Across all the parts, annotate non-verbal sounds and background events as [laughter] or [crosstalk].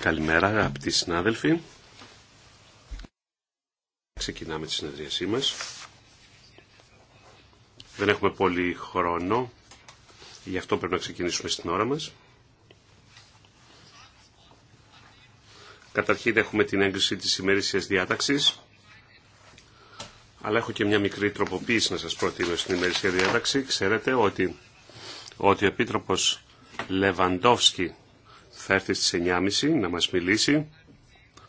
Καλημέρα αγαπητοί συνάδελφοι. Ξεκινάμε τη συνεδρίασή μας. Δεν έχουμε πολύ χρόνο, γι' αυτό πρέπει να ξεκινήσουμε στην ώρα μας. Καταρχήν έχουμε την έγκριση της ημερήσιας διάταξης αλλά έχω και μια μικρή τροποποίηση να σας προτείνω στην ημερήσια διάταξη. Ξέρετε ότι ότι ο Επίτροπος Λεβαντόφσκι θα έρθει στις 9.30 να μας μιλήσει,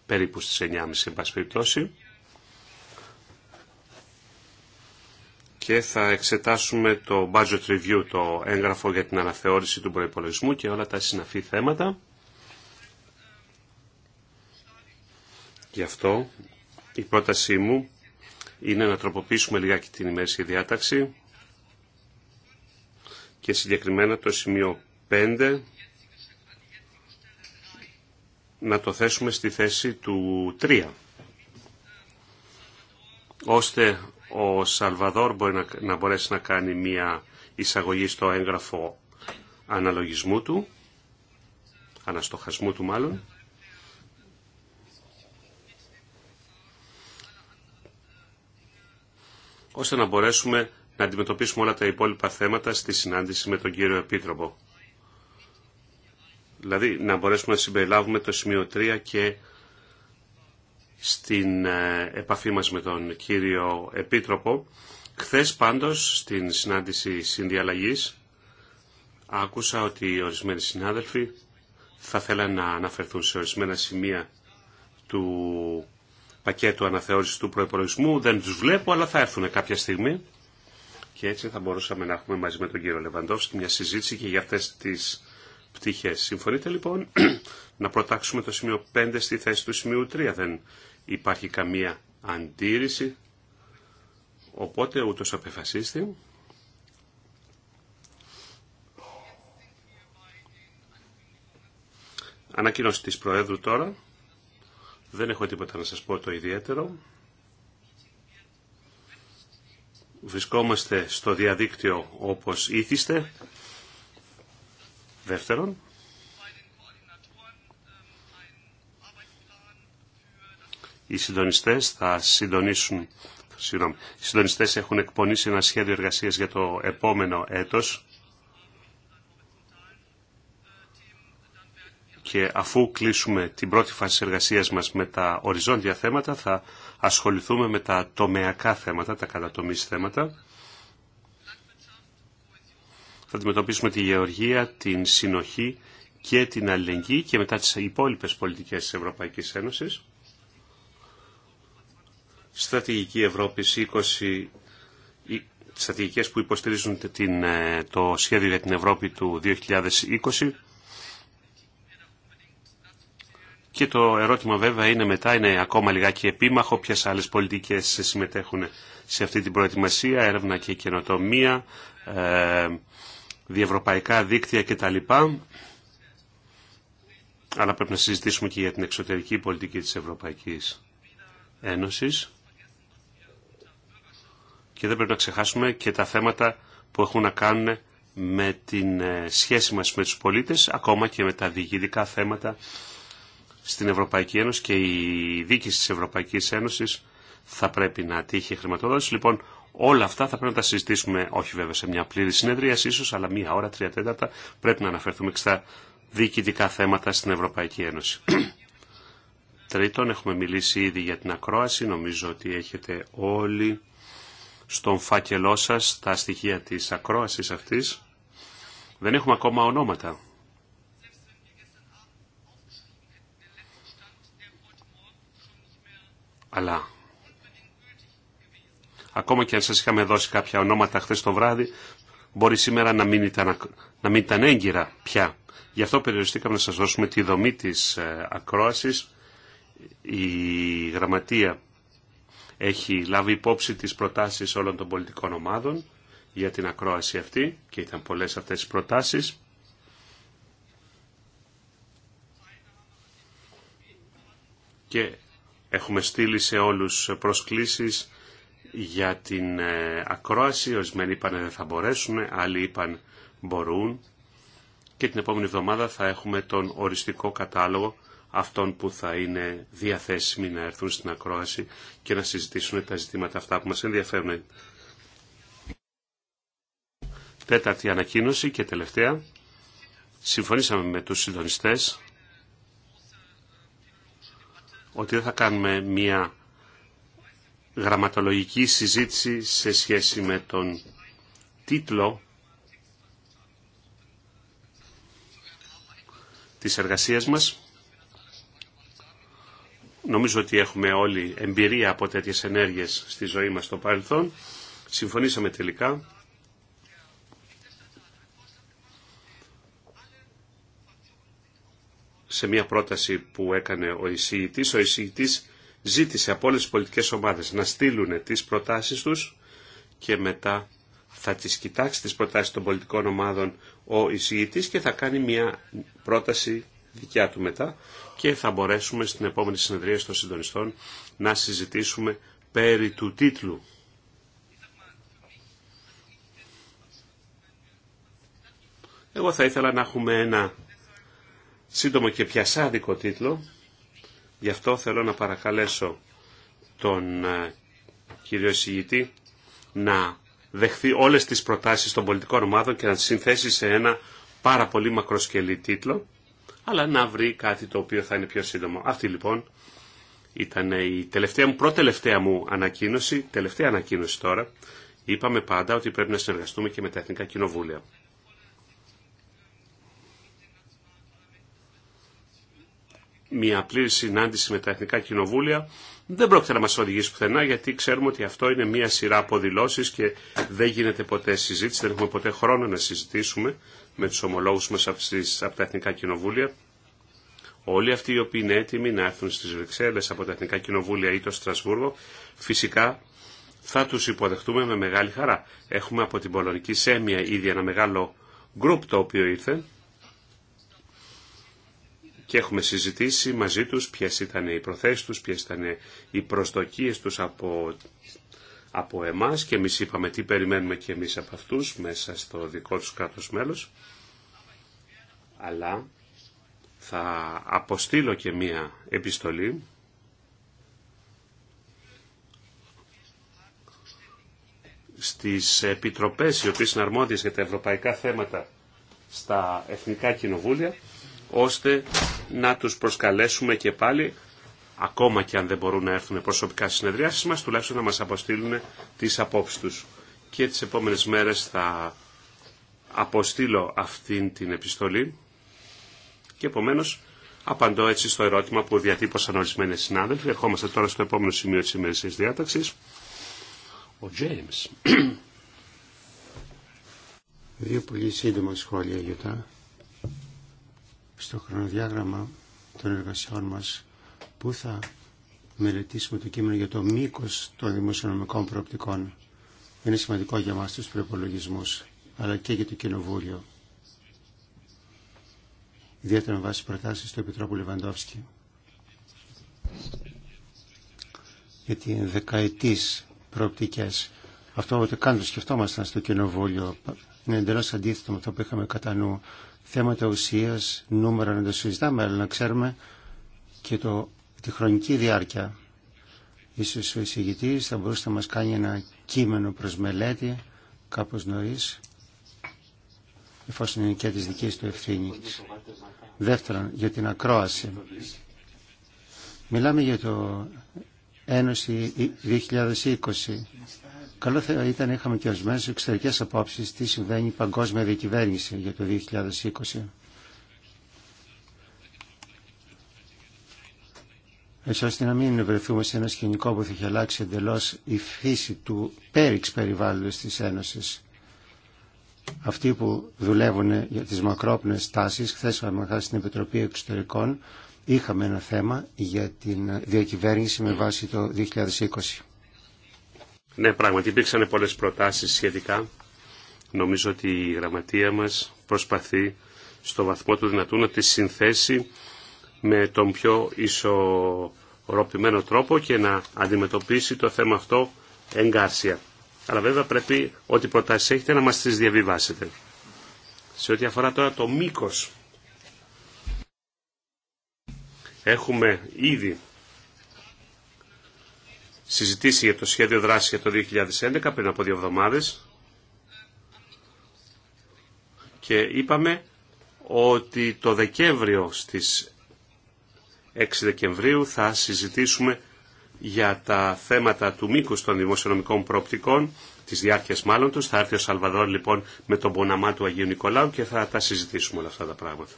περίπου στις 9.30 εν πάση περιπτώσει, και θα εξετάσουμε το budget review, το έγγραφο για την αναθεώρηση του προϋπολογισμού και όλα τα συναφή θέματα. Γι' αυτό η πρότασή μου είναι να τροποποιήσουμε λιγάκι την ημέρηση διάταξη και συγκεκριμένα το σημείο 5 να το θέσουμε στη θέση του 3 ώστε ο Σαλβαδόρ μπορεί να, να μπορέσει να κάνει μια εισαγωγή στο έγγραφο αναλογισμού του, αναστοχασμού του μάλλον. ώστε να μπορέσουμε να αντιμετωπίσουμε όλα τα υπόλοιπα θέματα στη συνάντηση με τον κύριο Επίτροπο. Δηλαδή να μπορέσουμε να συμπεριλάβουμε το σημείο 3 και στην ε, επαφή μας με τον κύριο Επίτροπο. Χθες πάντως στην συνάντηση συνδιαλλαγής άκουσα ότι ορισμένοι συνάδελφοι θα θέλαν να αναφερθούν σε ορισμένα σημεία του πακέτου αναθεώρησης του προϋπολογισμού. Δεν τους βλέπω αλλά θα έρθουν κάποια στιγμή. Και έτσι θα μπορούσαμε να έχουμε μαζί με τον κύριο Λεβαντόφσκι μια συζήτηση και για αυτές τις πτυχές. Συμφωνείτε λοιπόν [clears throat] να προτάξουμε το σημείο 5 στη θέση του σημείου 3. Δεν υπάρχει καμία αντίρρηση. Οπότε ούτως απεφασίστη. Ανακοίνωση της Προέδρου τώρα. Δεν έχω τίποτα να σας πω το ιδιαίτερο. βρισκόμαστε στο διαδίκτυο όπως ήθιστε. Δεύτερον, οι συντονιστές θα συντονίσουν Συγγνώμη. Οι συντονιστές έχουν εκπονήσει ένα σχέδιο εργασίας για το επόμενο έτος και αφού κλείσουμε την πρώτη φάση εργασίας μας με τα οριζόντια θέματα θα ασχοληθούμε με τα τομεακά θέματα, τα κατατομής θέματα. Θα αντιμετωπίσουμε τη γεωργία, την συνοχή και την αλληλεγγύη και μετά τις υπόλοιπες πολιτικές της Ευρωπαϊκής Ένωσης. Στρατηγική Ευρώπης 20 στρατηγικές που υποστηρίζουν την, ε, το σχέδιο για την Ευρώπη του 2020 Και το ερώτημα βέβαια είναι μετά, είναι ακόμα λιγάκι επίμαχο, ποιες άλλες πολιτικές συμμετέχουν σε αυτή την προετοιμασία, έρευνα και καινοτομία, ε, διευρωπαϊκά δίκτυα κτλ. Αλλά πρέπει να συζητήσουμε και για την εξωτερική πολιτική της Ευρωπαϊκής Ένωσης. Και δεν πρέπει να ξεχάσουμε και τα θέματα που έχουν να κάνουν με την ε, σχέση μας με τους πολίτες, ακόμα και με τα διηγητικά θέματα στην Ευρωπαϊκή Ένωση και η δίκηση της Ευρωπαϊκής Ένωσης θα πρέπει να τύχει χρηματοδότηση. Λοιπόν, όλα αυτά θα πρέπει να τα συζητήσουμε, όχι βέβαια σε μια πλήρη συνεδρία, ίσως, αλλά μία ώρα, τρία τέταρτα, πρέπει να αναφερθούμε και στα διοικητικά θέματα στην Ευρωπαϊκή Ένωση. [clears throat] Τρίτον, έχουμε μιλήσει ήδη για την ακρόαση. Νομίζω ότι έχετε όλοι στον φάκελό σας τα στοιχεία της ακρόασης αυτής. Δεν έχουμε ακόμα ονόματα. Αλλά ακόμα και αν σας είχαμε δώσει κάποια ονόματα χθες το βράδυ, μπορεί σήμερα να μην ήταν, να μην ήταν έγκυρα πια. Γι' αυτό περιοριστήκαμε να σας δώσουμε τη δομή της ε, ακρόασης. Η Γραμματεία έχει λάβει υπόψη τις προτάσεις όλων των πολιτικών ομάδων για την ακρόαση αυτή και ήταν πολλές αυτές τις προτάσεις. Και Έχουμε στείλει σε όλους προσκλήσεις για την ε, ακρόαση. Ορισμένοι είπαν «Ε, δεν θα μπορέσουν, άλλοι είπαν μπορούν. Και την επόμενη εβδομάδα θα έχουμε τον οριστικό κατάλογο αυτών που θα είναι διαθέσιμοι να έρθουν στην ακρόαση και να συζητήσουν τα ζητήματα αυτά που μας ενδιαφέρουν. Τέταρτη ανακοίνωση και τελευταία. Συμφωνήσαμε με τους συντονιστές ότι θα κάνουμε μία γραμματολογική συζήτηση σε σχέση με τον τίτλο της εργασίας μας. Νομίζω ότι έχουμε όλοι εμπειρία από τέτοιες ενέργειες στη ζωή μας στο παρελθόν. Συμφωνήσαμε τελικά σε μια πρόταση που έκανε ο εισηγητής. Ο εισηγητής ζήτησε από όλες τις πολιτικές ομάδες να στείλουν τις προτάσεις τους και μετά θα τις κοιτάξει τις προτάσεις των πολιτικών ομάδων ο εισηγητής και θα κάνει μια πρόταση δικιά του μετά και θα μπορέσουμε στην επόμενη συνεδρία των συντονιστών να συζητήσουμε περί του τίτλου. Εγώ θα ήθελα να έχουμε ένα σύντομο και πιασάδικο τίτλο. Γι' αυτό θέλω να παρακαλέσω τον ε, κύριο εισηγητή να δεχθεί όλες τις προτάσεις των πολιτικών ομάδων και να τις συνθέσει σε ένα πάρα πολύ μακροσκελή τίτλο, αλλά να βρει κάτι το οποίο θα είναι πιο σύντομο. Αυτή λοιπόν ήταν η τελευταία μου, προτελευταία μου ανακοίνωση, τελευταία ανακοίνωση τώρα. Είπαμε πάντα ότι πρέπει να συνεργαστούμε και με τα Εθνικά Κοινοβούλια. μια πλήρη συνάντηση με τα εθνικά κοινοβούλια δεν πρόκειται να μας οδηγήσει πουθενά γιατί ξέρουμε ότι αυτό είναι μια σειρά από και δεν γίνεται ποτέ συζήτηση, δεν έχουμε ποτέ χρόνο να συζητήσουμε με τους ομολόγους μας από τα εθνικά κοινοβούλια. Όλοι αυτοί οι οποίοι είναι έτοιμοι να έρθουν στις Βρυξέλλες από τα Εθνικά Κοινοβούλια ή το Στρασβούργο, φυσικά θα τους υποδεχτούμε με μεγάλη χαρά. Έχουμε από την Πολωνική Σέμια ήδη ένα μεγάλο γκρουπ το οποίο ήρθε και έχουμε συζητήσει μαζί τους ποιες ήταν οι προθέσεις τους, ποιες ήταν οι προσδοκίες τους από, από εμάς και εμείς είπαμε τι περιμένουμε και εμείς από αυτούς μέσα στο δικό τους κράτος μέλος. Αλλά θα αποστείλω και μία επιστολή στις επιτροπές οι οποίες είναι αρμόδιες για τα ευρωπαϊκά θέματα στα εθνικά κοινοβούλια ώστε να τους προσκαλέσουμε και πάλι ακόμα και αν δεν μπορούν να έρθουν προσωπικά στις συνεδριάσεις μας, τουλάχιστον να μας αποστείλουν τις απόψεις τους. Και τις επόμενες μέρες θα αποστείλω αυτήν την επιστολή και επομένως απαντώ έτσι στο ερώτημα που διατύπωσαν ορισμένε συνάδελφοι. Ερχόμαστε τώρα στο επόμενο σημείο της ημερησίας διάταξης. Ο James. Δύο πολύ σύντομα σχόλια για τα στο χρονοδιάγραμμα των εργασιών μας που θα μελετήσουμε το κείμενο για το μήκος των δημοσιονομικών προοπτικών. Είναι σημαντικό για μας τους προπολογισμού, αλλά και για το Κοινοβούλιο. Ιδιαίτερα με βάση προτάσεις του Επιτρόπου Λεβαντόφσκη. Γιατί δεκαετής προοπτικές. Αυτό ούτε καν το σκεφτόμασταν στο Κοινοβούλιο. Είναι εντελώ αντίθετο με αυτό που είχαμε κατά νου θέματα ουσίας, νούμερα να το συζητάμε, αλλά να ξέρουμε και το, τη χρονική διάρκεια. Ίσως ο εισηγητής θα μπορούσε να μας κάνει ένα κείμενο προς μελέτη κάπως νωρίς, εφόσον είναι και της δικής του ευθύνη. Δεύτερον, για την ακρόαση. Μιλάμε για το Ένωση 2020 Καλό θα ήταν είχαμε και ορισμένε εξωτερικέ απόψει τι συμβαίνει η παγκόσμια διακυβέρνηση για το 2020. Έτσι ώστε να μην βρεθούμε σε ένα σκηνικό που θα έχει αλλάξει εντελώ η φύση του πέριξ περιβάλλοντο τη Ένωση. Αυτοί που δουλεύουν για τις μακρόπνες τάσεις, χθε είχαμε στην Επιτροπή Εξωτερικών, είχαμε ένα θέμα για την διακυβέρνηση με βάση το 2020. Ναι, πράγματι υπήρξαν πολλές προτάσεις σχετικά. Νομίζω ότι η γραμματεία μας προσπαθεί στο βαθμό του δυνατού να τις συνθέσει με τον πιο ισορροπημένο τρόπο και να αντιμετωπίσει το θέμα αυτό εγκάρσια. Αλλά βέβαια πρέπει ό,τι προτάσεις έχετε να μας τις διαβιβάσετε. Σε ό,τι αφορά τώρα το μήκος. Έχουμε ήδη συζητήσει για το σχέδιο δράσης για το 2011 πριν από δύο εβδομάδες και είπαμε ότι το Δεκέμβριο στις 6 Δεκεμβρίου θα συζητήσουμε για τα θέματα του μήκους των δημοσιονομικών προοπτικών, της διάρκειας μάλλον τους. Θα έρθει ο Σαλβαδόρ λοιπόν με τον ποναμά του Αγίου Νικολάου και θα τα συζητήσουμε όλα αυτά τα πράγματα.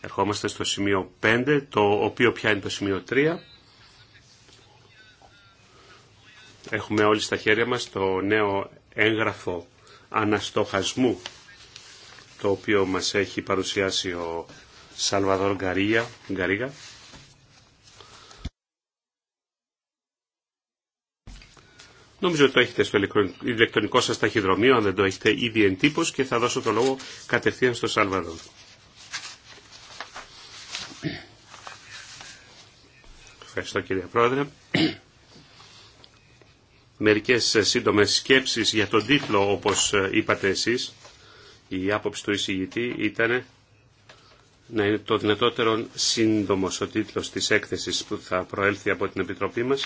Ερχόμαστε στο σημείο 5, το οποίο πια είναι το σημείο 3. Έχουμε όλοι στα χέρια μας το νέο έγγραφο αναστοχασμού το οποίο μας έχει παρουσιάσει ο Σαλβαδόρ Γκαρίγα. Νομίζω ότι το έχετε στο ηλεκτρονικό σας ταχυδρομείο, αν δεν το έχετε ήδη εντύπωση και θα δώσω το λόγο κατευθείαν στο Σαλβαδόρ. Ευχαριστώ κύριε Πρόεδρε μερικές ε, σύντομες σκέψεις για τον τίτλο όπως ε, είπατε εσείς. Η άποψη του εισηγητή ήταν να είναι το δυνατότερο σύντομος ο τίτλος της έκθεσης που θα προέλθει από την Επιτροπή μας,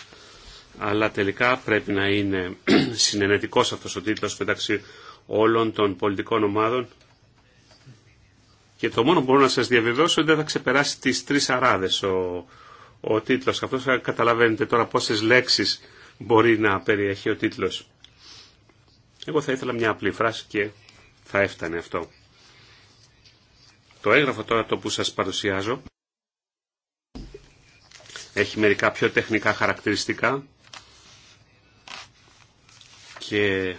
αλλά τελικά πρέπει να είναι [clears throat] συνενετικός αυτός ο τίτλος μεταξύ όλων των πολιτικών ομάδων και το μόνο που μπορώ να σας διαβεβαιώσω είναι ότι θα ξεπεράσει τις τρεις αράδες ο, ο τίτλος. Αυτός καταλαβαίνετε τώρα πόσες λέξεις μπορεί να περιέχει ο τίτλος. Εγώ θα ήθελα μια απλή φράση και θα έφτανε αυτό. Το έγγραφο τώρα το που σας παρουσιάζω έχει μερικά πιο τεχνικά χαρακτηριστικά και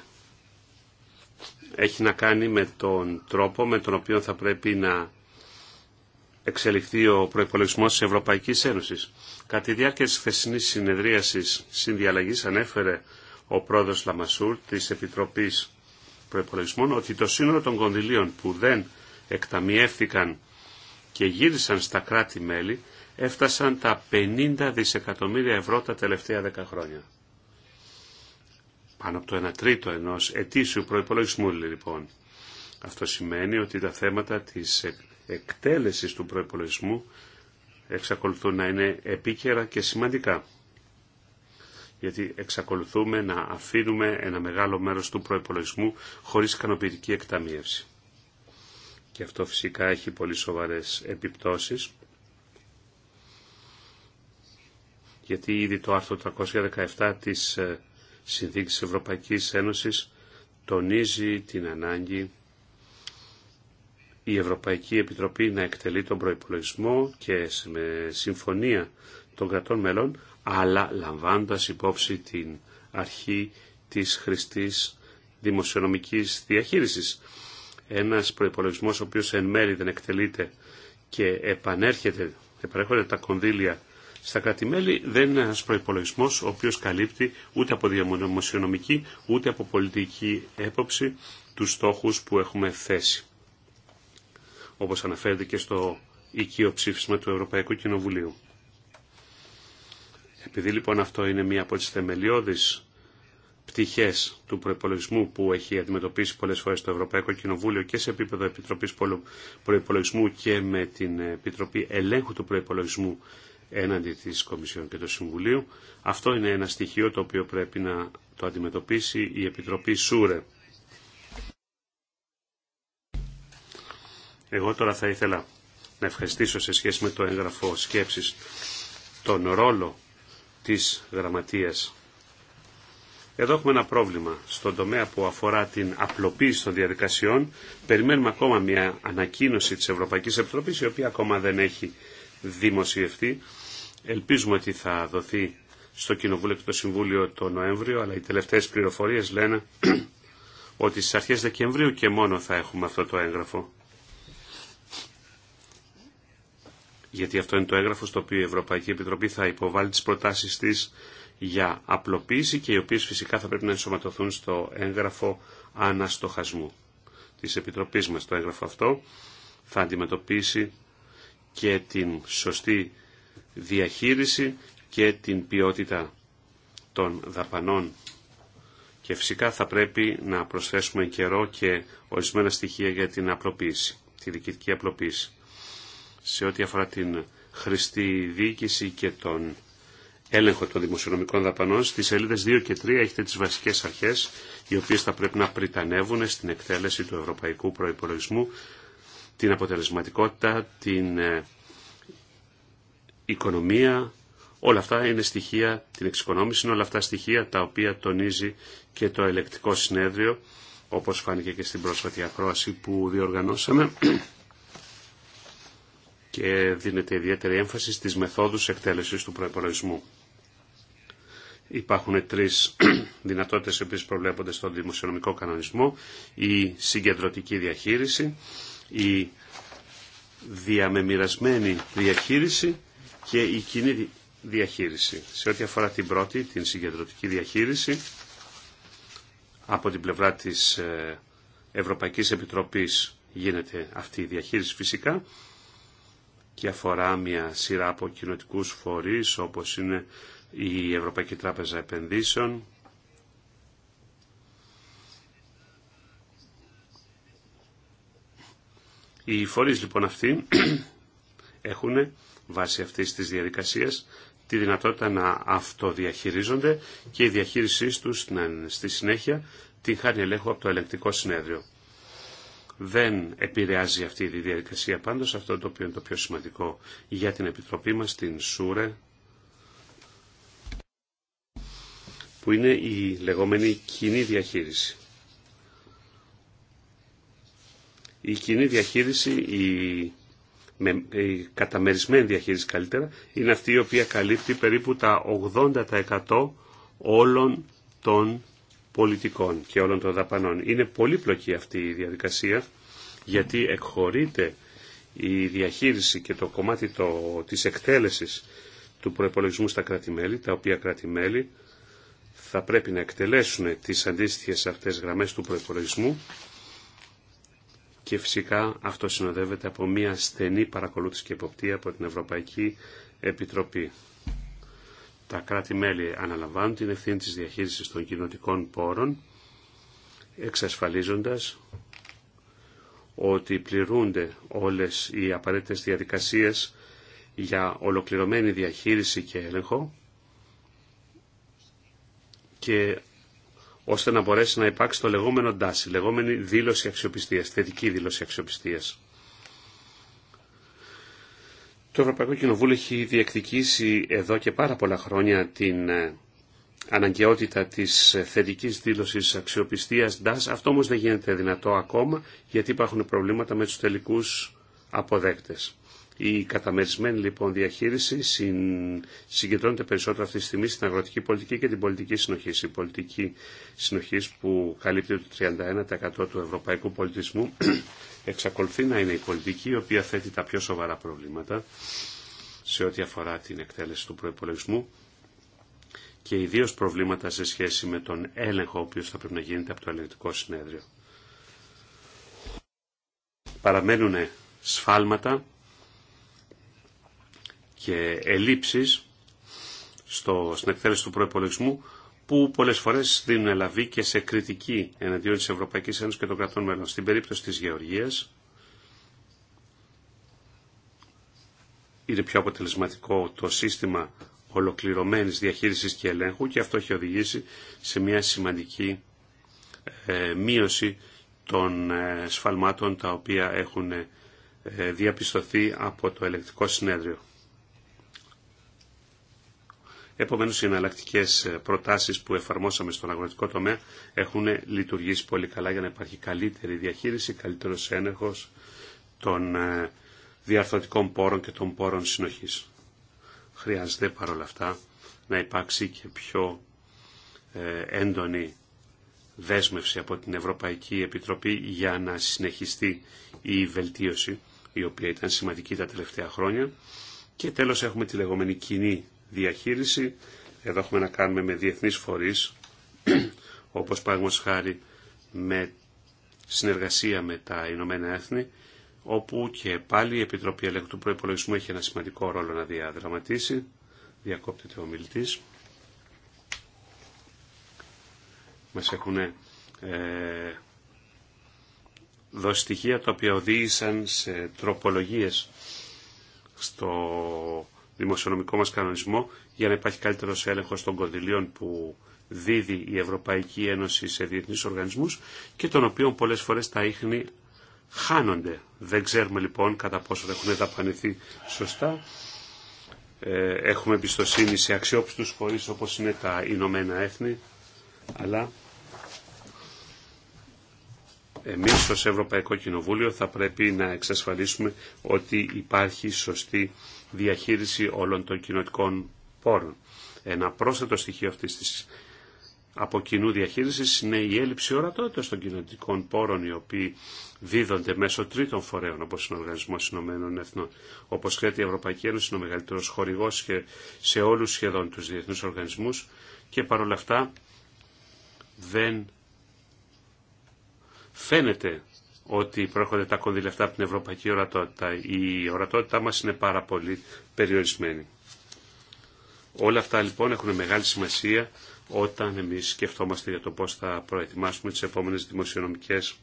έχει να κάνει με τον τρόπο με τον οποίο θα πρέπει να εξελιχθεί ο προϋπολογισμός της Ευρωπαϊκής Ένωσης. Κατά τη διάρκεια της χθεσινής συνεδρίασης συνδιαλλαγής ανέφερε ο πρόεδρος Λαμασούρ της Επιτροπής Προϋπολογισμών ότι το σύνολο των κονδυλίων που δεν εκταμιεύθηκαν και γύρισαν στα κράτη-μέλη έφτασαν τα 50 δισεκατομμύρια ευρώ τα τελευταία 10 χρόνια. Πάνω από το 1 τρίτο ενός ετήσιου προϋπολογισμού λοιπόν. Αυτό σημαίνει ότι τα θέματα της εκτέλεσης του προϋπολογισμού εξακολουθούν να είναι επίκαιρα και σημαντικά. Γιατί εξακολουθούμε να αφήνουμε ένα μεγάλο μέρος του προϋπολογισμού χωρίς ικανοποιητική εκταμίευση. Και αυτό φυσικά έχει πολύ σοβαρές επιπτώσεις. Γιατί ήδη το άρθρο 317 της ε, Συνθήκης Ευρωπαϊκής Ένωσης τονίζει την ανάγκη η Ευρωπαϊκή Επιτροπή να εκτελεί τον προϋπολογισμό και με συμφωνία των κρατών μελών, αλλά λαμβάνοντας υπόψη την αρχή της χρηστής δημοσιονομικής διαχείρισης. Ένας προϋπολογισμός ο οποίος εν μέρη δεν εκτελείται και επανέρχεται, επανέρχονται τα κονδύλια στα κρατημέλη, δεν είναι ένας προϋπολογισμός ο οποίος καλύπτει ούτε από δημοσιονομική ούτε από πολιτική έποψη τους στόχους που έχουμε θέσει όπως αναφέρεται και στο οικείο ψήφισμα του Ευρωπαϊκού Κοινοβουλίου. Επειδή λοιπόν αυτό είναι μία από τις θεμελιώδεις πτυχές του προπολογισμού που έχει αντιμετωπίσει πολλές φορές το Ευρωπαϊκό Κοινοβούλιο και σε επίπεδο Επιτροπής Προπολογισμού και με την Επιτροπή Ελέγχου του Προϋπολογισμού έναντι της Κομισιόν και του Συμβουλίου. Αυτό είναι ένα στοιχείο το οποίο πρέπει να το αντιμετωπίσει η Επιτροπή ΣΟΥΡΕ. Εγώ τώρα θα ήθελα να ευχαριστήσω σε σχέση με το έγγραφο σκέψης τον ρόλο της γραμματείας. Εδώ έχουμε ένα πρόβλημα στον τομέα που αφορά την απλοποίηση των διαδικασιών. Περιμένουμε ακόμα μια ανακοίνωση της Ευρωπαϊκής Επιτροπής, η οποία ακόμα δεν έχει δημοσιευτεί. Ελπίζουμε ότι θα δοθεί στο Κοινοβούλιο και το Συμβούλιο το Νοέμβριο, αλλά οι τελευταίες πληροφορίες λένε [clears throat] ότι στις αρχές Δεκεμβρίου και μόνο θα έχουμε αυτό το έγγραφο. γιατί αυτό είναι το έγγραφο στο οποίο η Ευρωπαϊκή Επιτροπή θα υποβάλει τις προτάσεις της για απλοποίηση και οι οποίες φυσικά θα πρέπει να ενσωματωθούν στο έγγραφο αναστοχασμού της Επιτροπής μας. Το έγγραφο αυτό θα αντιμετωπίσει και την σωστή διαχείριση και την ποιότητα των δαπανών και φυσικά θα πρέπει να προσθέσουμε καιρό και ορισμένα στοιχεία για την απλοποίηση, τη διοικητική απλοποίηση σε ό,τι αφορά την χρηστή διοίκηση και τον έλεγχο των δημοσιονομικών δαπανών. Στις σελίδες 2 και 3 έχετε τις βασικές αρχές, οι οποίες θα πρέπει να πριτανεύουν στην εκτέλεση του ευρωπαϊκού προϋπολογισμού, την αποτελεσματικότητα, την ε, οικονομία, όλα αυτά είναι στοιχεία, την εξοικονόμηση είναι όλα αυτά στοιχεία τα οποία τονίζει και το ελεκτικό συνέδριο, όπως φάνηκε και στην πρόσφατη ακρόαση που διοργανώσαμε και δίνεται ιδιαίτερη έμφαση στις μεθόδους εκτέλεσης του προϋπολογισμού. Υπάρχουν τρεις [clears throat] δυνατότητες οι οποίες προβλέπονται στον δημοσιονομικό κανονισμό, η συγκεντρωτική διαχείριση, η διαμεμοιρασμένη διαχείριση και η κοινή διαχείριση. Σε ό,τι αφορά την πρώτη, την συγκεντρωτική διαχείριση, από την πλευρά της ε, Ευρωπαϊκής Επιτροπής γίνεται αυτή η διαχείριση φυσικά και αφορά μια σειρά από κοινοτικού φορείς όπως είναι η Ευρωπαϊκή Τράπεζα Επενδύσεων, Οι φορείς λοιπόν αυτοί [clears throat] έχουν βάσει αυτής της διαδικασίας τη δυνατότητα να αυτοδιαχειρίζονται και η διαχείρισή τους στη συνέχεια την χάνει ελέγχου από το ελεγκτικό συνέδριο δεν επηρεάζει αυτή η διαδικασία. Πάντως αυτό το οποίο είναι το πιο σημαντικό για την Επιτροπή μας, την ΣΟΥΡΕ, που είναι η λεγόμενη κοινή διαχείριση. Η κοινή διαχείριση, η, η καταμερισμένη διαχείριση καλύτερα, είναι αυτή η οποία καλύπτει περίπου τα 80% όλων των πολιτικών και όλων των δαπανών. Είναι πολύπλοκη αυτή η διαδικασία γιατί εκχωρείται η διαχείριση και το κομμάτι το, της εκτέλεσης του προπολογισμού στα κράτη-μέλη, τα οποία θα πρέπει να εκτελέσουν τις αντίστοιχες αυτές γραμμές του προπολογισμού και φυσικά αυτό συνοδεύεται από μια στενή παρακολούθηση και από την Ευρωπαϊκή Επιτροπή τα κράτη-μέλη αναλαμβάνουν την ευθύνη της διαχείρισης των κοινωτικών πόρων, εξασφαλίζοντας ότι πληρούνται όλες οι απαραίτητες διαδικασίες για ολοκληρωμένη διαχείριση και έλεγχο και ώστε να μπορέσει να υπάρξει το λεγόμενο DASI, λεγόμενη δήλωση αξιοπιστίας, θετική δήλωση αξιοπιστίας. Το Ευρωπαϊκό Κοινοβούλιο έχει διεκδικήσει εδώ και πάρα πολλά χρόνια την ε, αναγκαιότητα της ε, θετικής δήλωσης αξιοπιστίας DAS. Αυτό όμως δεν γίνεται δυνατό ακόμα γιατί υπάρχουν προβλήματα με τους τελικούς αποδέκτες. Η καταμερισμένη λοιπόν διαχείριση συγκεντρώνεται περισσότερο αυτή τη στιγμή στην αγροτική πολιτική και την πολιτική συνοχή. Η πολιτική συνοχή που καλύπτει το 31% του ευρωπαϊκού πολιτισμού εξακολουθεί να είναι η πολιτική η οποία θέτει τα πιο σοβαρά προβλήματα σε ό,τι αφορά την εκτέλεση του προϋπολογισμού και ιδίως προβλήματα σε σχέση με τον έλεγχο ο οποίος θα πρέπει να γίνεται από το ελεγκτικό συνέδριο. Παραμένουν σφάλματα και ελλείψεις στο, στην εκτέλεση του προϋπολογισμού που πολλές φορές δίνουν ελαβή και σε κριτική εναντίον της Ευρωπαϊκής Ένωσης και των κρατών μέλων. Στην περίπτωση της Γεωργίας είναι πιο αποτελεσματικό το σύστημα ολοκληρωμένης διαχείρισης και ελέγχου και αυτό έχει οδηγήσει σε μια σημαντική ε, μείωση των ε, σφαλμάτων τα οποία έχουν ε, διαπιστωθεί από το ελεκτικό συνέδριο. Επομένω, οι εναλλακτικέ ε, προτάσει που εφαρμόσαμε στον αγροτικό τομέα έχουν λειτουργήσει πολύ καλά για να υπάρχει καλύτερη διαχείριση, καλύτερο έλεγχο των ε, διαρθρωτικών πόρων και των πόρων συνοχή. Χρειάζεται παρόλα αυτά να υπάρξει και πιο ε, έντονη δέσμευση από την Ευρωπαϊκή Επιτροπή για να συνεχιστεί η βελτίωση η οποία ήταν σημαντική τα τελευταία χρόνια. Και τέλος έχουμε τη λεγόμενη κοινή διαχείριση. Εδώ έχουμε να κάνουμε με διεθνείς φορείς, [clears throat] όπως παραγωγός χάρη με συνεργασία με τα Ηνωμένα Έθνη, όπου και πάλι η Επιτροπή Ελέγχου του Προϋπολογισμού έχει ένα σημαντικό ρόλο να διαδραματίσει. Διακόπτεται ο μιλητής. Μας έχουν ε, δώσει στοιχεία τα οποία οδήγησαν σε τροπολογίες στο δημοσιονομικό μας κανονισμό για να υπάρχει καλύτερος έλεγχος των κονδυλίων που δίδει η Ευρωπαϊκή Ένωση σε διεθνείς οργανισμούς και των οποίων πολλές φορές τα ίχνη χάνονται. Δεν ξέρουμε λοιπόν κατά πόσο έχουν δαπανηθεί σωστά. Ε, έχουμε εμπιστοσύνη σε αξιόπιστους φορείς όπως είναι τα Ηνωμένα Έθνη, αλλά εμείς ως Ευρωπαϊκό Κοινοβούλιο θα πρέπει να εξασφαλίσουμε ότι υπάρχει σωστή διαχείριση όλων των κοινωτικών πόρων. Ένα πρόσθετο στοιχείο αυτής της από κοινού διαχείρισης είναι η έλλειψη ορατότητας των κοινωτικών πόρων οι οποίοι δίδονται μέσω τρίτων φορέων όπως είναι ο Οργανισμό Ηνωμένων Εθνών. Όπως η Ευρωπαϊκή Ένωση είναι ο μεγαλύτερο χορηγός και σε όλους σχεδόν τους διεθνού οργανισμού. και παρόλα αυτά δεν φαίνεται ότι προέρχονται τα κονδύλια αυτά από την ευρωπαϊκή ορατότητα. Η ορατότητά μας είναι πάρα πολύ περιορισμένη. Όλα αυτά λοιπόν έχουν μεγάλη σημασία όταν εμείς σκεφτόμαστε για το πώς θα προετοιμάσουμε τις επόμενες δημοσιονομικές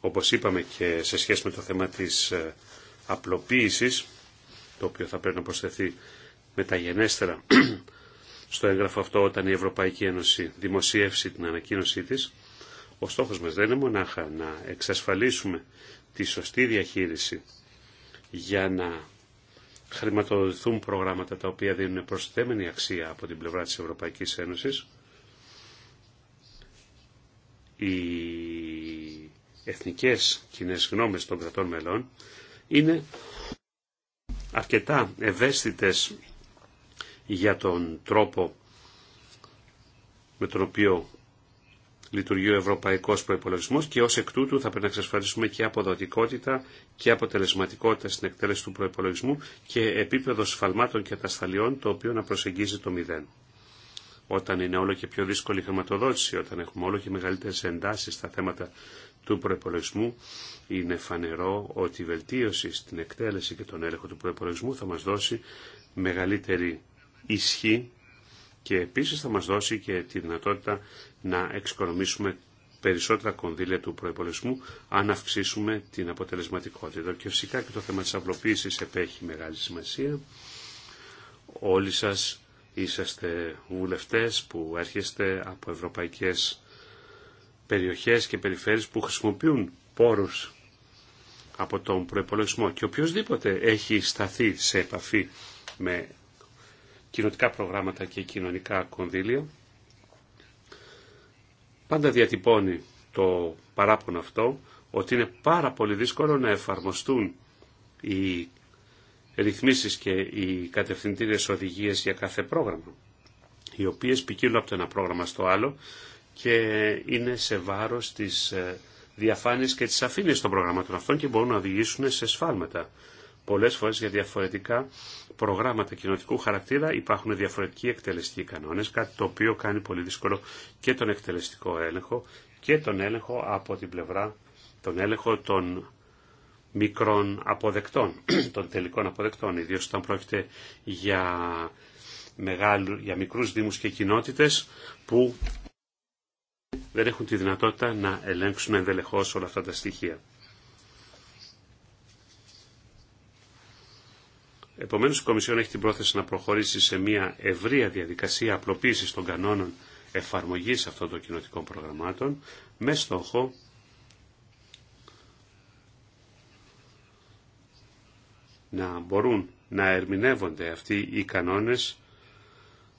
όπως είπαμε και σε σχέση με το θέμα της ε, απλοποίησης, το οποίο θα πρέπει να προσθεθεί μεταγενέστερα στο έγγραφο αυτό όταν η Ευρωπαϊκή Ένωση δημοσίευσε την ανακοίνωσή της. Ο στόχος μας δεν είναι μονάχα να εξασφαλίσουμε τη σωστή διαχείριση για να χρηματοδοτηθούν προγράμματα τα οποία δίνουν προσθέμενη αξία από την πλευρά της Ευρωπαϊκής Ένωσης. Οι εθνικές κοινέ γνώμες των κρατών μελών είναι αρκετά ευαίσθητες για τον τρόπο με τον οποίο λειτουργεί ο ευρωπαϊκό προπολογισμό και ω εκ τούτου θα πρέπει να εξασφαλίσουμε και αποδοτικότητα και αποτελεσματικότητα στην εκτέλεση του προπολογισμού και επίπεδο σφαλμάτων και ατασταλιών το οποίο να προσεγγίζει το μηδέν. Όταν είναι όλο και πιο δύσκολη η χρηματοδότηση, όταν έχουμε όλο και μεγαλύτερε εντάσει στα θέματα του προπολογισμού, είναι φανερό ότι η βελτίωση στην εκτέλεση και τον έλεγχο του προπολογισμού θα μα δώσει μεγαλύτερη ισχύ και επίσης θα μας δώσει και τη δυνατότητα να εξοικονομήσουμε περισσότερα κονδύλια του προϋπολογισμού αν αυξήσουμε την αποτελεσματικότητα. Και φυσικά και το θέμα της αυλοποίησης επέχει μεγάλη σημασία. Όλοι σας είσαστε βουλευτές που έρχεστε από ευρωπαϊκές περιοχές και περιφέρειες που χρησιμοποιούν πόρους από τον προϋπολογισμό και οποιοδήποτε έχει σταθεί σε επαφή με κοινωτικά προγράμματα και κοινωνικά κονδύλια. Πάντα διατυπώνει το παράπονο αυτό ότι είναι πάρα πολύ δύσκολο να εφαρμοστούν οι ρυθμίσεις και οι κατευθυντήριες οδηγίες για κάθε πρόγραμμα, οι οποίες ποικίλουν από το ένα πρόγραμμα στο άλλο και είναι σε βάρος της ε, διαφάνειας και της αφήνειας των προγραμμάτων αυτών και μπορούν να οδηγήσουν σε σφάλματα. Πολλέ φορέ για διαφορετικά προγράμματα κοινοτικού χαρακτήρα υπάρχουν διαφορετικοί εκτελεστικοί κανόνε, κάτι το οποίο κάνει πολύ δύσκολο και τον εκτελεστικό έλεγχο και τον έλεγχο από την πλευρά, τον έλεγχο των μικρών αποδεκτών, [clears throat] των τελικών αποδεκτών, ιδίως όταν πρόκειται για, μεγάλου, για μικρούς δήμους και κοινότητες που δεν έχουν τη δυνατότητα να ελέγξουν ενδελεχώς όλα αυτά τα στοιχεία. Επομένως, η Κομισιόν έχει την πρόθεση να προχωρήσει σε μια ευρεία διαδικασία απλοποίησης των κανόνων εφαρμογής αυτών των κοινοτικών προγραμμάτων με στόχο να μπορούν να ερμηνεύονται αυτοί οι κανόνες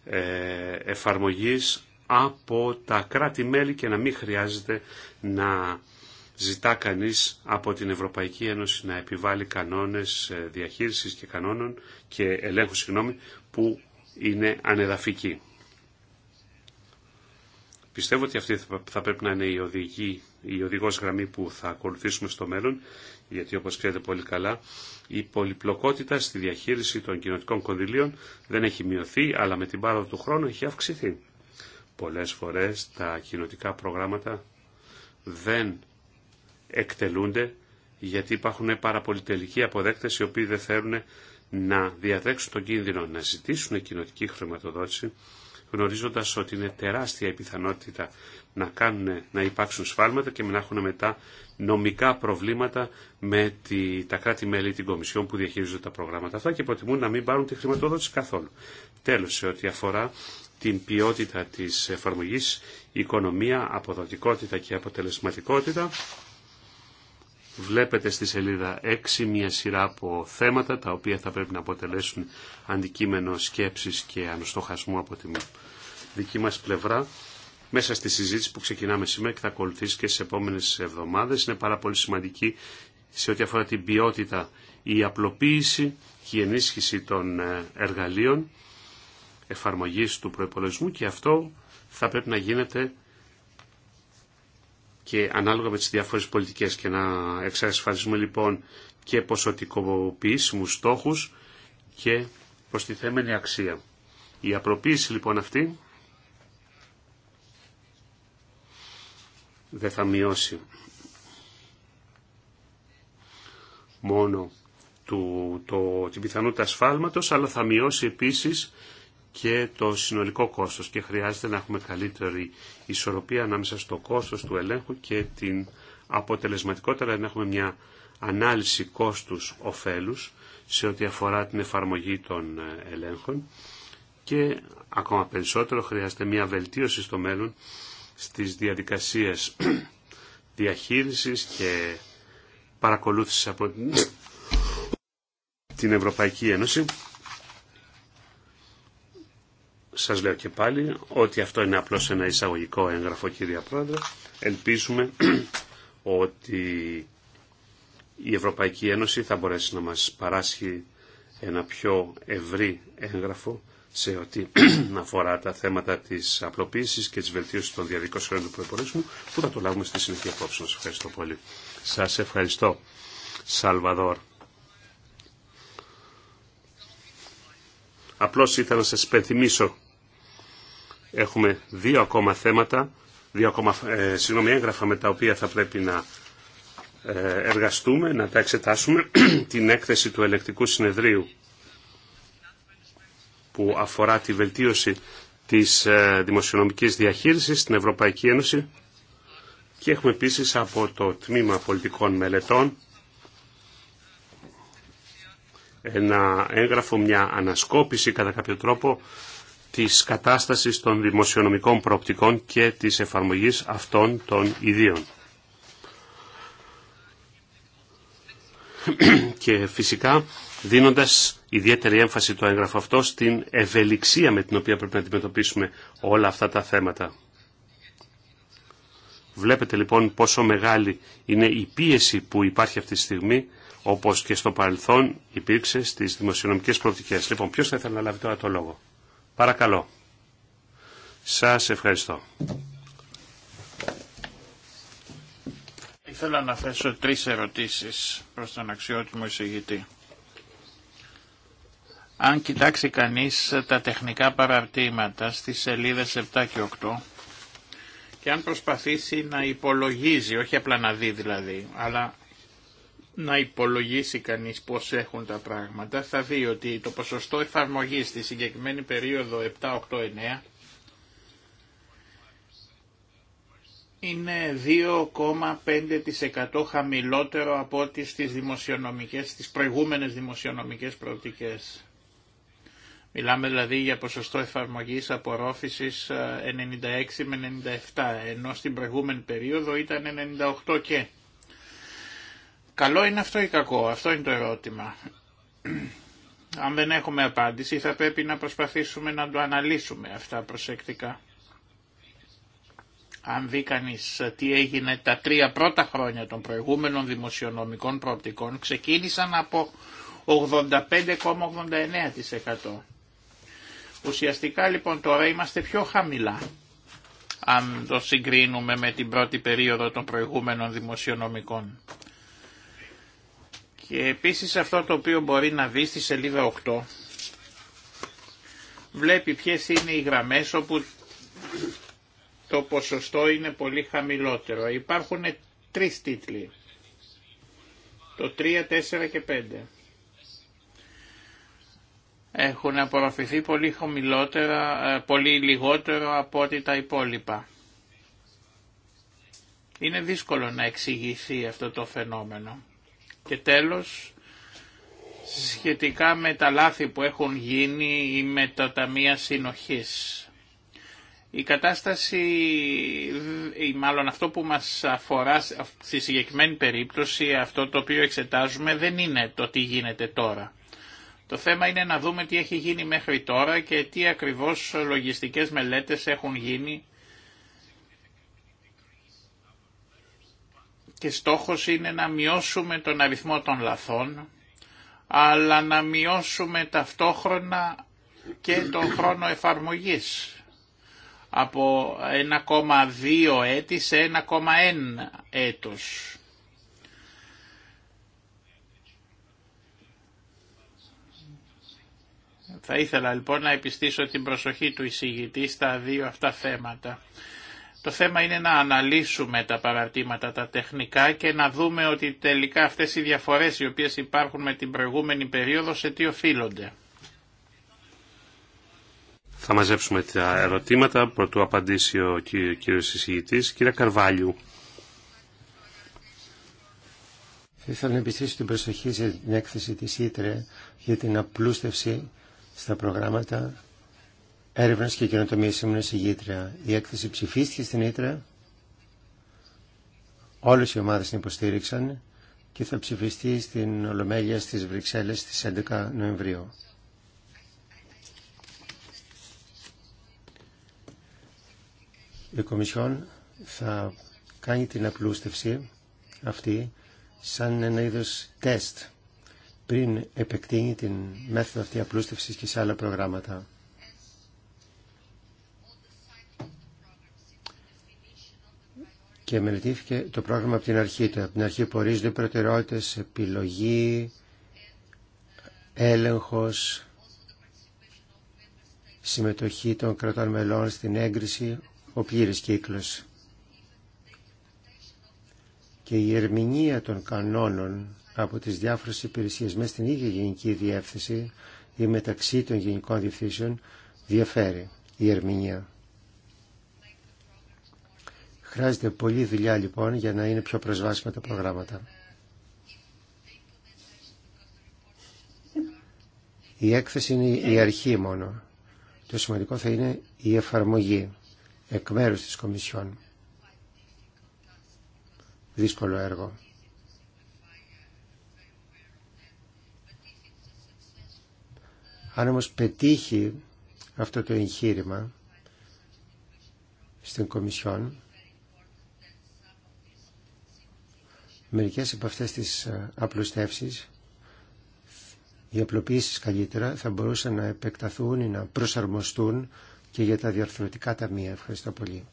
ε, εφαρμογής από τα κράτη-μέλη και να μην χρειάζεται να ζητά κανείς από την Ευρωπαϊκή Ένωση να επιβάλλει κανόνες ε, διαχείρισης και κανόνων και ελέγχου συγγνώμη, που είναι ανεδαφικοί. Πιστεύω ότι αυτή θα πρέπει να είναι η, οδηγή, η οδηγός γραμμή που θα ακολουθήσουμε στο μέλλον, γιατί όπως ξέρετε πολύ καλά, η πολυπλοκότητα στη διαχείριση των κοινωτικών κονδυλίων δεν έχει μειωθεί, αλλά με την πάροδο του χρόνου έχει αυξηθεί. Πολλές φορές τα κοινωτικά προγράμματα δεν εκτελούνται γιατί υπάρχουν πάρα πολλοί τελικοί αποδέκτες οι οποίοι δεν θέλουν να διαδέξουν τον κίνδυνο να ζητήσουν κοινοτική χρηματοδότηση γνωρίζοντας ότι είναι τεράστια η πιθανότητα να, κάνουν, να υπάρξουν σφάλματα και να έχουν μετά νομικά προβλήματα με τη, τα κράτη-μέλη την Κομισιόν που διαχειρίζονται τα προγράμματα αυτά και προτιμούν να μην πάρουν τη χρηματοδότηση καθόλου. Τέλος, σε ό,τι αφορά την ποιότητα της εφαρμογής, οικονομία, αποδοτικότητα και αποτελεσματικότητα, Βλέπετε στη σελίδα 6 μια σειρά από θέματα τα οποία θα πρέπει να αποτελέσουν αντικείμενο σκέψης και ανοστοχασμού από τη δική μας πλευρά. Μέσα στη συζήτηση που ξεκινάμε σήμερα και θα ακολουθήσει και στις επόμενες εβδομάδες είναι πάρα πολύ σημαντική σε ό,τι αφορά την ποιότητα η απλοποίηση και η ενίσχυση των ε, εργαλείων εφαρμογής του προϋπολογισμού και αυτό θα πρέπει να γίνεται και ανάλογα με τις διάφορες πολιτικές και να εξασφαλίσουμε λοιπόν και ποσοτικοποιήσιμους στόχους και προστιθέμενη αξία. Η απροποίηση λοιπόν αυτή δεν θα μειώσει μόνο του, το, την πιθανότητα ασφάλματος, αλλά θα μειώσει επίσης και το συνολικό κόστος και χρειάζεται να έχουμε καλύτερη ισορροπία ανάμεσα στο κόστος του ελέγχου και την αποτελεσματικότητα δηλαδή να έχουμε μια ανάλυση κόστους κόστους-οφέλους σε ό,τι αφορά την εφαρμογή των ε, ελέγχων και ακόμα περισσότερο χρειάζεται μια βελτίωση στο μέλλον στις διαδικασίες [clears throat] διαχείρισης και παρακολούθησης από την Ευρωπαϊκή Ένωση σας λέω και πάλι ότι αυτό είναι απλώς ένα εισαγωγικό έγγραφο κύριε Πρόεδρε. Ελπίζουμε [clears throat] ότι η Ευρωπαϊκή Ένωση θα μπορέσει να μας παράσχει ένα πιο ευρύ έγγραφο σε ό,τι [clears throat] αφορά τα θέματα της απλοποίησης και της βελτίωσης των διαδικασιών του προπορισμού που θα το λάβουμε στη συνεχεία απόψε. Σας ευχαριστώ πολύ. Σας ευχαριστώ. Σαλβαδόρ. Απλώς ήθελα να σας υπενθυμίσω. Έχουμε δύο ακόμα θέματα, δύο ακόμα ε, συγγνώμη, έγγραφα με τα οποία θα πρέπει να ε, εργαστούμε, να τα εξετάσουμε [clears throat] την έκθεση του ελεκτικού συνεδρίου που αφορά τη βελτίωση της ε, δημοσιονομικής διαχείρισης στην Ευρωπαϊκή Ένωση και έχουμε επίσης από το Τμήμα Πολιτικών Μελετών ένα έγγραφο, μια ανασκόπηση κατά κάποιο τρόπο της κατάστασης των δημοσιονομικών προοπτικών και της εφαρμογής αυτών των ιδίων. [clears throat] και φυσικά δίνοντας ιδιαίτερη έμφαση το έγγραφο αυτό στην ευελιξία με την οποία πρέπει να αντιμετωπίσουμε όλα αυτά τα θέματα. Βλέπετε λοιπόν πόσο μεγάλη είναι η πίεση που υπάρχει αυτή τη στιγμή όπως και στο παρελθόν υπήρξε στις δημοσιονομικές προοπτικές. Λοιπόν, ποιος θα ήθελε να λάβει τώρα το λόγο. Παρακαλώ. Σας ευχαριστώ. Ήθελα να θέσω τρεις ερωτήσεις προς τον αξιότιμο εισηγητή. Αν κοιτάξει κανείς τα τεχνικά παραρτήματα στις σελίδες 7 και 8 και αν προσπαθήσει να υπολογίζει, όχι απλά να δει δηλαδή, αλλά να υπολογίσει κανείς πώς έχουν τα πράγματα, θα δει ότι το ποσοστό εφαρμογής στη συγκεκριμένη περίοδο 7-8-9 είναι 2,5% χαμηλότερο από ό,τι στις, δημοσιονομικές, στις προηγούμενες δημοσιονομικές προοπτικές. Μιλάμε δηλαδή για ποσοστό εφαρμογής απορρόφησης 96 ε, με 97, ενώ στην προηγούμενη περίοδο ήταν 98 και. Καλό είναι αυτό ή κακό, αυτό είναι το ερώτημα. [clears throat] Αν δεν έχουμε απάντηση θα πρέπει να προσπαθήσουμε να το αναλύσουμε αυτά προσεκτικά. Αν δει κανεί τι έγινε τα τρία πρώτα χρόνια των προηγούμενων δημοσιονομικών προοπτικών ξεκίνησαν από 85,89%. Ουσιαστικά λοιπόν τώρα είμαστε πιο χαμηλά αν το συγκρίνουμε με την πρώτη περίοδο των προηγούμενων δημοσιονομικών. Και επίσης αυτό το οποίο μπορεί να δει στη σελίδα 8 βλέπει ποιες είναι οι γραμμές όπου το ποσοστό είναι πολύ χαμηλότερο. Υπάρχουν τρεις τίτλοι. Το 3, 4 και 5. Έχουν απορροφηθεί πολύ χαμηλότερα, ε, πολύ λιγότερο από ό,τι τα υπόλοιπα. Είναι δύσκολο να εξηγηθεί αυτό το φαινόμενο. Και τέλος, σχετικά με τα λάθη που έχουν γίνει ή με τα ταμεία συνοχής. Η κατάσταση, ή μάλλον αυτό που μας αφορά στη συγκεκριμένη περίπτωση, αυτό το οποίο εξετάζουμε δεν είναι το τι γίνεται τώρα. Το θέμα είναι να δούμε τι έχει γίνει μέχρι τώρα και τι ακριβώς λογιστικές μελέτες έχουν γίνει και στόχος είναι να μειώσουμε τον αριθμό των λαθών, αλλά να μειώσουμε ταυτόχρονα και τον χρόνο εφαρμογής από 1,2 έτη σε 1,1 έτος. Θα ήθελα λοιπόν να επιστήσω την προσοχή του εισηγητή στα δύο αυτά θέματα. Το θέμα είναι να αναλύσουμε τα παρατήματα, τα τεχνικά και να δούμε ότι τελικά αυτές οι διαφορές οι οποίες υπάρχουν με την προηγούμενη περίοδο σε τι οφείλονται. Θα μαζέψουμε τα ερωτήματα πρωτού απαντήσει ο κύριος εισηγητής. Κύριε Καρβάλιου. Θα ήθελα να επιστήσω την προσοχή σε την έκθεση της Ήτρε για την απλούστευση στα προγράμματα Έρευνα και καινοτομία ήμουν Γήτρια. Η έκθεση ψηφίστηκε στην Ήτρα. Όλε οι ομάδε την υποστήριξαν και θα ψηφιστεί στην Ολομέλεια στι Βρυξέλλε στι 11 Νοεμβρίου. Η Κομισιόν θα κάνει την απλούστευση αυτή σαν ένα είδος τεστ πριν επεκτείνει την μέθοδο αυτή απλούστευσης και σε άλλα προγράμματα. και μελετήθηκε το πρόγραμμα από την αρχή του. Από την αρχή που ορίζονται προτεραιότητες, επιλογή, έλεγχος, συμμετοχή των κρατών μελών στην έγκριση, ο πλήρης κύκλος. Και η ερμηνεία των κανόνων από τις διάφορες υπηρεσίες μέσα στην ίδια γενική διεύθυνση ή μεταξύ των γενικών διευθύνσεων διαφέρει η ερμηνεία. Χρειάζεται πολλή δουλειά λοιπόν για να είναι πιο προσβάσιμα τα προγράμματα. Η έκθεση είναι η αρχή μόνο. Το σημαντικό θα είναι η εφαρμογή εκ μέρους της Κομισιόν. Δύσκολο έργο. Αν όμως πετύχει αυτό το εγχείρημα στην Κομισιόν, Μερικές από αυτές τις ε, απλουστεύσεις, οι απλοποιήσεις καλύτερα, θα μπορούσαν να επεκταθούν ή να προσαρμοστούν και για τα διαρθρωτικά ταμεία. Ευχαριστώ πολύ.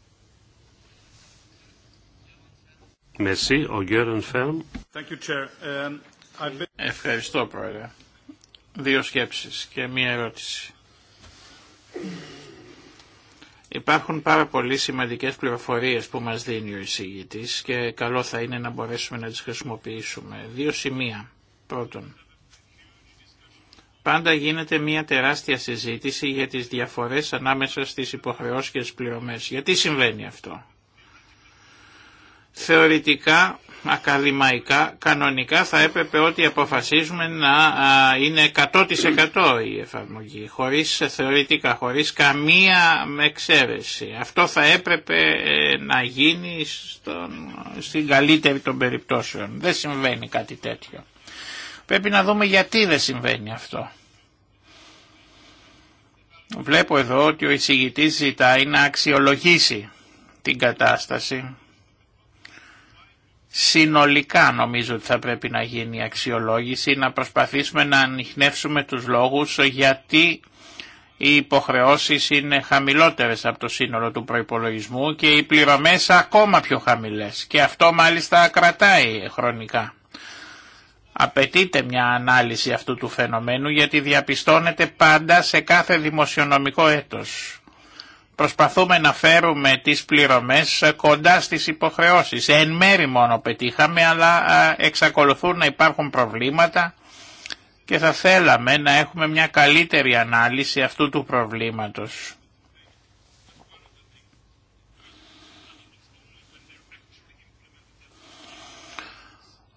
Um, Ευχαριστώ, Πρόεδρε. Δύο σκέψεις και μία ερώτηση. Υπάρχουν πάρα πολύ σημαντικές πληροφορίες που μας δίνει ο εισηγητής και καλό θα είναι να μπορέσουμε να τις χρησιμοποιήσουμε. Δύο σημεία. Πρώτον, πάντα γίνεται μια τεράστια συζήτηση για τις διαφορές ανάμεσα στις υποχρεώσεις και τις πληρωμές. Γιατί συμβαίνει αυτό. Θεωρητικά ακαδημαϊκά, κανονικά θα έπρεπε ότι αποφασίζουμε να είναι 100% η εφαρμογή, χωρίς θεωρητικά, χωρίς καμία εξαίρεση. Αυτό θα έπρεπε ε, να γίνει στην καλύτερη των περιπτώσεων. Δεν συμβαίνει κάτι τέτοιο. Πρέπει να δούμε γιατί δεν συμβαίνει αυτό. Βλέπω εδώ ότι ο εισηγητής ζητάει να αξιολογήσει την κατάσταση συνολικά νομίζω ότι θα πρέπει να γίνει η αξιολόγηση, να προσπαθήσουμε να ανοιχνεύσουμε τους λόγους γιατί οι υποχρεώσεις είναι χαμηλότερες από το σύνολο του προϋπολογισμού και οι πληρωμές ακόμα πιο χαμηλές και αυτό μάλιστα κρατάει χρονικά. Απαιτείται μια ανάλυση αυτού του φαινομένου γιατί διαπιστώνεται πάντα σε κάθε δημοσιονομικό έτος. Προσπαθούμε να φέρουμε τις πληρωμές ε, κοντά στις υποχρεώσεις. Εν μέρη μόνο πετύχαμε, αλλά ε, εξακολουθούν να υπάρχουν προβλήματα και θα θέλαμε να έχουμε μια καλύτερη ανάλυση αυτού του προβλήματος.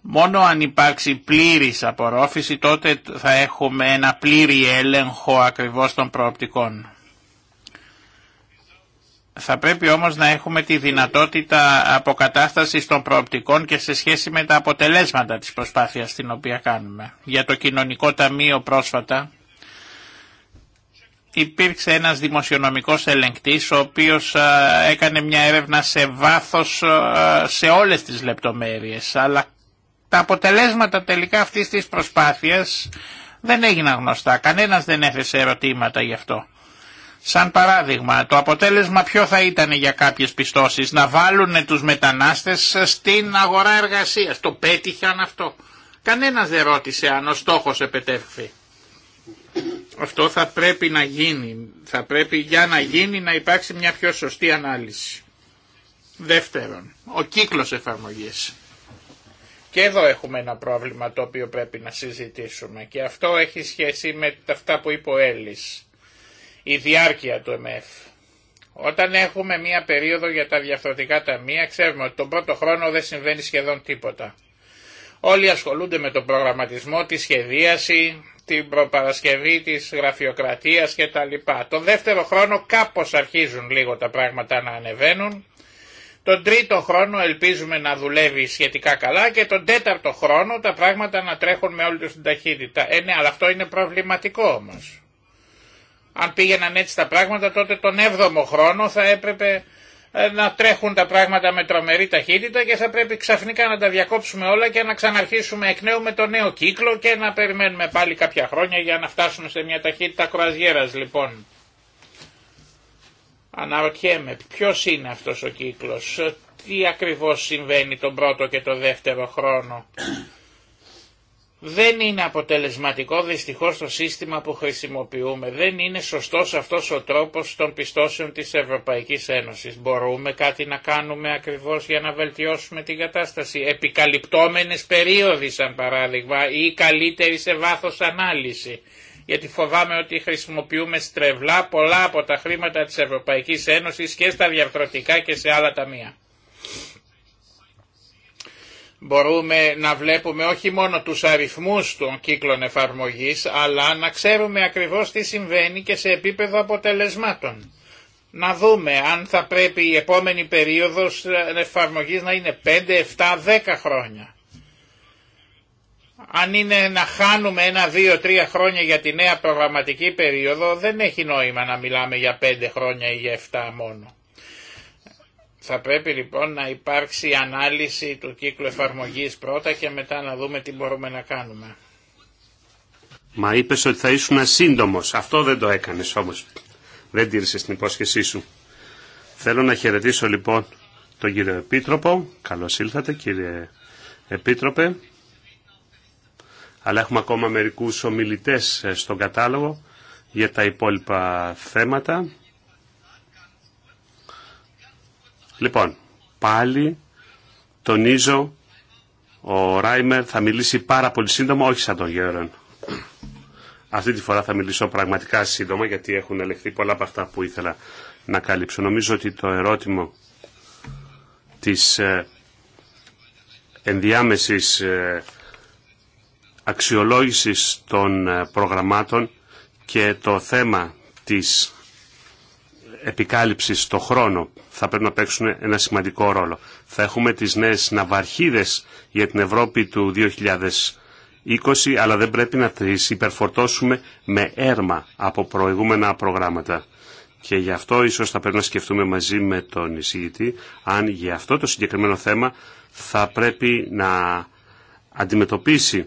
Μόνο αν υπάρξει πλήρης απορρόφηση τότε θα έχουμε ένα πλήρη έλεγχο ακριβώς των προοπτικών. Θα πρέπει όμως να έχουμε τη δυνατότητα αποκατάστασης των προοπτικών και σε σχέση με τα αποτελέσματα της προσπάθειας την οποία κάνουμε. Για το κοινωνικό ταμείο πρόσφατα υπήρξε ένας δημοσιονομικός ελεγκτής ο οποίος έκανε μια έρευνα σε βάθος σε όλες τις λεπτομέρειες αλλά τα αποτελέσματα τελικά αυτής της προσπάθειας δεν έγιναν γνωστά. Κανένας δεν έθεσε ερωτήματα γι' αυτό. Σαν παράδειγμα, το αποτέλεσμα ποιο θα ήταν για κάποιες πιστώσεις, να βάλουν τους μετανάστες στην αγορά εργασίας. Το πέτυχαν αυτό. Κανένας δεν ρώτησε αν ο στόχος επετέφθη. Αυτό θα πρέπει να γίνει. Θα πρέπει για να γίνει να υπάρξει μια πιο σωστή ανάλυση. Δεύτερον, ο κύκλος εφαρμογής. Και εδώ έχουμε ένα πρόβλημα το οποίο πρέπει να συζητήσουμε και αυτό έχει σχέση με αυτά που είπε ο Έλλης η διάρκεια του ΕΜΕΦ. Όταν έχουμε μία περίοδο για τα διαφορετικά ταμεία, ξέρουμε ότι τον πρώτο χρόνο δεν συμβαίνει σχεδόν τίποτα. Όλοι ασχολούνται με τον προγραμματισμό, τη σχεδίαση, την προπαρασκευή της γραφειοκρατίας κτλ. Το δεύτερο χρόνο κάπως αρχίζουν λίγο τα πράγματα να ανεβαίνουν. Τον τρίτο χρόνο ελπίζουμε να δουλεύει σχετικά καλά και τον τέταρτο χρόνο τα πράγματα να τρέχουν με όλη την ταχύτητα. Ε, ναι, αλλά αυτό είναι προβληματικό όμως. Αν πήγαιναν έτσι τα πράγματα τότε τον 7ο χρόνο θα έπρεπε ε, να τρέχουν τα πράγματα με τρομερή ταχύτητα και θα πρέπει ξαφνικά να τα διακόψουμε όλα και να ξαναρχίσουμε εκ νέου με το νέο κύκλο και να περιμένουμε πάλι κάποια χρόνια για να φτάσουμε σε μια ταχύτητα κρουαζιέρας λοιπόν. Αναρωτιέμαι ποιος είναι αυτός ο κύκλος, τι ακριβώς συμβαίνει τον πρώτο και τον δεύτερο χρόνο δεν είναι αποτελεσματικό δυστυχώς το σύστημα που χρησιμοποιούμε. Δεν είναι σωστός αυτός ο τρόπος των πιστώσεων της Ευρωπαϊκής Ένωσης. Μπορούμε κάτι να κάνουμε ακριβώς για να βελτιώσουμε την κατάσταση. Επικαλυπτόμενες περίοδοι σαν παράδειγμα ή καλύτερη σε βάθος ανάλυση. Γιατί φοβάμαι ότι χρησιμοποιούμε στρεβλά πολλά από τα χρήματα της Ευρωπαϊκής Ένωσης και στα διαρθρωτικά και σε άλλα ταμεία. Μπορούμε να βλέπουμε όχι μόνο τους αριθμούς των κύκλων εφαρμογής, αλλά να ξέρουμε ακριβώς τι συμβαίνει και σε επίπεδο αποτελεσμάτων. Να δούμε αν θα πρέπει η επόμενη περίοδος εφαρμογής να είναι 5, 7, 10 χρόνια. Αν είναι να χάνουμε ένα, 2, 3 χρόνια για τη νέα προγραμματική περίοδο, δεν έχει νόημα να μιλάμε για 5 χρόνια ή για 7 μόνο. Θα πρέπει λοιπόν να υπάρξει ανάλυση του κύκλου εφαρμογής πρώτα και μετά να δούμε τι μπορούμε να κάνουμε. Μα είπε ότι θα ήσουν σύντομο. Αυτό δεν το έκανε όμως. Δεν τήρησε την υπόσχεσή σου. Θέλω να χαιρετήσω λοιπόν τον κύριο Επίτροπο. Καλώ ήλθατε κύριε Επίτροπε. Αλλά έχουμε ακόμα μερικού ομιλητέ ε, στον κατάλογο για τα υπόλοιπα θέματα. Λοιπόν, πάλι τονίζω, ο Ράιμερ θα μιλήσει πάρα πολύ σύντομα, όχι σαν τον Γέρον. Αυτή τη φορά θα μιλήσω πραγματικά σύντομα, γιατί έχουν ελεγχθεί πολλά από αυτά που ήθελα να καλύψω. Νομίζω ότι το ερώτημα της ε, ενδιάμεσης ε, αξιολόγησης των ε, προγραμμάτων και το θέμα της επικάλυψης στο χρόνο θα πρέπει να παίξουν ένα σημαντικό ρόλο. Θα έχουμε τις νέες ναυαρχίδες για την Ευρώπη του 2020, αλλά δεν πρέπει να τις υπερφορτώσουμε με έρμα από προηγούμενα προγράμματα. Και γι' αυτό ίσως θα πρέπει να σκεφτούμε μαζί με τον εισηγητή αν για αυτό το συγκεκριμένο θέμα θα πρέπει να αντιμετωπίσει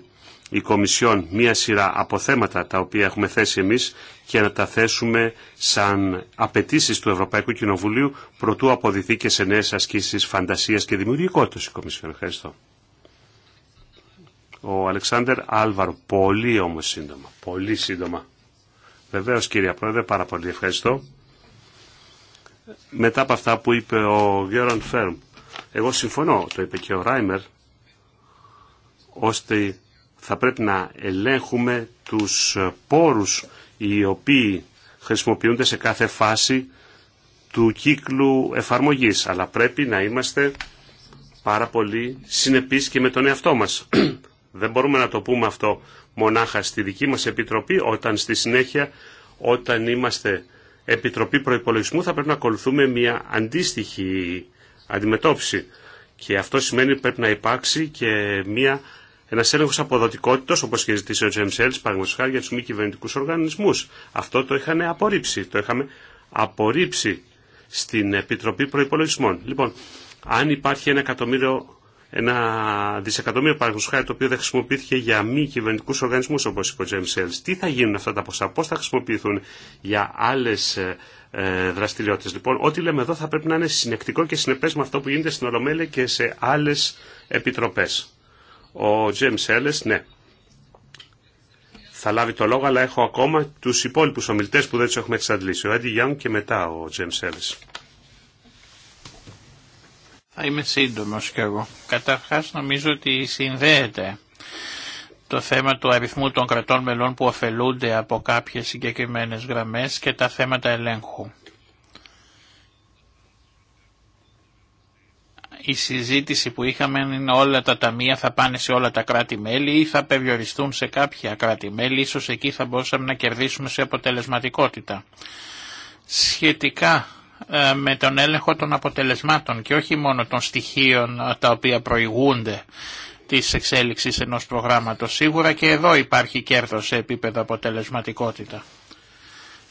η Κομισιόν μία σειρά από θέματα τα οποία έχουμε θέσει εμείς και να τα θέσουμε σαν απαιτήσει του Ευρωπαϊκού Κοινοβουλίου προτού αποδηθεί και σε νέες ασκήσεις φαντασίας και δημιουργικότητας η Κομισιόν. Ευχαριστώ. Ο Αλεξάνδρ Άλβαρο, πολύ όμως σύντομα, πολύ σύντομα. Βεβαίως κύριε Πρόεδρε, πάρα πολύ ευχαριστώ. Μετά από αυτά που είπε ο Γιώραν Φέρμ, εγώ συμφωνώ, το είπε και ο Ράιμερ, ώστε θα πρέπει να ελέγχουμε τους πόρους οι οποίοι χρησιμοποιούνται σε κάθε φάση του κύκλου εφαρμογής. Αλλά πρέπει να είμαστε πάρα πολύ συνεπείς και με τον εαυτό μας. [clears throat] Δεν μπορούμε να το πούμε αυτό μονάχα στη δική μας επιτροπή, όταν στη συνέχεια, όταν είμαστε επιτροπή προϋπολογισμού, θα πρέπει να ακολουθούμε μια αντίστοιχη αντιμετώπιση. Και αυτό σημαίνει ότι πρέπει να υπάρξει και μια ένα έλεγχο αποδοτικότητα, όπω και ζητήσε ο Τζέμ Σέλ, παραδείγματο χάρη για του μη κυβερνητικού οργανισμού. Αυτό το είχαν απορρίψει. Το είχαμε απορρίψει στην Επιτροπή Προπολογισμών. Λοιπόν, αν υπάρχει ένα εκατομμύριο, ένα δισεκατομμύριο παραδείγματο χάρη το οποίο δεν χρησιμοποιήθηκε για μη κυβερνητικού οργανισμού, όπω είπε ο Τζέμ Σέλ, τι θα γίνουν αυτά τα ποσά, πώ θα χρησιμοποιηθούν για άλλε δραστηριότητε, Λοιπόν, ό,τι λέμε εδώ θα πρέπει να είναι συνεκτικό και συνεπέ με αυτό που γίνεται στην Ολομέλεια και σε άλλε επιτροπέ. Ο Τζέμ, Έλες, ναι, θα λάβει το λόγο, αλλά έχω ακόμα τους υπόλοιπους ομιλητές που δεν τους έχουμε εξαντλήσει. Ο Έντι Γιάνν και μετά ο Τζέμ Έλες. Θα είμαι σύντομος κι εγώ. Καταρχάς νομίζω ότι συνδέεται το θέμα του αριθμού των κρατών μελών που ωφελούνται από κάποιες συγκεκριμένες γραμμές και τα θέματα ελέγχου. η συζήτηση που είχαμε είναι όλα τα ταμεία θα πάνε σε όλα τα κράτη-μέλη ή θα περιοριστούν σε κάποια κράτη-μέλη, ίσως εκεί θα μπορούσαμε να κερδίσουμε σε αποτελεσματικότητα. Σχετικά ε, με τον έλεγχο των αποτελεσμάτων και όχι μόνο των στοιχείων ε, τα οποία προηγούνται της εξέλιξης ενός προγράμματος. Σίγουρα και εδώ υπάρχει κέρδος σε επίπεδο αποτελεσματικότητα.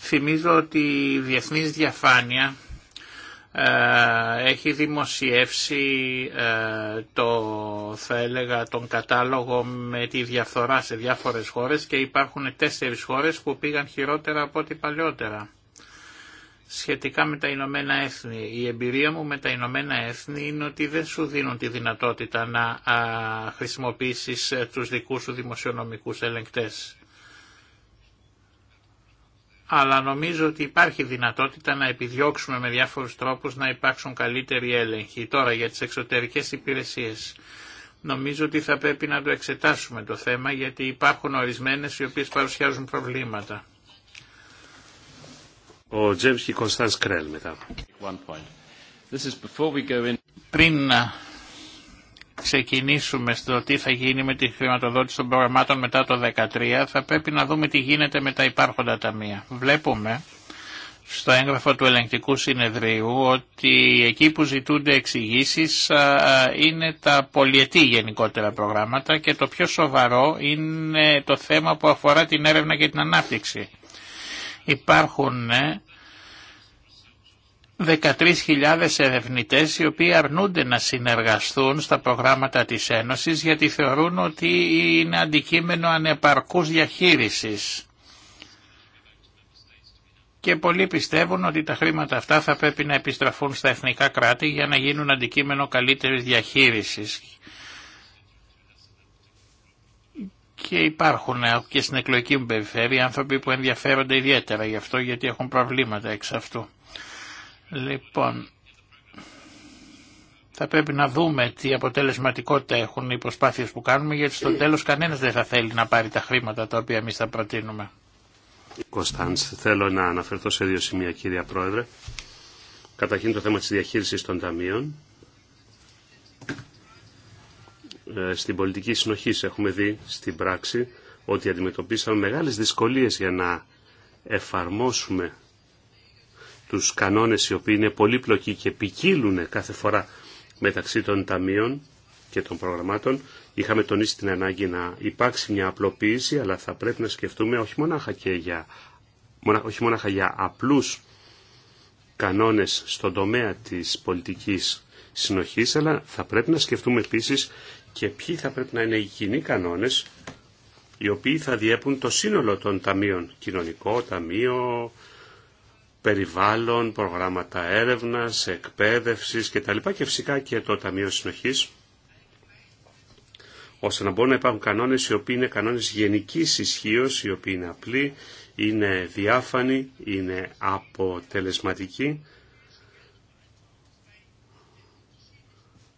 Θυμίζω ότι η διεθνής διαφάνεια ε, έχει δημοσιεύσει ε, το, θα έλεγα, τον κατάλογο με τη διαφθορά σε διάφορες χώρες και υπάρχουν τέσσερις χώρες που πήγαν χειρότερα από ό,τι παλιότερα. Σχετικά με τα Ηνωμένα Έθνη, η εμπειρία μου με τα Ηνωμένα Έθνη είναι ότι δεν σου δίνουν τη δυνατότητα να χρησιμοποιήσεις ε, τους δικούς σου δημοσιονομικούς ελεγκτές αλλά νομίζω ότι υπάρχει δυνατότητα να επιδιώξουμε με διάφορους τρόπους να υπάρξουν καλύτεροι έλεγχοι. Τώρα για τις εξωτερικές υπηρεσίες. Νομίζω ότι θα πρέπει να το εξετάσουμε το θέμα γιατί υπάρχουν ορισμένες οι οποίες παρουσιάζουν προβλήματα. Ο Κωνσταντς ξεκινήσουμε στο τι θα γίνει με τη χρηματοδότηση των προγραμμάτων μετά το 2013, θα πρέπει να δούμε τι γίνεται με τα υπάρχοντα ταμεία. Βλέπουμε στο έγγραφο του ελεγκτικού συνεδρίου ότι εκεί που ζητούνται εξηγήσει είναι τα πολιετή γενικότερα προγράμματα και το πιο σοβαρό είναι το θέμα που αφορά την έρευνα και την ανάπτυξη. Υπάρχουν ε, 13.000 ερευνητές οι οποίοι αρνούνται να συνεργαστούν στα προγράμματα της Ένωσης γιατί θεωρούν ότι είναι αντικείμενο ανεπαρκούς διαχείρισης. Και πολλοί πιστεύουν ότι τα χρήματα αυτά θα πρέπει να επιστραφούν στα εθνικά κράτη για να γίνουν αντικείμενο καλύτερης διαχείρισης. και υπάρχουν και στην εκλογική μου περιφέρεια άνθρωποι που ενδιαφέρονται ιδιαίτερα γι' αυτό γιατί έχουν προβλήματα εξ αυτού. Λοιπόν, θα πρέπει να δούμε τι αποτελεσματικότητα έχουν οι προσπάθειες που κάνουμε, γιατί στο τέλος κανένας δεν θα θέλει να πάρει τα χρήματα τα οποία εμείς θα προτείνουμε. Κωνσταντς, θέλω να αναφερθώ σε δύο σημεία, κύρια Πρόεδρε. Καταρχήν το θέμα της διαχείρισης των ταμείων. Ε, στην πολιτική συνοχή έχουμε δει στην πράξη ότι αντιμετωπίσαμε μεγάλες δυσκολίες για να εφαρμόσουμε τους κανόνες οι οποίοι είναι πολύπλοκοι και ποικίλουν κάθε φορά μεταξύ των ταμείων και των προγραμμάτων. Είχαμε τονίσει την ανάγκη να υπάρξει μια απλοποίηση, αλλά θα πρέπει να σκεφτούμε όχι μόνο και για, όχι μονάχα για απλούς κανόνες στον τομέα της πολιτικής συνοχής, αλλά θα πρέπει να σκεφτούμε επίσης και ποιοι θα πρέπει να είναι οι κοινοί κανόνες οι οποίοι θα διέπουν το σύνολο των ταμείων, κοινωνικό ταμείο, περιβάλλον, προγράμματα έρευνας, εκπαίδευσης κτλ. Και φυσικά και το Ταμείο Συνοχής, ώστε να μπορούν να υπάρχουν κανόνες οι οποίοι είναι κανόνες γενικής ισχύως, οι οποίοι είναι απλοί, είναι διάφανοι, είναι αποτελεσματικοί,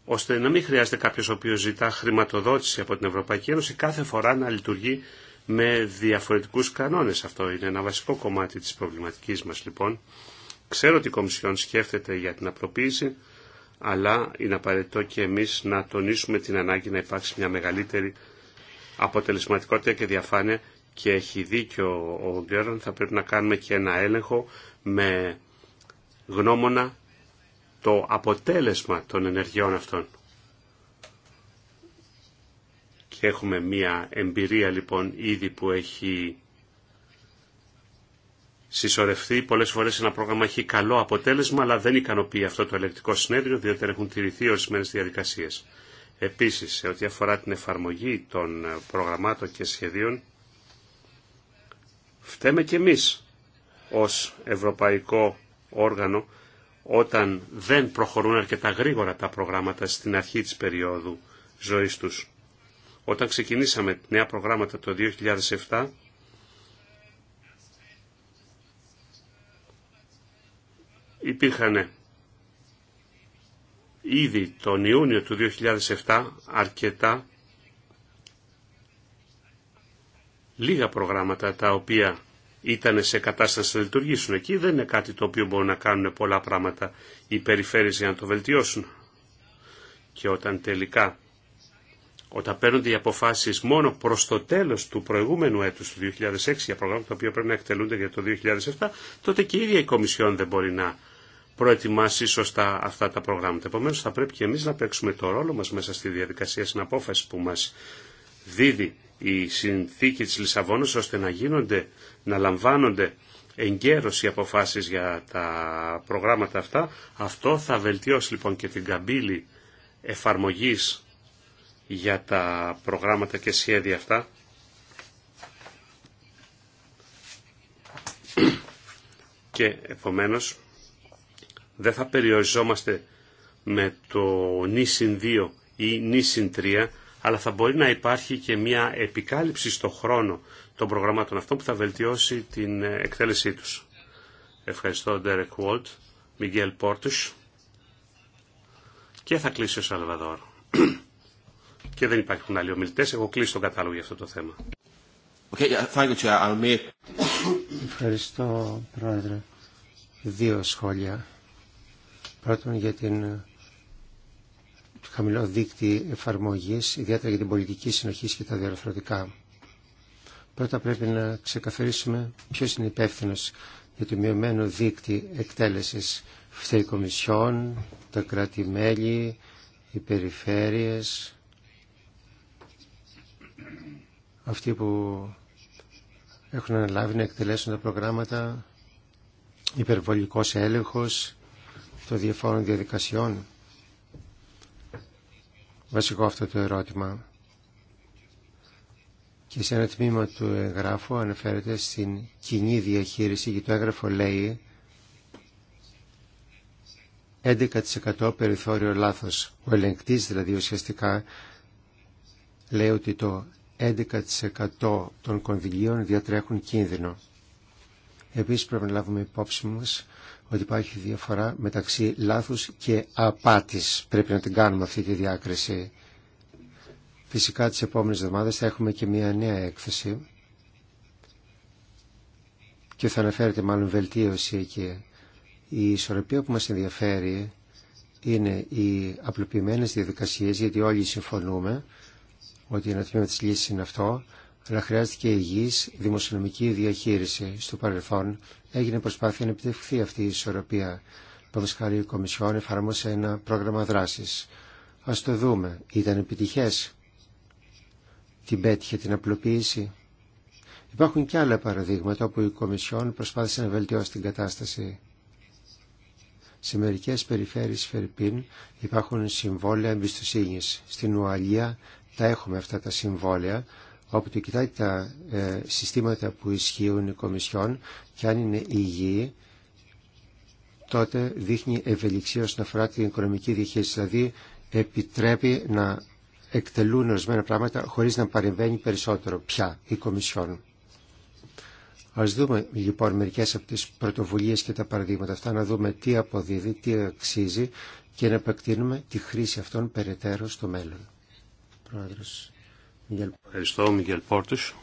ώστε να μην χρειάζεται κάποιος ο οποίος ζητά χρηματοδότηση από την Ευρωπαϊκή Ένωση κάθε φορά να λειτουργεί με διαφορετικούς κανόνες. Αυτό είναι ένα βασικό κομμάτι της προβληματικής μας λοιπόν. Ξέρω ότι η Κομισιόν σκέφτεται για την απλοποίηση, αλλά είναι απαραίτητο και εμείς να τονίσουμε την ανάγκη να υπάρξει μια μεγαλύτερη αποτελεσματικότητα και διαφάνεια και έχει δίκιο ο Γκέρον θα πρέπει να κάνουμε και ένα έλεγχο με γνώμονα το αποτέλεσμα των ενεργειών αυτών. Και έχουμε μια εμπειρία λοιπόν ήδη που έχει συσσωρευτεί. Πολλές φορές ένα πρόγραμμα έχει καλό αποτέλεσμα, αλλά δεν ικανοποιεί αυτό το ελεκτικό συνέδριο, διότι δεν έχουν τηρηθεί ορισμένε διαδικασίες. Επίσης, σε ό,τι αφορά την εφαρμογή των προγραμμάτων και σχεδίων, φταίμε και εμείς ως ευρωπαϊκό όργανο όταν δεν προχωρούν αρκετά γρήγορα τα προγράμματα στην αρχή της περίοδου ζωής τους. Όταν ξεκινήσαμε νέα προγράμματα το 2007, υπήρχαν ήδη τον Ιούνιο του 2007 αρκετά λίγα προγράμματα τα οποία ήταν σε κατάσταση να λειτουργήσουν. Εκεί δεν είναι κάτι το οποίο μπορούν να κάνουν πολλά πράγματα οι περιφέρειες για να το βελτιώσουν. Και όταν τελικά όταν παίρνονται οι αποφάσει μόνο προ το τέλο του προηγούμενου έτου του 2006 για προγράμματα τα οποία πρέπει να εκτελούνται για το 2007, τότε και η ίδια η Κομισιόν δεν μπορεί να προετοιμάσει σωστά αυτά τα προγράμματα. Επομένω θα πρέπει και εμεί να παίξουμε το ρόλο μα μέσα στη διαδικασία στην απόφαση που μα δίδει η συνθήκη τη Λισαβόνα, ώστε να γίνονται, να λαμβάνονται εγκαίρω οι αποφάσει για τα προγράμματα αυτά. Αυτό θα βελτιώσει λοιπόν και την καμπύλη εφαρμογής για τα προγράμματα και σχέδια αυτά. Και επομένως δεν θα περιοριζόμαστε με το νησιν 2 ή νησιν 3, αλλά θα μπορεί να υπάρχει και μια επικάλυψη στο χρόνο των προγραμμάτων αυτών που θα βελτιώσει την εκτέλεσή τους. Ευχαριστώ, Derek Walt, Miguel Portus και θα κλείσει ο Σαλβαδόρ και δεν υπάρχουν άλλοι ομιλητέ. Εγώ κλείσει τον κατάλογο για αυτό το θέμα. Okay, thank you, Ευχαριστώ, Πρόεδρε. Δύο σχόλια. Πρώτον, για την ε, χαμηλό δίκτυ εφαρμογή, ιδιαίτερα για την πολιτική συνοχή και τα διαρθρωτικά. Πρώτα πρέπει να ξεκαθαρίσουμε ποιο είναι υπεύθυνο για το μειωμένο δίκτυο εκτέλεση Φταίει η τα κράτη-μέλη, οι περιφέρειες, αυτοί που έχουν αναλάβει να εκτελέσουν τα προγράμματα, υπερβολικός έλεγχος των διαφόρων διαδικασιών. Βασικό αυτό το ερώτημα. Και σε ένα τμήμα του εγγράφου αναφέρεται στην κοινή διαχείριση και το έγγραφο λέει 11% περιθώριο λάθος. Ο ελεγκτής δηλαδή ουσιαστικά λέει ότι το 11% των κονδυλίων διατρέχουν κίνδυνο. Επίσης πρέπει να λάβουμε υπόψη μας ότι υπάρχει διαφορά μεταξύ λάθους και απάτης. Πρέπει να την κάνουμε αυτή τη διάκριση. Φυσικά τις επόμενες εβδομάδες θα έχουμε και μια νέα έκθεση και θα αναφέρεται μάλλον βελτίωση εκεί. Η ισορροπία που μας ενδιαφέρει είναι οι απλοποιημένες διαδικασίες γιατί όλοι συμφωνούμε ότι ένα τμήμα της λύσης είναι αυτό, αλλά χρειάζεται και υγιής δημοσιονομική διαχείριση. Στο παρελθόν έγινε προσπάθεια να επιτευχθεί αυτή η ισορροπία. χάρη, η Κομισιόν εφαρμόσε ένα πρόγραμμα δράσης. Ας το δούμε. Ήταν επιτυχές. Την πέτυχε την απλοποίηση. Υπάρχουν και άλλα παραδείγματα όπου η Κομισιόν προσπάθησε να βελτιώσει την κατάσταση. Σε μερικέ περιφέρειες Φερρυπίν υπάρχουν συμβόλαια εμπιστοσύνη. Στην Ουαλία τα έχουμε αυτά τα συμβόλαια όπου το κοιτάει τα ε, συστήματα που ισχύουν οι Κομισιόν και αν είναι υγιή τότε δείχνει ευελιξία όσον αφορά την οικονομική διαχείριση. Δηλαδή επιτρέπει να εκτελούν ορισμένα πράγματα χωρίς να παρεμβαίνει περισσότερο πια η Κομισιόν. Ας δούμε λοιπόν μερικές από τις πρωτοβουλίες και τα παραδείγματα αυτά, να δούμε τι αποδίδει, τι αξίζει και να επεκτείνουμε τη χρήση αυτών περαιτέρω στο μέλλον. Πρόεδρος. Ευχαριστώ, Μιγελ Πόρτους.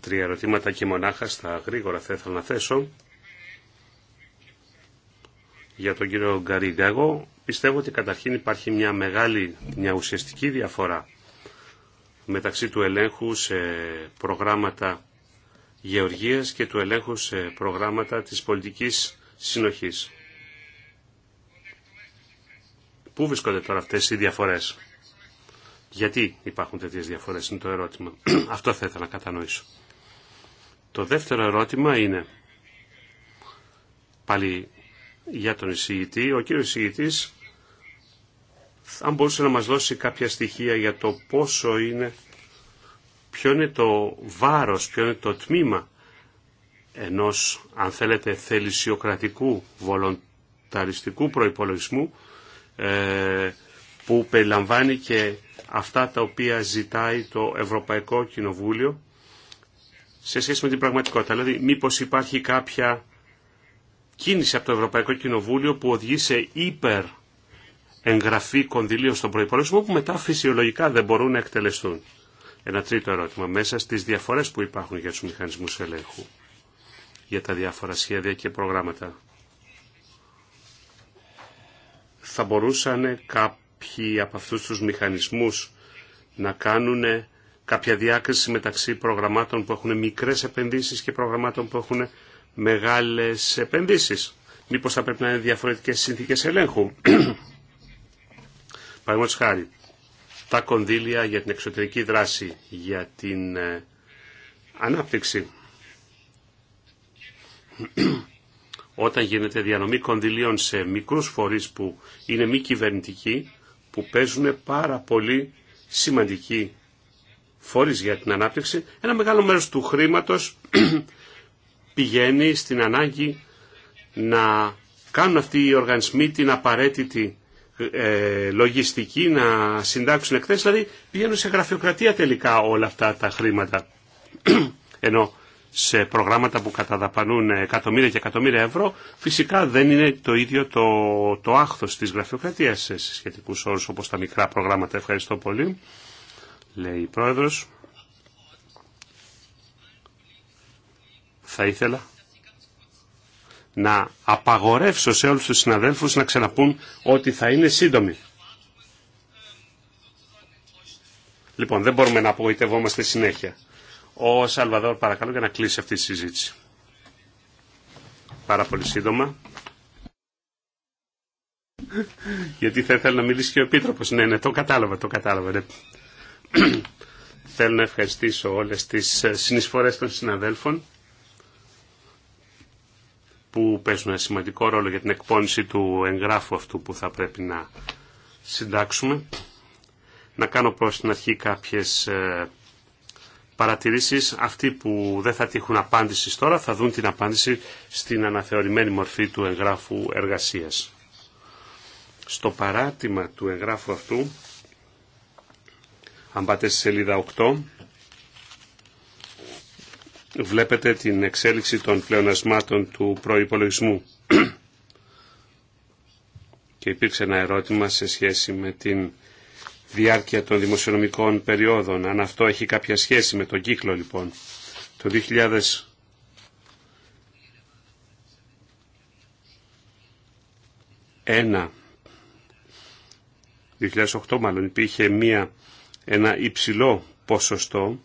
Τρία ερωτήματα και μονάχα στα γρήγορα θα ήθελα να θέσω. Για τον κύριο Γκαρίγκα, εγώ πιστεύω ότι καταρχήν υπάρχει μια μεγάλη, μια ουσιαστική διαφορά μεταξύ του ελέγχου σε προγράμματα γεωργίας και του ελέγχου σε προγράμματα της πολιτικής συνοχής. Πού βρίσκονται τώρα αυτές οι διαφορέ, Γιατί υπάρχουν τέτοιε διαφορές είναι το ερώτημα. [clears throat] Αυτό θα ήθελα να κατανοήσω. Το δεύτερο ερώτημα είναι πάλι για τον εισηγητή. Ο κύριος εισηγητή, αν μπορούσε να μας δώσει κάποια στοιχεία για το πόσο είναι, ποιο είναι το βάρος, ποιο είναι το τμήμα ενός, αν θέλετε, θελησιοκρατικού, βολονταριστικού προϋπολογισμού ε, που περιλαμβάνει και αυτά τα οποία ζητάει το Ευρωπαϊκό Κοινοβούλιο σε σχέση με την πραγματικότητα. Δηλαδή, μήπως υπάρχει κάποια κίνηση από το Ευρωπαϊκό Κοινοβούλιο που οδηγεί σε υπερ εγγραφή κονδυλίων στον προϋπολογισμό που μετά φυσιολογικά δεν μπορούν να εκτελεστούν. Ένα τρίτο ερώτημα μέσα στις διαφορές που υπάρχουν για τους μηχανισμούς ελέγχου για τα διάφορα σχέδια και προγράμματα. θα μπορούσαν κάποιοι από αυτούς τους μηχανισμούς να κάνουν κάποια διάκριση μεταξύ προγραμμάτων που έχουν μικρές επενδύσεις και προγραμμάτων που έχουν μεγάλες επενδύσεις. Μήπως θα πρέπει να είναι διαφορετικές συνθήκες ελέγχου. [clears throat] Παραδείγματο χάρη, τα κονδύλια για την εξωτερική δράση, για την ε, ανάπτυξη. [clears throat] όταν γίνεται διανομή κονδυλίων σε μικρούς φορείς που είναι μη κυβερνητικοί, που παίζουν πάρα πολύ σημαντικοί φορείς για την ανάπτυξη, ένα μεγάλο μέρος του χρήματος [clears throat] πηγαίνει στην ανάγκη να κάνουν αυτοί οι οργανισμοί την απαραίτητη ε, λογιστική, να συντάξουν εκθέσεις, δηλαδή πηγαίνουν σε γραφειοκρατία τελικά όλα αυτά τα χρήματα. [clears throat] Ενώ σε προγράμματα που καταδαπανούν εκατομμύρια και εκατομμύρια ευρώ, φυσικά δεν είναι το ίδιο το, το άχθος της γραφειοκρατίας σε σχετικούς όρους όπως τα μικρά προγράμματα. Ευχαριστώ πολύ, λέει η Πρόεδρος. Θα ήθελα να απαγορεύσω σε όλους τους συναδέλφους να ξαναπούν ότι θα είναι σύντομοι. Λοιπόν, δεν μπορούμε να απογοητευόμαστε συνέχεια. Ο Σαλβαδόρ παρακαλώ για να κλείσει αυτή τη συζήτηση. Πάρα πολύ σύντομα. Γιατί θα ήθελα να μιλήσει και ο Επίτροπος. Ναι, ναι, το κατάλαβα, το κατάλαβα. Ναι. Θέλω να ευχαριστήσω όλες τις ε, συνεισφορές των συναδέλφων που παίζουν ένα σημαντικό ρόλο για την εκπόνηση του εγγράφου αυτού που θα πρέπει να συντάξουμε. Να κάνω προς την αρχή κάποιες ε, παρατηρήσεις αυτοί που δεν θα τύχουν απάντηση τώρα θα δουν την απάντηση στην αναθεωρημένη μορφή του εγγράφου εργασίας. Στο παράτημα του εγγράφου αυτού, αν πάτε στη σελίδα 8, βλέπετε την εξέλιξη των πλεονασμάτων του προϋπολογισμού. [clears throat] Και υπήρξε ένα ερώτημα σε σχέση με την διάρκεια των δημοσιονομικών περιόδων, αν αυτό έχει κάποια σχέση με τον κύκλο λοιπόν. Το 2001, 2008 μάλλον υπήρχε μία, ένα υψηλό ποσοστό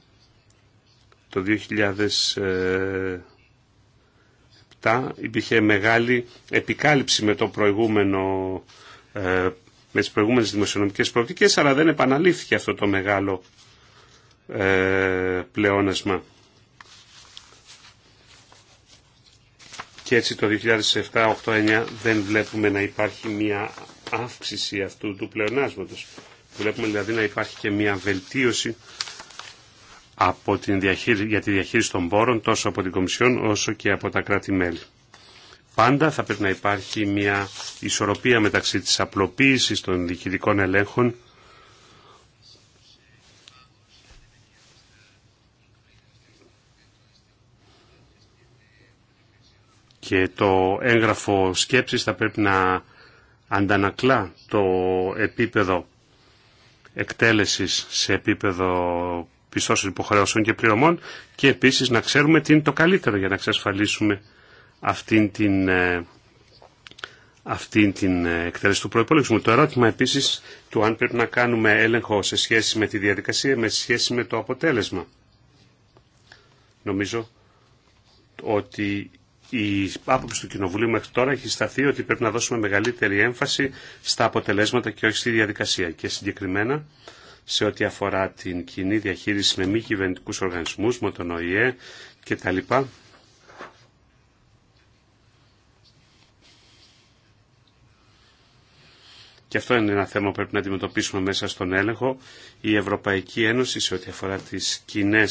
το 2007 υπήρχε μεγάλη επικάλυψη με το προηγούμενο ε, με τις προηγούμενες δημοσιονομικές προοπτικές, αλλά δεν επαναλήφθηκε αυτό το μεγάλο ε, πλεόνασμα. Και έτσι το 2007-2009 δεν βλέπουμε να υπάρχει μια αύξηση αυτού του πλεονάσματος. Βλέπουμε δηλαδή να υπάρχει και μια βελτίωση από την διαχείρι... για τη διαχείριση των πόρων τόσο από την Κομισιόν όσο και από τα κράτη-μέλη. Πάντα θα πρέπει να υπάρχει μια ισορροπία μεταξύ της απλοποίησης των διοικητικών ελέγχων και το έγγραφο σκέψης θα πρέπει να αντανακλά το επίπεδο εκτέλεσης σε επίπεδο πιστώσεων υποχρεώσεων και πληρωμών και επίσης να ξέρουμε τι είναι το καλύτερο για να εξασφαλίσουμε αυτήν την, ε, αυτήν την ε, εκτέλεση του μου. Το ερώτημα επίσης του αν πρέπει να κάνουμε έλεγχο σε σχέση με τη διαδικασία, με σχέση με το αποτέλεσμα. Νομίζω ότι η άποψη του Κοινοβουλίου μέχρι τώρα έχει σταθεί ότι πρέπει να δώσουμε μεγαλύτερη έμφαση στα αποτελέσματα και όχι στη διαδικασία. Και συγκεκριμένα σε ό,τι αφορά την κοινή διαχείριση με μη κυβερνητικού οργανισμούς, με τον ΟΗΕ κτλ. Και αυτό είναι ένα θέμα που πρέπει να αντιμετωπίσουμε μέσα στον έλεγχο. Η Ευρωπαϊκή Ένωση σε ό,τι αφορά τις κοινέ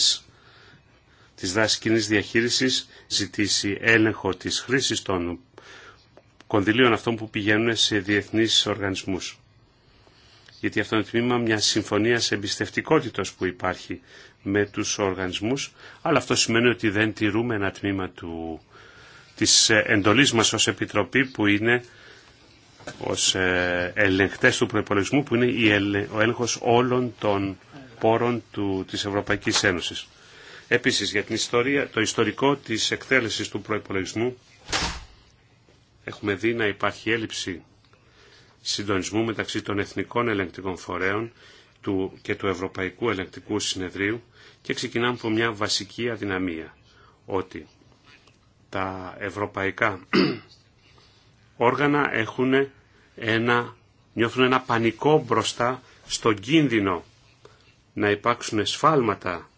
της κοινή διαχείρισης ζητήσει έλεγχο της χρήσης των κονδυλίων αυτών που πηγαίνουν σε διεθνείς οργανισμούς. Γιατί αυτό είναι τμήμα μια συμφωνία εμπιστευτικότητα που υπάρχει με του οργανισμού, αλλά αυτό σημαίνει ότι δεν τηρούμε ένα τμήμα τη της εντολής μας ως Επιτροπή που είναι ως ε, ελεγχτές του προϋπολογισμού που είναι ο έλεγχος όλων των πόρων του, της Ευρωπαϊκής Ένωσης. Επίσης για την ιστορία, το ιστορικό της εκτέλεσης του προϋπολογισμού έχουμε δει να υπάρχει έλλειψη συντονισμού μεταξύ των εθνικών ελεγκτικών φορέων του και του Ευρωπαϊκού Ελεγκτικού Συνεδρίου και ξεκινάμε από μια βασική αδυναμία ότι τα ευρωπαϊκά [clears throat] όργανα έχουν ένα, νιώθουν ένα πανικό μπροστά στον κίνδυνο να υπάρξουν σφάλματα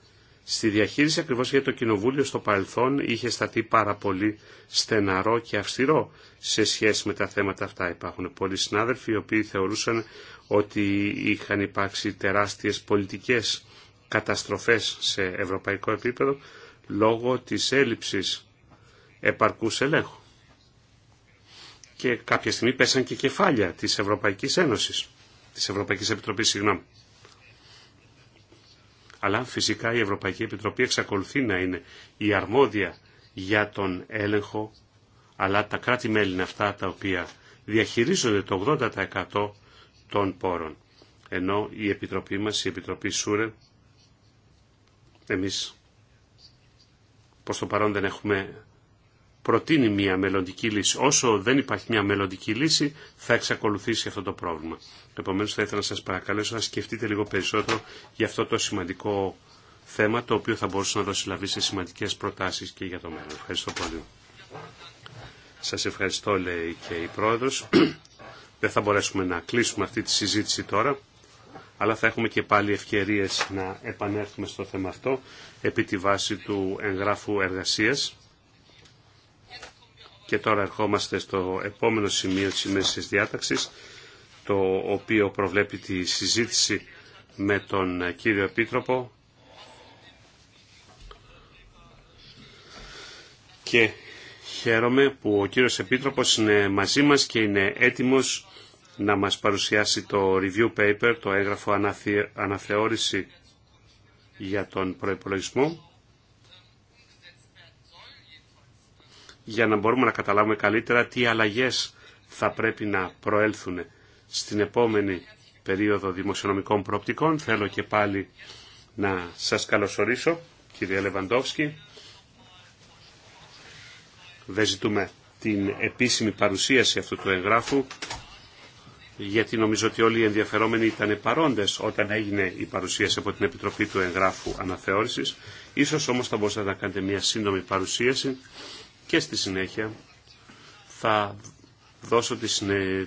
στη διαχείριση ακριβώς γιατί το Κοινοβούλιο στο παρελθόν είχε σταθεί πάρα πολύ στεναρό και αυστηρό σε σχέση με τα θέματα αυτά. Υπάρχουν πολλοί συνάδελφοι οι οποίοι θεωρούσαν ότι είχαν υπάρξει τεράστιες πολιτικές καταστροφές σε ευρωπαϊκό επίπεδο λόγω της έλλειψης επαρκούς ελέγχου και κάποια στιγμή πέσαν και κεφάλια της Ευρωπαϊκής Ένωσης, της Ευρωπαϊκής Επιτροπής, συγγνώμη. Αλλά φυσικά η Ευρωπαϊκή Επιτροπή εξακολουθεί να είναι η αρμόδια για τον έλεγχο, αλλά τα κράτη-μέλη είναι αυτά τα οποία διαχειρίζονται το 80% των πόρων. Ενώ η Επιτροπή μας, η Επιτροπή Σούρε, εμείς προς το παρόν δεν έχουμε προτείνει μια μελλοντική λύση. Όσο δεν υπάρχει μια μελλοντική λύση, θα εξακολουθήσει αυτό το πρόβλημα. Επομένω, θα ήθελα να σα παρακαλέσω να σκεφτείτε λίγο περισσότερο για αυτό το σημαντικό θέμα, το οποίο θα μπορούσε να δώσει λαβή σε σημαντικέ προτάσει και για το μέλλον. Ευχαριστώ πολύ. Σα ευχαριστώ, λέει και η πρόεδρο. [clears throat] δεν θα μπορέσουμε να κλείσουμε αυτή τη συζήτηση τώρα αλλά θα έχουμε και πάλι ευκαιρίες να επανέλθουμε στο θέμα αυτό επί τη βάση του εγγράφου εργασίας. Και τώρα ερχόμαστε στο επόμενο σημείο της ημέρας διάταξης, το οποίο προβλέπει τη συζήτηση με τον κύριο Επίτροπο και χαίρομαι που ο κύριος Επίτροπος είναι μαζί μας και είναι έτοιμος να μας παρουσιάσει το review paper, το έγγραφο αναθεώρηση για τον προϋπολογισμό για να μπορούμε να καταλάβουμε καλύτερα τι αλλαγές θα πρέπει να προέλθουν στην επόμενη περίοδο δημοσιονομικών προοπτικών. Θέλω και πάλι να σας καλωσορίσω, κύριε Λεβαντόφσκι. Δεν ζητούμε την επίσημη παρουσίαση αυτού του εγγράφου, γιατί νομίζω ότι όλοι οι ενδιαφερόμενοι ήταν παρόντες όταν έγινε η παρουσίαση από την Επιτροπή του Εγγράφου Αναθεώρησης. Ίσως όμως θα μπορούσατε να κάνετε μια σύντομη παρουσίαση και στη συνέχεια θα δώσω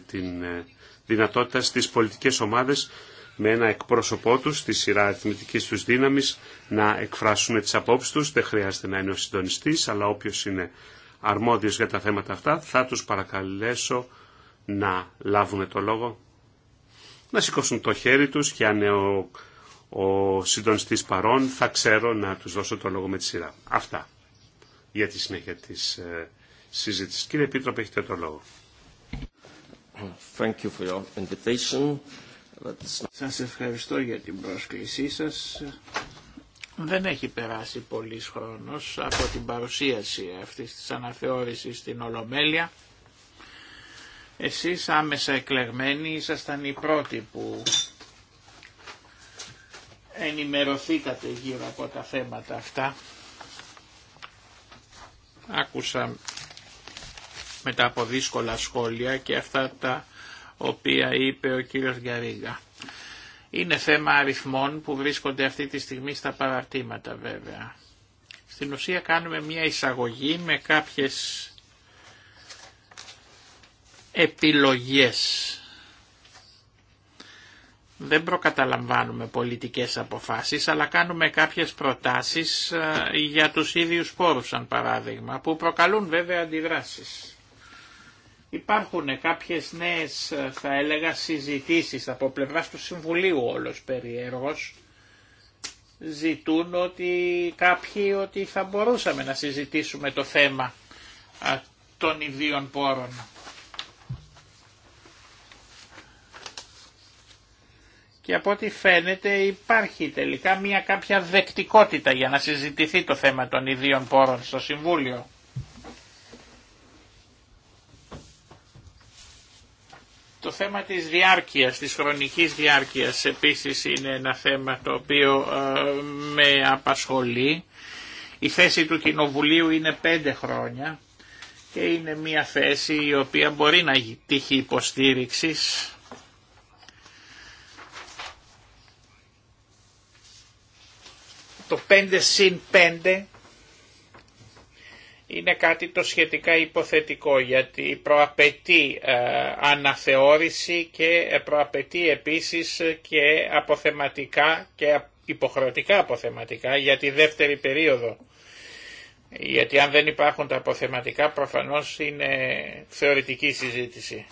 την ε, δυνατότητα στις πολιτικές ομάδες με ένα εκπρόσωπό τους στη σειρά αριθμητική τους δύναμης να εκφράσουν τις απόψεις τους. Δεν χρειάζεται να είναι ο συντονιστής, αλλά όποιος είναι αρμόδιος για τα θέματα αυτά θα τους παρακαλέσω να λάβουν το λόγο, να σηκώσουν το χέρι τους και αν είναι ο, ο συντονιστής παρών θα ξέρω να τους δώσω το λόγο με τη σειρά. Αυτά για τη συνέχεια της ε, συζήτησης. Κύριε Επίτροπε, έχετε το λόγο. Thank you for your Σας ευχαριστώ για την πρόσκλησή σας. Δεν έχει περάσει πολύς χρόνος από την παρουσίαση αυτής της αναθεώρησης στην Ολομέλεια. Εσείς άμεσα εκλεγμένοι ήσασταν οι πρώτοι που ενημερωθήκατε γύρω από τα θέματα αυτά. Άκουσα μετά από δύσκολα σχόλια και αυτά τα οποία είπε ο κύριος Γκαρίγα. Είναι θέμα αριθμών που βρίσκονται αυτή τη στιγμή στα παραρτήματα βέβαια. Στην ουσία κάνουμε μια εισαγωγή με κάποιες επιλογές δεν προκαταλαμβάνουμε πολιτικές αποφάσεις, αλλά κάνουμε κάποιες προτάσεις ε, για τους ίδιους πόρους, σαν παράδειγμα, που προκαλούν βέβαια αντιδράσεις. Υπάρχουν κάποιες νέες, ε, θα έλεγα, συζητήσεις από πλευράς του Συμβουλίου όλος περιέργως, ζητούν ότι κάποιοι ότι θα μπορούσαμε να συζητήσουμε το θέμα ε, των ιδίων πόρων. και από ό,τι φαίνεται υπάρχει τελικά μια κάποια δεκτικότητα για να συζητηθεί το θέμα των ιδίων πόρων στο Συμβούλιο. Το θέμα της διάρκειας, της χρονικής διάρκειας επίσης είναι ένα θέμα το οποίο ε, με απασχολεί. Η θέση του Κοινοβουλίου είναι πέντε χρόνια και είναι μια θέση η οποία μπορεί να τύχει υποστήριξης Το 5 συν 5 είναι κάτι το σχετικά υποθετικό γιατί προαπαιτεί ε, αναθεώρηση και προαπαιτεί επίσης και αποθεματικά και υποχρεωτικά αποθεματικά για τη δεύτερη περίοδο. Γιατί αν δεν υπάρχουν τα αποθεματικά προφανώς είναι θεωρητική συζήτηση.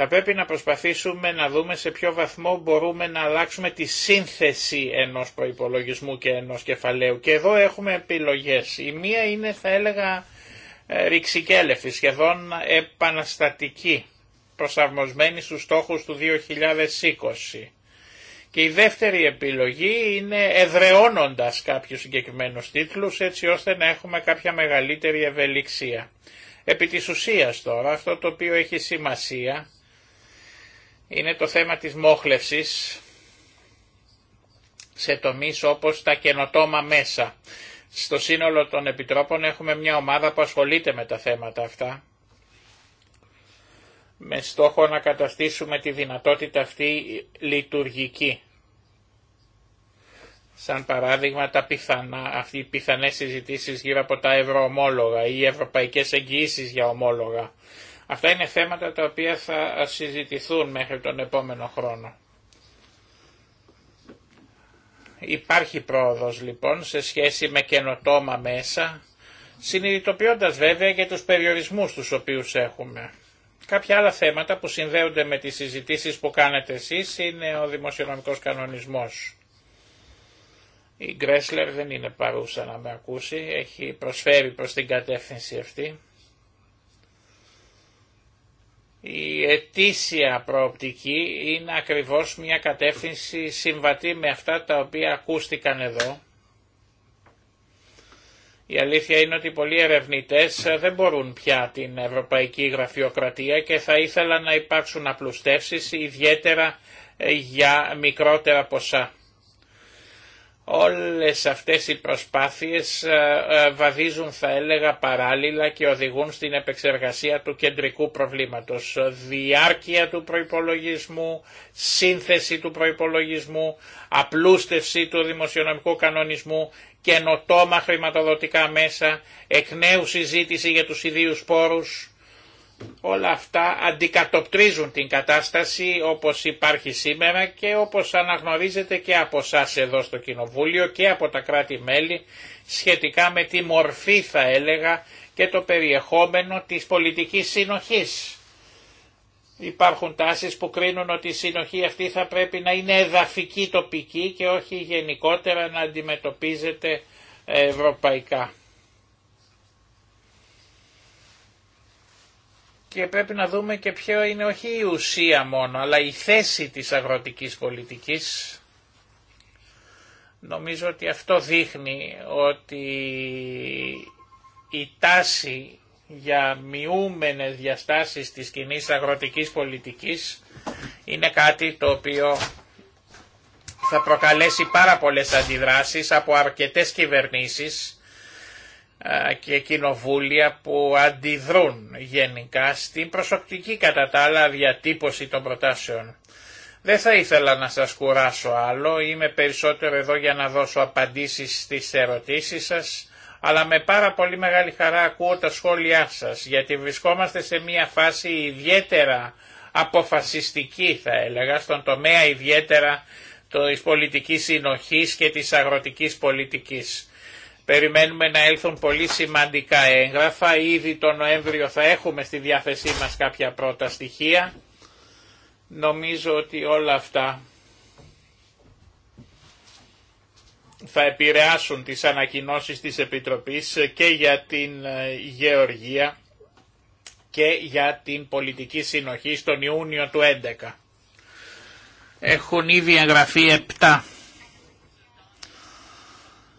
Θα πρέπει να προσπαθήσουμε να δούμε σε ποιο βαθμό μπορούμε να αλλάξουμε τη σύνθεση ενός προϋπολογισμού και ενός κεφαλαίου. Και εδώ έχουμε επιλογές. Η μία είναι θα έλεγα ε, ρηξικέλευτη, σχεδόν επαναστατική, προσαρμοσμένη στους στόχους του 2020. Και η δεύτερη επιλογή είναι εδρεώνοντας κάποιους συγκεκριμένους τίτλους έτσι ώστε να έχουμε κάποια μεγαλύτερη ευελιξία. Επί της τώρα αυτό το οποίο έχει σημασία είναι το θέμα της μόχλευσης σε τομείς όπως τα καινοτόμα μέσα. Στο σύνολο των επιτρόπων έχουμε μια ομάδα που ασχολείται με τα θέματα αυτά με στόχο να καταστήσουμε τη δυνατότητα αυτή λειτουργική. Σαν παράδειγμα τα πιθανά, αυτοί οι πιθανές συζητήσεις γύρω από τα ευρωομόλογα ή οι ευρωπαϊκές εγγυήσεις για ομόλογα. Αυτά είναι θέματα τα οποία θα συζητηθούν μέχρι τον επόμενο χρόνο. Υπάρχει πρόοδος λοιπόν σε σχέση με καινοτόμα μέσα, συνειδητοποιώντας βέβαια και τους περιορισμούς τους οποίους έχουμε. Κάποια άλλα θέματα που συνδέονται με τις συζητήσεις που κάνετε εσείς είναι ο δημοσιονομικός κανονισμός. Η Γκρέσλερ δεν είναι παρούσα να με ακούσει, έχει προσφέρει προς την κατεύθυνση αυτή. Η ετήσια προοπτική είναι ακριβώς μια κατεύθυνση συμβατή με αυτά τα οποία ακούστηκαν εδώ. Η αλήθεια είναι ότι πολλοί ερευνητές δεν μπορούν πια την ευρωπαϊκή γραφειοκρατία και θα ήθελα να υπάρξουν απλουστεύσεις ιδιαίτερα για μικρότερα ποσά. Όλες αυτές οι προσπάθειες ε, ε, βαδίζουν θα έλεγα παράλληλα και οδηγούν στην επεξεργασία του κεντρικού προβλήματος. Διάρκεια του προϋπολογισμού, σύνθεση του προϋπολογισμού, απλούστευση του δημοσιονομικού κανονισμού, καινοτόμα χρηματοδοτικά μέσα, εκ νέου συζήτηση για τους ιδίους πόρους, Όλα αυτά αντικατοπτρίζουν την κατάσταση όπως υπάρχει σήμερα και όπως αναγνωρίζεται και από εσά εδώ στο Κοινοβούλιο και από τα κράτη-μέλη σχετικά με τη μορφή θα έλεγα και το περιεχόμενο της πολιτικής συνοχής. Υπάρχουν τάσεις που κρίνουν ότι η συνοχή αυτή θα πρέπει να είναι εδαφική τοπική και όχι γενικότερα να αντιμετωπίζεται ευρωπαϊκά. και πρέπει να δούμε και ποιο είναι όχι η ουσία μόνο, αλλά η θέση της αγροτικής πολιτικής. Νομίζω ότι αυτό δείχνει ότι η τάση για μειούμενες διαστάσεις της κοινή αγροτικής πολιτικής είναι κάτι το οποίο θα προκαλέσει πάρα πολλές αντιδράσεις από αρκετές κυβερνήσεις και κοινοβούλια που αντιδρούν γενικά στην προσωπική κατά τα άλλα διατύπωση των προτάσεων. Δεν θα ήθελα να σας κουράσω άλλο, είμαι περισσότερο εδώ για να δώσω απαντήσεις στις ερωτήσεις σας, αλλά με πάρα πολύ μεγάλη χαρά ακούω τα σχόλιά σας, γιατί βρισκόμαστε σε μια φάση ιδιαίτερα αποφασιστική θα έλεγα, στον τομέα ιδιαίτερα της πολιτικής συνοχής και της αγροτικής πολιτικής. Περιμένουμε να έλθουν πολύ σημαντικά έγγραφα. Ήδη τον Νοέμβριο θα έχουμε στη διάθεσή μας κάποια πρώτα στοιχεία. Νομίζω ότι όλα αυτά θα επηρεάσουν τις ανακοινώσεις της Επιτροπής και για την ε, Γεωργία και για την πολιτική συνοχή στον Ιούνιο του 2011. Έχουν ήδη εγγραφεί 7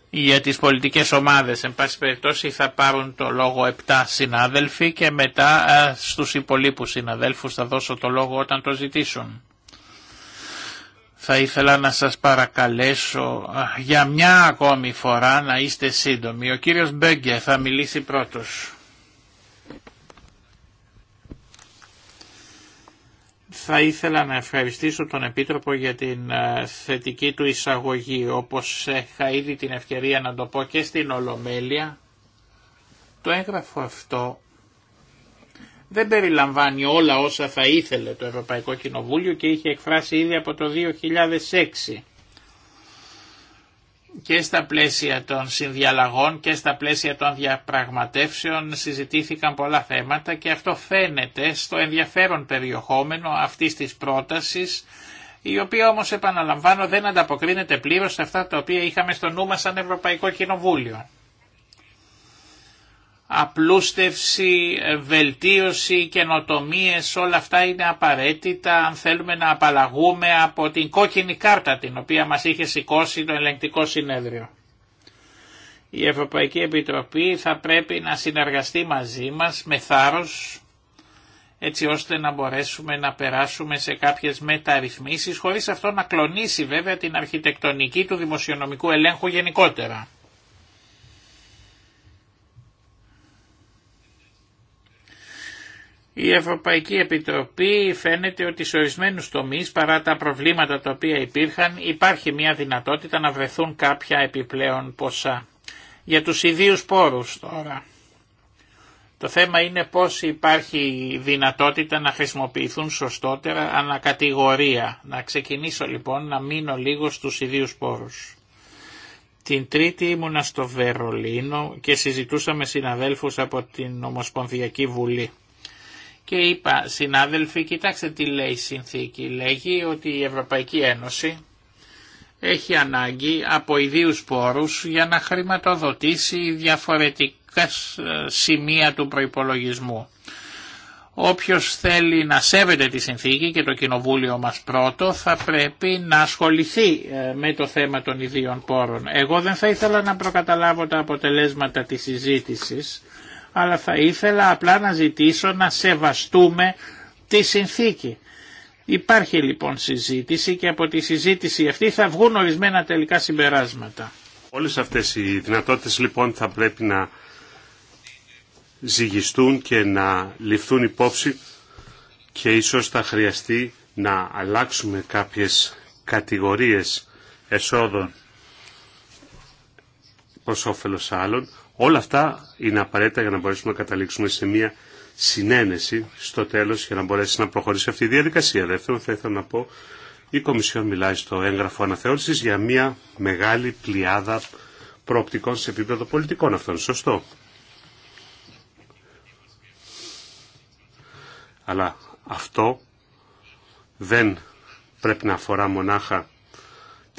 για τις πολιτικές ομάδες. Εν πάση περιπτώσει θα πάρουν το λόγο 7 συνάδελφοι και μετά στους υπολείπους συναδέλφους θα δώσω το λόγο όταν το ζητήσουν. Θα ήθελα να σας παρακαλέσω για μια ακόμη φορά να είστε σύντομοι. Ο κύριος Μπέγκε θα μιλήσει πρώτος. Θα ήθελα να ευχαριστήσω τον Επίτροπο για την ε, θετική του εισαγωγή, όπως είχα ήδη την ευκαιρία να το πω και στην Ολομέλεια. Το έγγραφο αυτό δεν περιλαμβάνει όλα όσα θα ήθελε το Ευρωπαϊκό Κοινοβούλιο και είχε εκφράσει ήδη από το 2006 και στα πλαίσια των συνδιαλλαγών και στα πλαίσια των διαπραγματεύσεων συζητήθηκαν πολλά θέματα και αυτό φαίνεται στο ενδιαφέρον περιεχόμενο αυτής της πρότασης η οποία όμως επαναλαμβάνω δεν ανταποκρίνεται πλήρως σε αυτά τα οποία είχαμε στο νου μας σαν Ευρωπαϊκό Κοινοβούλιο απλούστευση, βελτίωση, καινοτομίες, όλα αυτά είναι απαραίτητα αν θέλουμε να απαλλαγούμε από την κόκκινη κάρτα την οποία μας είχε σηκώσει το ελεγκτικό συνέδριο. Η Ευρωπαϊκή Επιτροπή θα πρέπει να συνεργαστεί μαζί μας με θάρρος έτσι ώστε να μπορέσουμε να περάσουμε σε κάποιες μεταρρυθμίσεις χωρίς αυτό να κλονίσει βέβαια την αρχιτεκτονική του δημοσιονομικού ελέγχου γενικότερα. Η Ευρωπαϊκή Επιτροπή φαίνεται ότι σε ορισμένους τομείς παρά τα προβλήματα τα οποία υπήρχαν υπάρχει μια δυνατότητα να βρεθούν κάποια επιπλέον ποσά. Για τους ιδίους πόρους τώρα. Το θέμα είναι πώς υπάρχει δυνατότητα να χρησιμοποιηθούν σωστότερα ανακατηγορία. Να ξεκινήσω λοιπόν να μείνω λίγο στους ιδίους πόρους. Την Τρίτη ήμουνα στο Βερολίνο και συζητούσαμε συναδέλφους από την Ομοσπονδιακή Βουλή και είπα συνάδελφοι κοιτάξτε τι λέει η συνθήκη. Λέγει ότι η Ευρωπαϊκή Ένωση έχει ανάγκη από ιδίου πόρους για να χρηματοδοτήσει διαφορετικά ε, σημεία του προϋπολογισμού. Όποιος θέλει να σέβεται τη συνθήκη και το κοινοβούλιο μας πρώτο θα πρέπει να ασχοληθεί ε, με το θέμα των ιδίων πόρων. Εγώ δεν θα ήθελα να προκαταλάβω τα αποτελέσματα της συζήτησης αλλά θα ήθελα απλά να ζητήσω να σεβαστούμε τη συνθήκη. Υπάρχει λοιπόν συζήτηση και από τη συζήτηση αυτή θα βγουν ορισμένα τελικά συμπεράσματα. Όλες αυτές οι δυνατότητες λοιπόν θα πρέπει να ζυγιστούν και να ληφθούν υπόψη και ίσως θα χρειαστεί να αλλάξουμε κάποιες κατηγορίες εσόδων προς όφελος άλλων Όλα αυτά είναι απαραίτητα για να μπορέσουμε να καταλήξουμε σε μια συνένεση στο τέλος για να μπορέσει να προχωρήσει αυτή η διαδικασία. Δεύτερον θα ήθελα να πω η Κομισιόν μιλάει στο έγγραφο αναθεώρησης για μια μεγάλη πλειάδα προοπτικών σε επίπεδο πολιτικών αυτών. Σωστό. Αλλά αυτό δεν πρέπει να αφορά μονάχα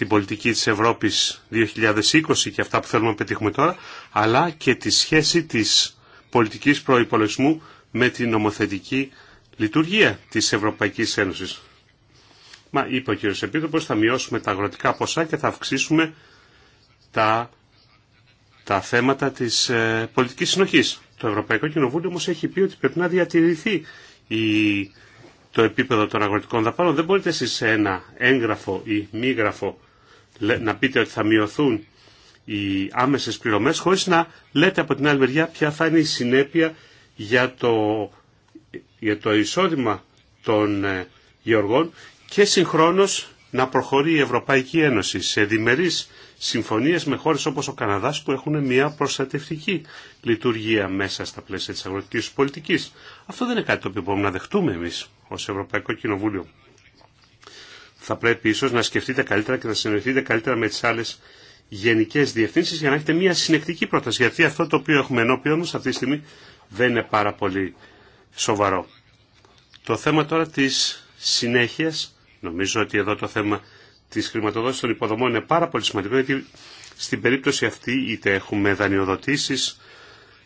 την πολιτική της Ευρώπης 2020 και αυτά που θέλουμε να πετύχουμε τώρα, αλλά και τη σχέση της πολιτικής προϋπολογισμού με την νομοθετική λειτουργία της Ευρωπαϊκής Ένωσης. Μα είπε ο κ. Επίτροπος, θα μειώσουμε τα αγροτικά ποσά και θα αυξήσουμε τα, τα θέματα της ε, πολιτικής συνοχής. Το Ευρωπαϊκό Κοινοβούλιο όμως έχει πει ότι πρέπει να διατηρηθεί το επίπεδο των αγροτικών δαπάνων. Δεν μπορείτε εσείς σε ένα έγγραφο ή μη να πείτε ότι θα μειωθούν οι άμεσες πληρωμές χωρίς να λέτε από την άλλη μεριά ποια θα είναι η συνέπεια για το, για εισόδημα των ε, γεωργών και συγχρόνως να προχωρεί η Ευρωπαϊκή Ένωση σε διμερείς συμφωνίες με χώρες όπως ο Καναδάς που έχουν μια προστατευτική λειτουργία μέσα στα πλαίσια της αγροτικής πολιτικής. Αυτό δεν είναι κάτι το οποίο μπορούμε να δεχτούμε εμείς ως Ευρωπαϊκό Κοινοβούλιο θα πρέπει ίσως να σκεφτείτε καλύτερα και να συνοηθείτε καλύτερα με τις άλλες γενικές διευθύνσεις για να έχετε μια συνεκτική πρόταση. Γιατί αυτό το οποίο έχουμε ενώπιον μας αυτή τη στιγμή δεν είναι πάρα πολύ σοβαρό. Το θέμα τώρα της συνέχειας, νομίζω ότι εδώ το θέμα της χρηματοδότηση των υποδομών είναι πάρα πολύ σημαντικό γιατί στην περίπτωση αυτή είτε έχουμε δανειοδοτήσεις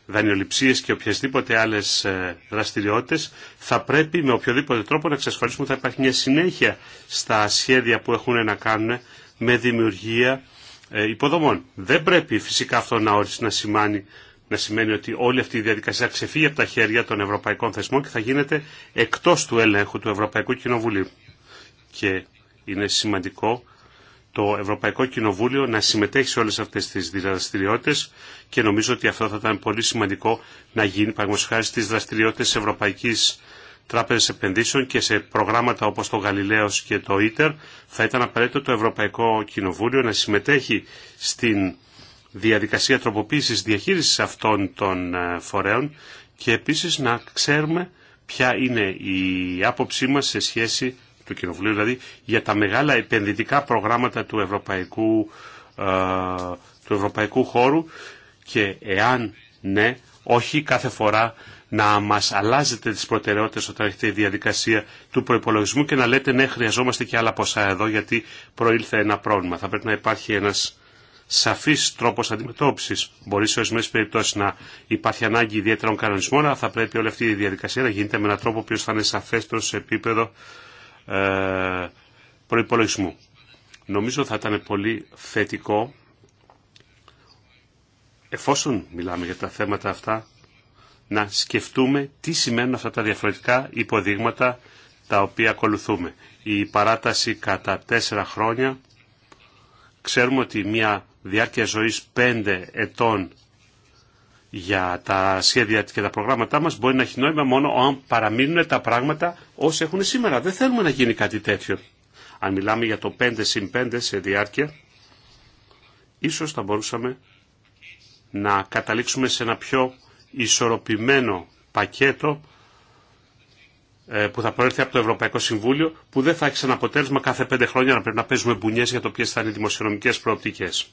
δανειοληψίες και οποιασδήποτε άλλες ε, δραστηριότητες, θα πρέπει με οποιοδήποτε τρόπο να εξασφαλίσουμε ότι θα υπάρχει μια συνέχεια στα σχέδια που έχουν να κάνουν με δημιουργία ε, υποδομών. Δεν πρέπει φυσικά αυτό να όρισε να σημάνει να σημαίνει ότι όλη αυτή η διαδικασία ξεφύγει από τα χέρια των ευρωπαϊκών θεσμών και θα γίνεται εκτός του έλεγχου του Ευρωπαϊκού Κοινοβουλίου. Και είναι σημαντικό το Ευρωπαϊκό Κοινοβούλιο να συμμετέχει σε όλες αυτές τις δραστηριότητες και νομίζω ότι αυτό θα ήταν πολύ σημαντικό να γίνει παραγωγός χάρη στις δραστηριότητες της Ευρωπαϊκής Τράπεζας Επενδύσεων και σε προγράμματα όπως το Γαλιλαίος και το ΙΤΕΡ θα ήταν απαραίτητο το Ευρωπαϊκό Κοινοβούλιο να συμμετέχει στην διαδικασία τροποποίησης διαχείρισης αυτών των ε, φορέων και επίσης να ξέρουμε ποια είναι η άποψή μας σε σχέση του Κοινοβουλίου, δηλαδή για τα μεγάλα επενδυτικά προγράμματα του ευρωπαϊκού, ε, του ευρωπαϊκού χώρου και εάν ναι, όχι κάθε φορά να μας αλλάζετε τις προτεραιότητες όταν έχετε η διαδικασία του προϋπολογισμού και να λέτε ναι χρειαζόμαστε και άλλα ποσά εδώ γιατί προήλθε ένα πρόβλημα. Θα πρέπει να υπάρχει ένας σαφής τρόπος αντιμετώπισης. Μπορεί σε ορισμένες περιπτώσεις να υπάρχει ανάγκη ιδιαίτερων κανονισμών αλλά θα πρέπει όλη αυτή η διαδικασία να γίνεται με έναν τρόπο που θα είναι σαφέστερο σε επίπεδο ε, προϋπολογισμού. Νομίζω θα ήταν πολύ θετικό εφόσον μιλάμε για τα θέματα αυτά να σκεφτούμε τι σημαίνουν αυτά τα διαφορετικά υποδείγματα τα οποία ακολουθούμε. Η παράταση κατά τέσσερα χρόνια ξέρουμε ότι μια διάρκεια ζωής πέντε ετών για τα σχέδια και τα προγράμματά μας μπορεί να έχει νόημα μόνο αν παραμείνουν τα πράγματα όσοι έχουν σήμερα. Δεν θέλουμε να γίνει κάτι τέτοιο. Αν μιλάμε για το 5 συν 5 σε διάρκεια, ίσως θα μπορούσαμε να καταλήξουμε σε ένα πιο ισορροπημένο πακέτο ε, που θα προέρθει από το Ευρωπαϊκό Συμβούλιο, που δεν θα έχει σαν αποτέλεσμα κάθε πέντε χρόνια να πρέπει να παίζουμε μπουνιές για το ποιες θα είναι οι δημοσιονομικές προοπτικές.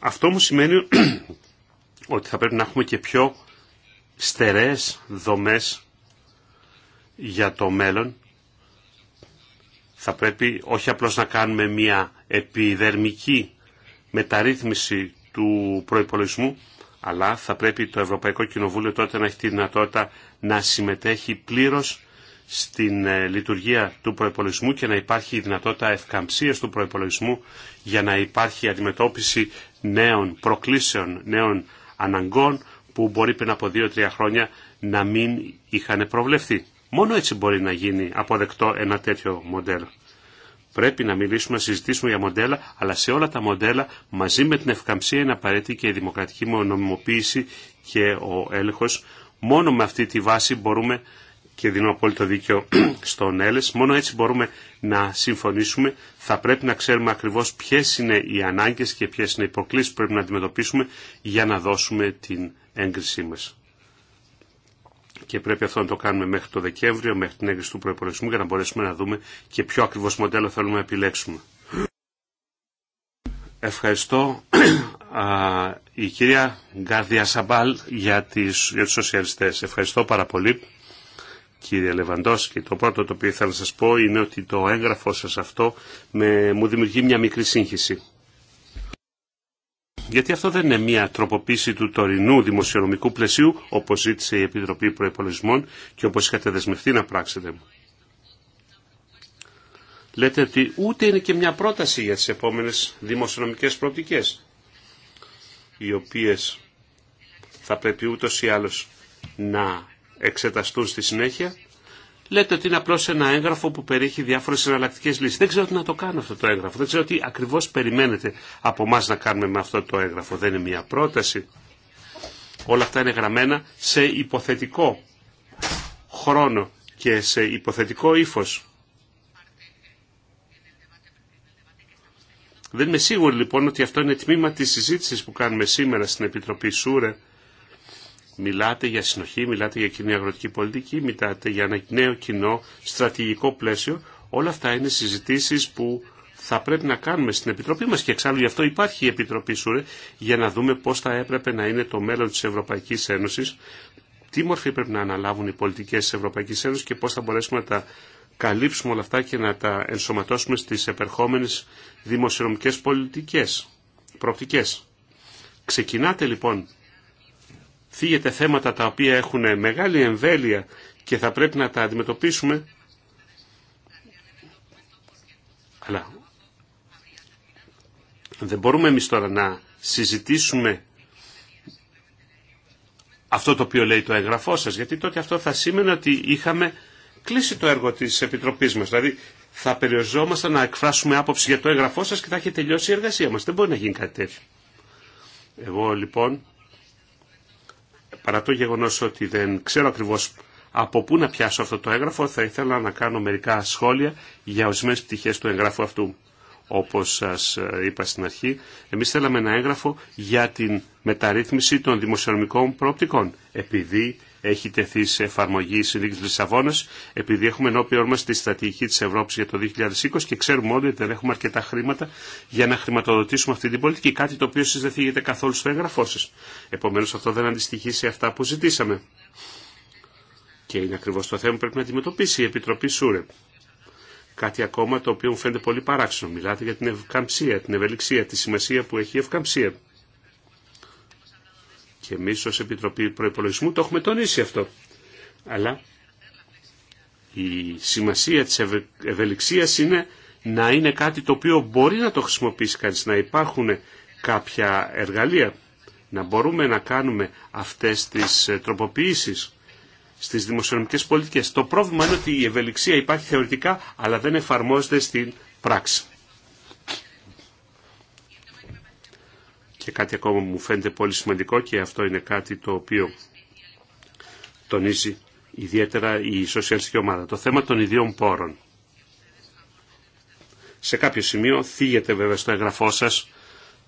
Αυτό μου σημαίνει ότι θα πρέπει να έχουμε και πιο στερεές δομές για το μέλλον. Θα πρέπει όχι απλώς να κάνουμε μια επιδερμική μεταρρύθμιση του προϋπολογισμού, αλλά θα πρέπει το Ευρωπαϊκό Κοινοβούλιο τότε να έχει τη δυνατότητα να συμμετέχει πλήρως στην ε, λειτουργία του προϋπολογισμού και να υπάρχει η δυνατότητα ευκαμψίας του προϋπολογισμού για να υπάρχει αντιμετώπιση νέων προκλήσεων, νέων αναγκών που μπορεί πριν απο 2 2-3 χρόνια να μην είχαν προβλεφθεί. Μόνο έτσι μπορεί να γίνει αποδεκτό ένα τέτοιο μοντέλο. Πρέπει να μιλήσουμε, να συζητήσουμε για μοντέλα, αλλά σε όλα τα μοντέλα μαζί με την ευκαμψία είναι απαραίτητη και η δημοκρατική μονομιμοποίηση και ο έλεγχος. Μόνο με αυτή τη βάση μπορούμε και δίνω απόλυτο δίκιο [clears throat] στον Έλλες. Μόνο έτσι μπορούμε να συμφωνήσουμε. Θα πρέπει να ξέρουμε ακριβώς ποιες είναι οι ανάγκες και ποιες είναι οι υποκλήσεις που πρέπει να αντιμετωπίσουμε για να δώσουμε την έγκρισή μας. Και πρέπει αυτό να το κάνουμε μέχρι το Δεκέμβριο, μέχρι την έγκριση του προπολογισμού για να μπορέσουμε να δούμε και ποιο ακριβώς μοντέλο θέλουμε να επιλέξουμε. Ευχαριστώ [clears throat] η κυρία Γκάρδια Σαμπάλ για, τις, για τους σοσιαλιστές. Ευχαριστώ πάρα πολύ κύριε Λεβαντόσκη. Το πρώτο το οποίο ήθελα να σας πω είναι ότι το έγγραφό σας αυτό με, μου δημιουργεί μια μικρή σύγχυση. Γιατί αυτό δεν είναι μια τροποποίηση του τωρινού δημοσιονομικού πλαισίου, όπως ζήτησε η Επιτροπή Προϋπολογισμών και όπως είχατε δεσμευτεί να πράξετε. Λέτε ότι ούτε είναι και μια πρόταση για τις επόμενες δημοσιονομικές προοπτικές, οι οποίες θα πρέπει ούτως ή άλλως να εξεταστούν στη συνέχεια, λέτε ότι είναι απλώς ένα έγγραφο που περιέχει διάφορες εναλλακτικέ λύσεις. Δεν ξέρω τι να το κάνω αυτό το έγγραφο. Δεν ξέρω τι ακριβώς περιμένετε από εμά να κάνουμε με αυτό το έγγραφο. Δεν είναι μια πρόταση. Όλα αυτά είναι γραμμένα σε υποθετικό χρόνο και σε υποθετικό ύφος. Δεν είμαι σίγουρη λοιπόν ότι αυτό είναι τμήμα της συζήτησης που κάνουμε σήμερα στην Επιτροπή Σούρε Μιλάτε για συνοχή, μιλάτε για κοινή αγροτική πολιτική, μιλάτε για ένα νέο κοινό στρατηγικό πλαίσιο. Όλα αυτά είναι συζητήσει που θα πρέπει να κάνουμε στην Επιτροπή μας και εξάλλου γι' αυτό υπάρχει η Επιτροπή Σούρε για να δούμε πώς θα έπρεπε να είναι το μέλλον της Ευρωπαϊκής Ένωσης, τι μορφή πρέπει να αναλάβουν οι πολιτικές της Ευρωπαϊκής Ένωσης και πώς θα μπορέσουμε να τα καλύψουμε όλα αυτά και να τα ενσωματώσουμε στις επερχόμενες δημοσιονομικές πολιτικές, προοπτικές. Ξεκινάτε λοιπόν Φύγετε θέματα τα οποία έχουν μεγάλη εμβέλεια και θα πρέπει να τα αντιμετωπίσουμε. Αλλά δεν μπορούμε εμείς τώρα να συζητήσουμε αυτό το οποίο λέει το έγγραφό σας, γιατί τότε αυτό θα σήμαινε ότι είχαμε κλείσει το έργο της Επιτροπής μας. Δηλαδή θα περιοριζόμασταν να εκφράσουμε άποψη για το έγγραφό σας και θα έχει τελειώσει η εργασία μας. Δεν μπορεί να γίνει κάτι τέτοιο. Εγώ λοιπόν παρά το γεγονός ότι δεν ξέρω ακριβώς από πού να πιάσω αυτό το έγγραφο, θα ήθελα να κάνω μερικά σχόλια για ορισμένε πτυχέ του εγγράφου αυτού. Όπως σας ε, είπα στην αρχή, εμείς θέλαμε ένα έγγραφο για την μεταρρύθμιση των δημοσιονομικών προοπτικών, επειδή έχει τεθεί σε εφαρμογή η Συνδίκη Λισαβόνα, επειδή έχουμε ενώπιον μα τη στρατηγική τη Ευρώπη για το 2020 και ξέρουμε όλοι ότι δεν έχουμε αρκετά χρήματα για να χρηματοδοτήσουμε αυτή την πολιτική. Κάτι το οποίο εσεί δεν θίγετε καθόλου στο έγγραφό σα. Επομένω, αυτό δεν αντιστοιχεί σε αυτά που ζητήσαμε. Και είναι ακριβώ το θέμα που πρέπει να αντιμετωπίσει η Επιτροπή Σούρε. Κάτι ακόμα το οποίο μου φαίνεται πολύ παράξενο. Μιλάτε για την ευκαμψία, την ευελιξία, τη σημασία που έχει η ευκαμψία. Και εμείς ως Επιτροπή Προϋπολογισμού το έχουμε τονίσει αυτό. Αλλά η σημασία της ευελιξίας είναι να είναι κάτι το οποίο μπορεί να το χρησιμοποιήσει κανείς, να υπάρχουν κάποια εργαλεία, να μπορούμε να κάνουμε αυτές τις ε, τροποποιήσεις στις δημοσιονομικές πολιτικές. Το πρόβλημα είναι ότι η ευελιξία υπάρχει θεωρητικά, αλλά δεν εφαρμόζεται στην πράξη. Και κάτι ακόμα που μου φαίνεται πολύ σημαντικό και αυτό είναι κάτι το οποίο τονίζει ιδιαίτερα η σοσιαλιστική ομάδα. Το θέμα των ιδίων πόρων. Σε κάποιο σημείο θίγεται βέβαια στο εγγραφό σας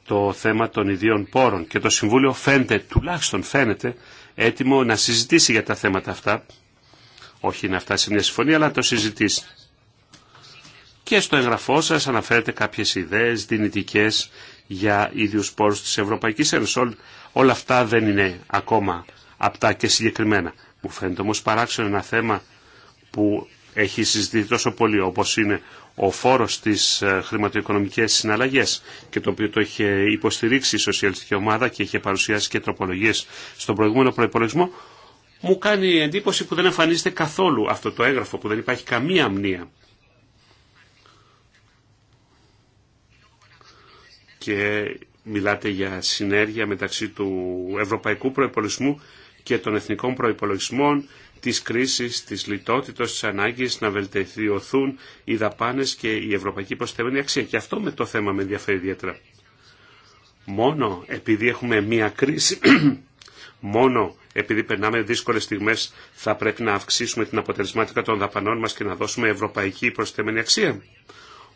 το θέμα των ιδίων πόρων και το Συμβούλιο φαίνεται, τουλάχιστον φαίνεται, έτοιμο να συζητήσει για τα θέματα αυτά. Όχι να φτάσει σε μια συμφωνία, αλλά να το συζητήσει. Και στο εγγραφό σας αναφέρεται κάποιες ιδέες δυνητικές για ίδιους πόρους της Ευρωπαϊκής Ένωσης. όλα αυτά δεν είναι ακόμα απτά και συγκεκριμένα. Μου φαίνεται όμως παράξενο ένα θέμα που έχει συζητηθεί τόσο πολύ όπως είναι ο φόρος στις ε, χρηματοοικονομικές συναλλαγές και το οποίο το είχε υποστηρίξει η σοσιαλιστική ομάδα και είχε παρουσιάσει και τροπολογίες στον προηγούμενο προϋπολογισμό μου κάνει εντύπωση που δεν εμφανίζεται καθόλου αυτό το έγγραφο, που δεν υπάρχει καμία αμνία και μιλάτε για συνέργεια μεταξύ του ευρωπαϊκού προϋπολογισμού και των εθνικών προϋπολογισμών, της κρίσης, της λιτότητας, της ανάγκης να βελτιωθούν οι δαπάνες και η ευρωπαϊκή προσθεμένη αξία. Και αυτό με το θέμα με ενδιαφέρει ιδιαίτερα. Μόνο επειδή έχουμε μία κρίση, [clears throat] μόνο επειδή περνάμε δύσκολες στιγμές θα πρέπει να αυξήσουμε την αποτελεσματικότητα των δαπανών μας και να δώσουμε ευρωπαϊκή προσθεμένη αξία.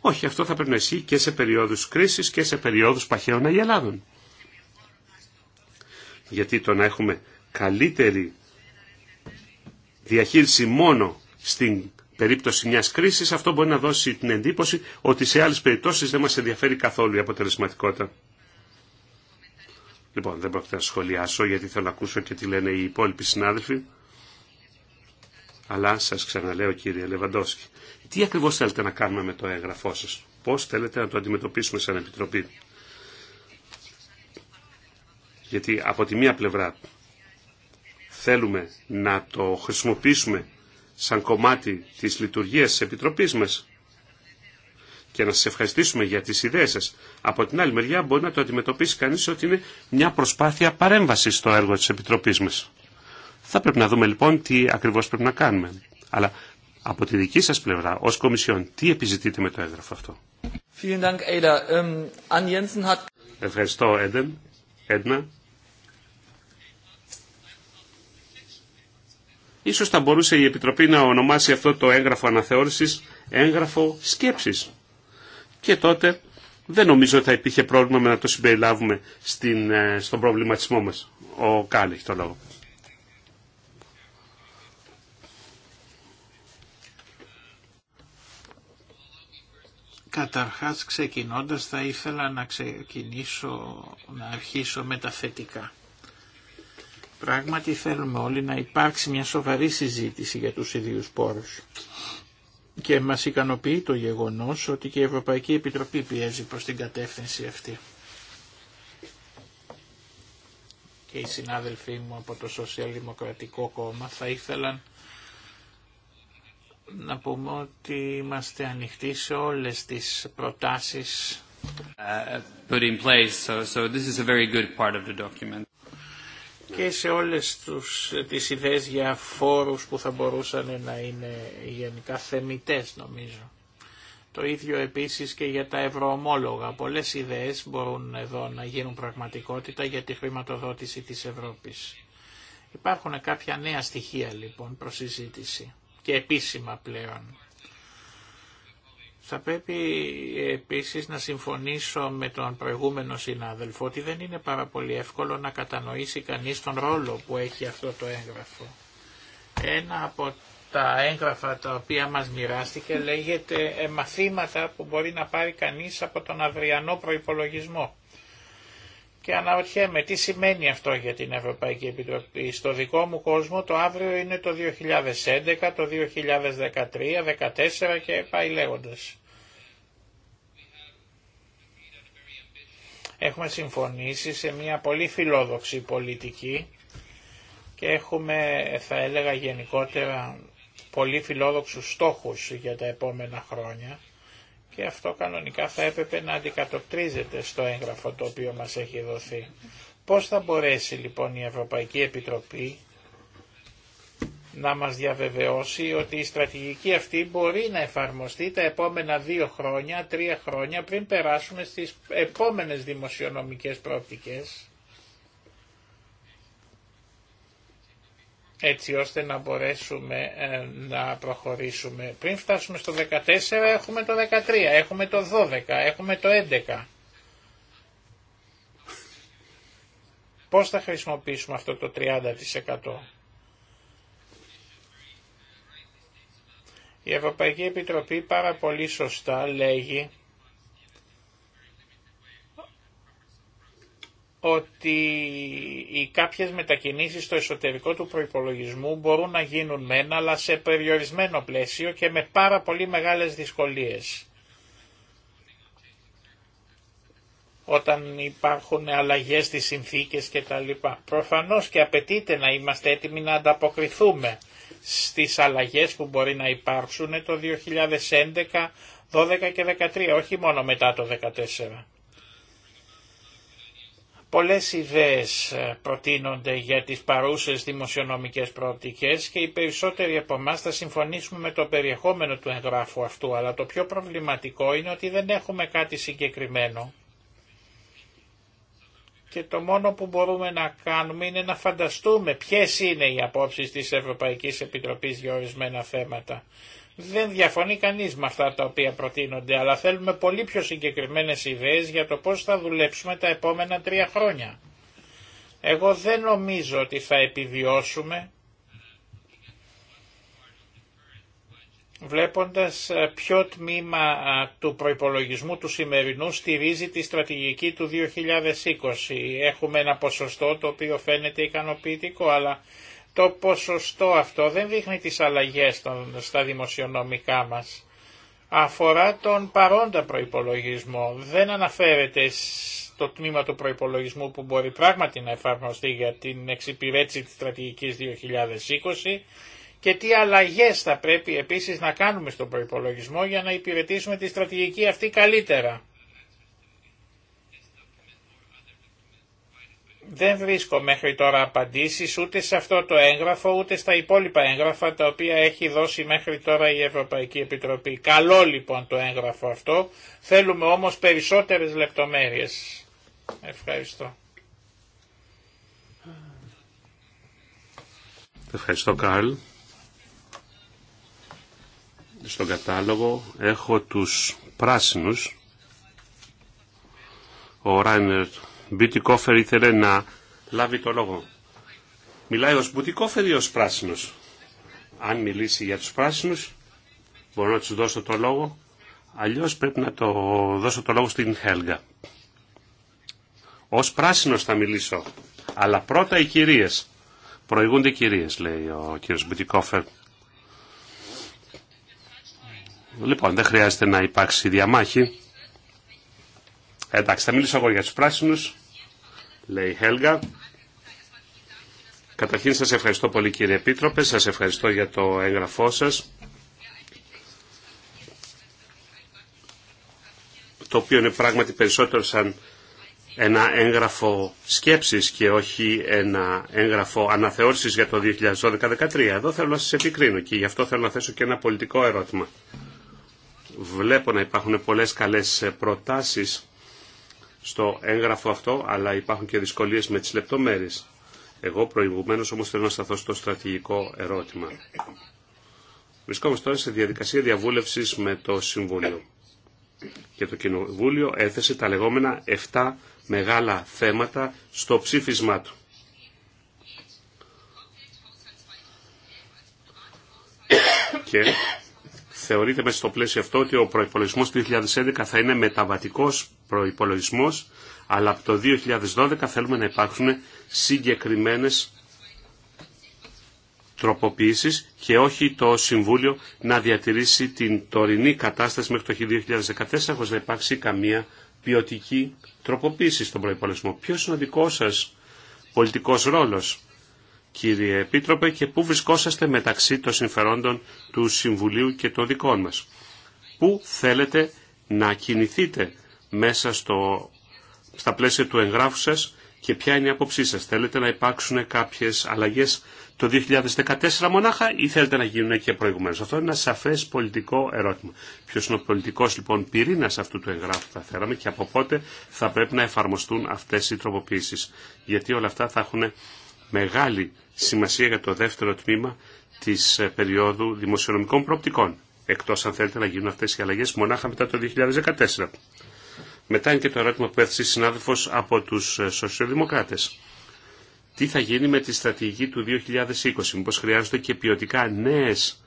Όχι, αυτό θα πρέπει να ισχύει και σε περίοδους κρίσης και σε περίοδους παχαίων αγελάδων. Γιατί το να έχουμε καλύτερη διαχείριση μόνο στην περίπτωση μιας κρίσης, αυτό μπορεί να δώσει την εντύπωση ότι σε άλλες περιπτώσεις δεν μας ενδιαφέρει καθόλου η αποτελεσματικότητα. Λοιπόν, δεν πρόκειται να σχολιάσω γιατί θέλω να ακούσω και τι λένε οι υπόλοιποι συνάδελφοι. Αλλά σας ξαναλέω κύριε Λεβαντόσκη, τι ακριβώς θέλετε να κάνουμε με το έγγραφό σας, πώς θέλετε να το αντιμετωπίσουμε σαν Επιτροπή. Γιατί από τη μία πλευρά θέλουμε να το χρησιμοποιήσουμε σαν κομμάτι της λειτουργίας της Επιτροπής μας και να σας ευχαριστήσουμε για τις ιδέες σας. Από την άλλη μεριά μπορεί να το αντιμετωπίσει κανείς ότι είναι μια προσπάθεια παρέμβαση στο έργο της Επιτροπής μας. Θα πρέπει να δούμε λοιπόν τι ακριβώς πρέπει να κάνουμε. Αλλά από τη δική σας πλευρά ως Κομισιόν τι επιζητείτε με το έγγραφο αυτό. Ähm, Ευχαριστώ, Έντεν. Έντνα. Ίσως θα μπορούσε η Επιτροπή να ονομάσει αυτό το έγγραφο αναθεώρησης έγγραφο σκέψης. Και τότε δεν νομίζω ότι θα υπήρχε πρόβλημα με να το συμπεριλάβουμε στην, ε, στον προβληματισμό μας. Ο Κάλλη έχει το λόγο. Καταρχάς ξεκινώντας θα ήθελα να ξεκινήσω, να αρχίσω με τα θετικά. Πράγματι θέλουμε όλοι να υπάρξει μια σοβαρή συζήτηση για τους ιδίους πόρους. Και μας ικανοποιεί το γεγονός ότι και η Ευρωπαϊκή Επιτροπή πιέζει προς την κατεύθυνση αυτή. Και οι συνάδελφοί μου από το Σοσιαλδημοκρατικό Κόμμα θα ήθελαν να πούμε ότι είμαστε ανοιχτοί σε όλες τις προτάσεις uh, place. So, so this is a very good part of the document. Και σε όλες τους, τις ιδέες για φόρους που θα μπορούσαν να είναι γενικά θεμητές νομίζω. Το ίδιο επίσης και για τα ευρωομόλογα. Πολλές ιδέες μπορούν εδώ να γίνουν πραγματικότητα για τη χρηματοδότηση της Ευρώπης. Υπάρχουν κάποια νέα στοιχεία λοιπόν προς συζήτηση και επίσημα πλέον. Θα πρέπει επίσης να συμφωνήσω με τον προηγούμενο συνάδελφο ότι δεν είναι πάρα πολύ εύκολο να κατανοήσει κανείς τον ρόλο που έχει αυτό το έγγραφο. Ένα από τα έγγραφα τα οποία μας μοιράστηκε λέγεται «Ε, μαθήματα που μπορεί να πάρει κανείς από τον αυριανό προϋπολογισμό και αναρωτιέμαι τι σημαίνει αυτό για την Ευρωπαϊκή Επιτροπή. Στο δικό μου κόσμο το αύριο είναι το 2011, το 2013, 2014 και πάει λέγοντας. Έχουμε συμφωνήσει σε μια πολύ φιλόδοξη πολιτική και έχουμε θα έλεγα γενικότερα πολύ φιλόδοξους στόχους για τα επόμενα χρόνια και αυτό κανονικά θα έπρεπε να αντικατοπτρίζεται στο έγγραφο το οποίο μας έχει δοθεί. Πώς θα μπορέσει λοιπόν η Ευρωπαϊκή Επιτροπή να μας διαβεβαιώσει ότι η στρατηγική αυτή μπορεί να εφαρμοστεί τα επόμενα δύο χρόνια, τρία χρόνια πριν περάσουμε στις επόμενες δημοσιονομικές προοπτικές έτσι ώστε να μπορέσουμε ε, να προχωρήσουμε. Πριν φτάσουμε στο 14 έχουμε το 13, έχουμε το 12, έχουμε το 11. Πώς θα χρησιμοποιήσουμε αυτό το 30%. Η Ευρωπαϊκή Επιτροπή πάρα πολύ σωστά λέγει ότι οι κάποιες μετακινήσεις στο εσωτερικό του προϋπολογισμού μπορούν να γίνουν ένα αλλά σε περιορισμένο πλαίσιο και με πάρα πολύ μεγάλες δυσκολίες. όταν υπάρχουν αλλαγές στις συνθήκες και τα λοιπά. Προφανώς και απαιτείται να είμαστε έτοιμοι να ανταποκριθούμε στις αλλαγές που μπορεί να υπάρξουν το 2011, 12 και 13, όχι μόνο μετά το 2014. Πολλές ιδέες ε, προτείνονται για τις παρούσες δημοσιονομικές προοπτικές και οι περισσότεροι από εμά θα συμφωνήσουμε με το περιεχόμενο του εγγράφου αυτού, αλλά το πιο προβληματικό είναι ότι δεν έχουμε κάτι συγκεκριμένο. Και το μόνο που μπορούμε να κάνουμε είναι να φανταστούμε ποιες είναι οι απόψεις της Ευρωπαϊκής Επιτροπής για ορισμένα θέματα. Δεν διαφωνεί κανείς με αυτά τα οποία προτείνονται, αλλά θέλουμε πολύ πιο συγκεκριμένες ιδέες για το πώς θα δουλέψουμε τα επόμενα τρία χρόνια. Εγώ δεν νομίζω ότι θα επιβιώσουμε βλέποντας ε, ποιο τμήμα ε, του προϋπολογισμού του σημερινού στηρίζει τη στρατηγική του 2020. Έχουμε ένα ποσοστό το οποίο φαίνεται ικανοποιητικό, αλλά το ποσοστό αυτό δεν δείχνει τις αλλαγές στα δημοσιονομικά μας. Αφορά τον παρόντα προϋπολογισμό. Δεν αναφέρεται στο τμήμα του προϋπολογισμού που μπορεί πράγματι να εφαρμοστεί για την εξυπηρέτηση της στρατηγικής 2020 και τι αλλαγές θα πρέπει επίσης να κάνουμε στον προϋπολογισμό για να υπηρετήσουμε τη στρατηγική αυτή καλύτερα. Δεν βρίσκω μέχρι τώρα απαντήσεις ούτε σε αυτό το έγγραφο ούτε στα υπόλοιπα έγγραφα τα οποία έχει δώσει μέχρι τώρα η Ευρωπαϊκή Επιτροπή. Καλό λοιπόν το έγγραφο αυτό, θέλουμε όμως περισσότερες λεπτομέρειες. Ευχαριστώ. Ευχαριστώ Καρλ. Στον κατάλογο έχω τους πράσινους. Ο Ράινερ Μπιουτικόφερ ήθελε να λάβει το λόγο. Μιλάει ως Μπουτικόφερ ή ως Πράσινος. Αν μιλήσει για τους Πράσινους, μπορώ να τους δώσω το λόγο. Αλλιώς πρέπει να το δώσω το λόγο στην Χέλγα. Ως Πράσινος θα μιλήσω. Αλλά πρώτα οι κυρίες. Προηγούνται οι κυρίες, λέει ο κύριος Μπουτικόφερ. Λοιπόν, δεν χρειάζεται να υπάρξει διαμάχη. Εντάξει, θα μιλήσω εγώ για τους πράσινους λέει Χέλγα. Καταρχήν σας ευχαριστώ πολύ κύριε Επίτροπε, σας ευχαριστώ για το έγγραφό σας. Το οποίο είναι πράγματι περισσότερο σαν ένα έγγραφο σκέψης και όχι ένα έγγραφο αναθεώρησης για το 2012-2013. Εδώ θέλω να σας επικρίνω και γι' αυτό θέλω να θέσω και ένα πολιτικό ερώτημα. Βλέπω να υπάρχουν πολλές καλές προτάσεις στο έγγραφο αυτό, αλλά υπάρχουν και δυσκολίες με τις λεπτομέρειες. Εγώ προηγουμένως όμως θέλω να σταθώ στο στρατηγικό ερώτημα. Βρισκόμαστε τώρα σε διαδικασία διαβούλευσης με το Συμβούλιο. Και το Κοινοβούλιο έθεσε τα λεγόμενα 7 μεγάλα θέματα στο ψήφισμά του. Και θεωρείται μέσα στο πλαίσιο αυτό ότι ο προϋπολογισμός του 2011 θα είναι μεταβατικός προϋπολογισμός, αλλά από το 2012 θέλουμε να υπάρχουν συγκεκριμένες τροποποιήσεις και όχι το Συμβούλιο να διατηρήσει την τωρινή κατάσταση μέχρι το 2014 χωρίς να υπάρξει καμία ποιοτική τροποποίηση στον προϋπολογισμό. Ποιος είναι ο δικός σας πολιτικός ρόλος κύριε Επίτροπε, και πού βρισκόσαστε μεταξύ των συμφερόντων του Συμβουλίου και των δικών μας. Πού θέλετε να κινηθείτε μέσα στο, στα πλαίσια του εγγράφου σας και ποια είναι η άποψή σας. Θέλετε να υπάρξουν κάποιες αλλαγές το 2014 μονάχα ή θέλετε να γίνουν και προηγουμένως. Αυτό είναι ένα σαφές πολιτικό ερώτημα. Ποιος είναι ο πολιτικός λοιπόν πυρήνας αυτού του εγγράφου θα θέλαμε και από πότε θα πρέπει να εφαρμοστούν αυτές οι τροποποίησεις. Γιατί όλα αυτά θα έχουν μεγάλη σημασία για το δεύτερο τμήμα της ε, περίοδου δημοσιονομικών προοπτικών. Εκτός αν θέλετε να γίνουν αυτές οι αλλαγές μονάχα μετά το 2014. Μετά είναι και το ερώτημα που έθεσε η συνάδελφος από τους ε, σοσιαλδημοκράτες. Τι θα γίνει με τη στρατηγική του 2020, μήπως χρειάζονται και ποιοτικά νέες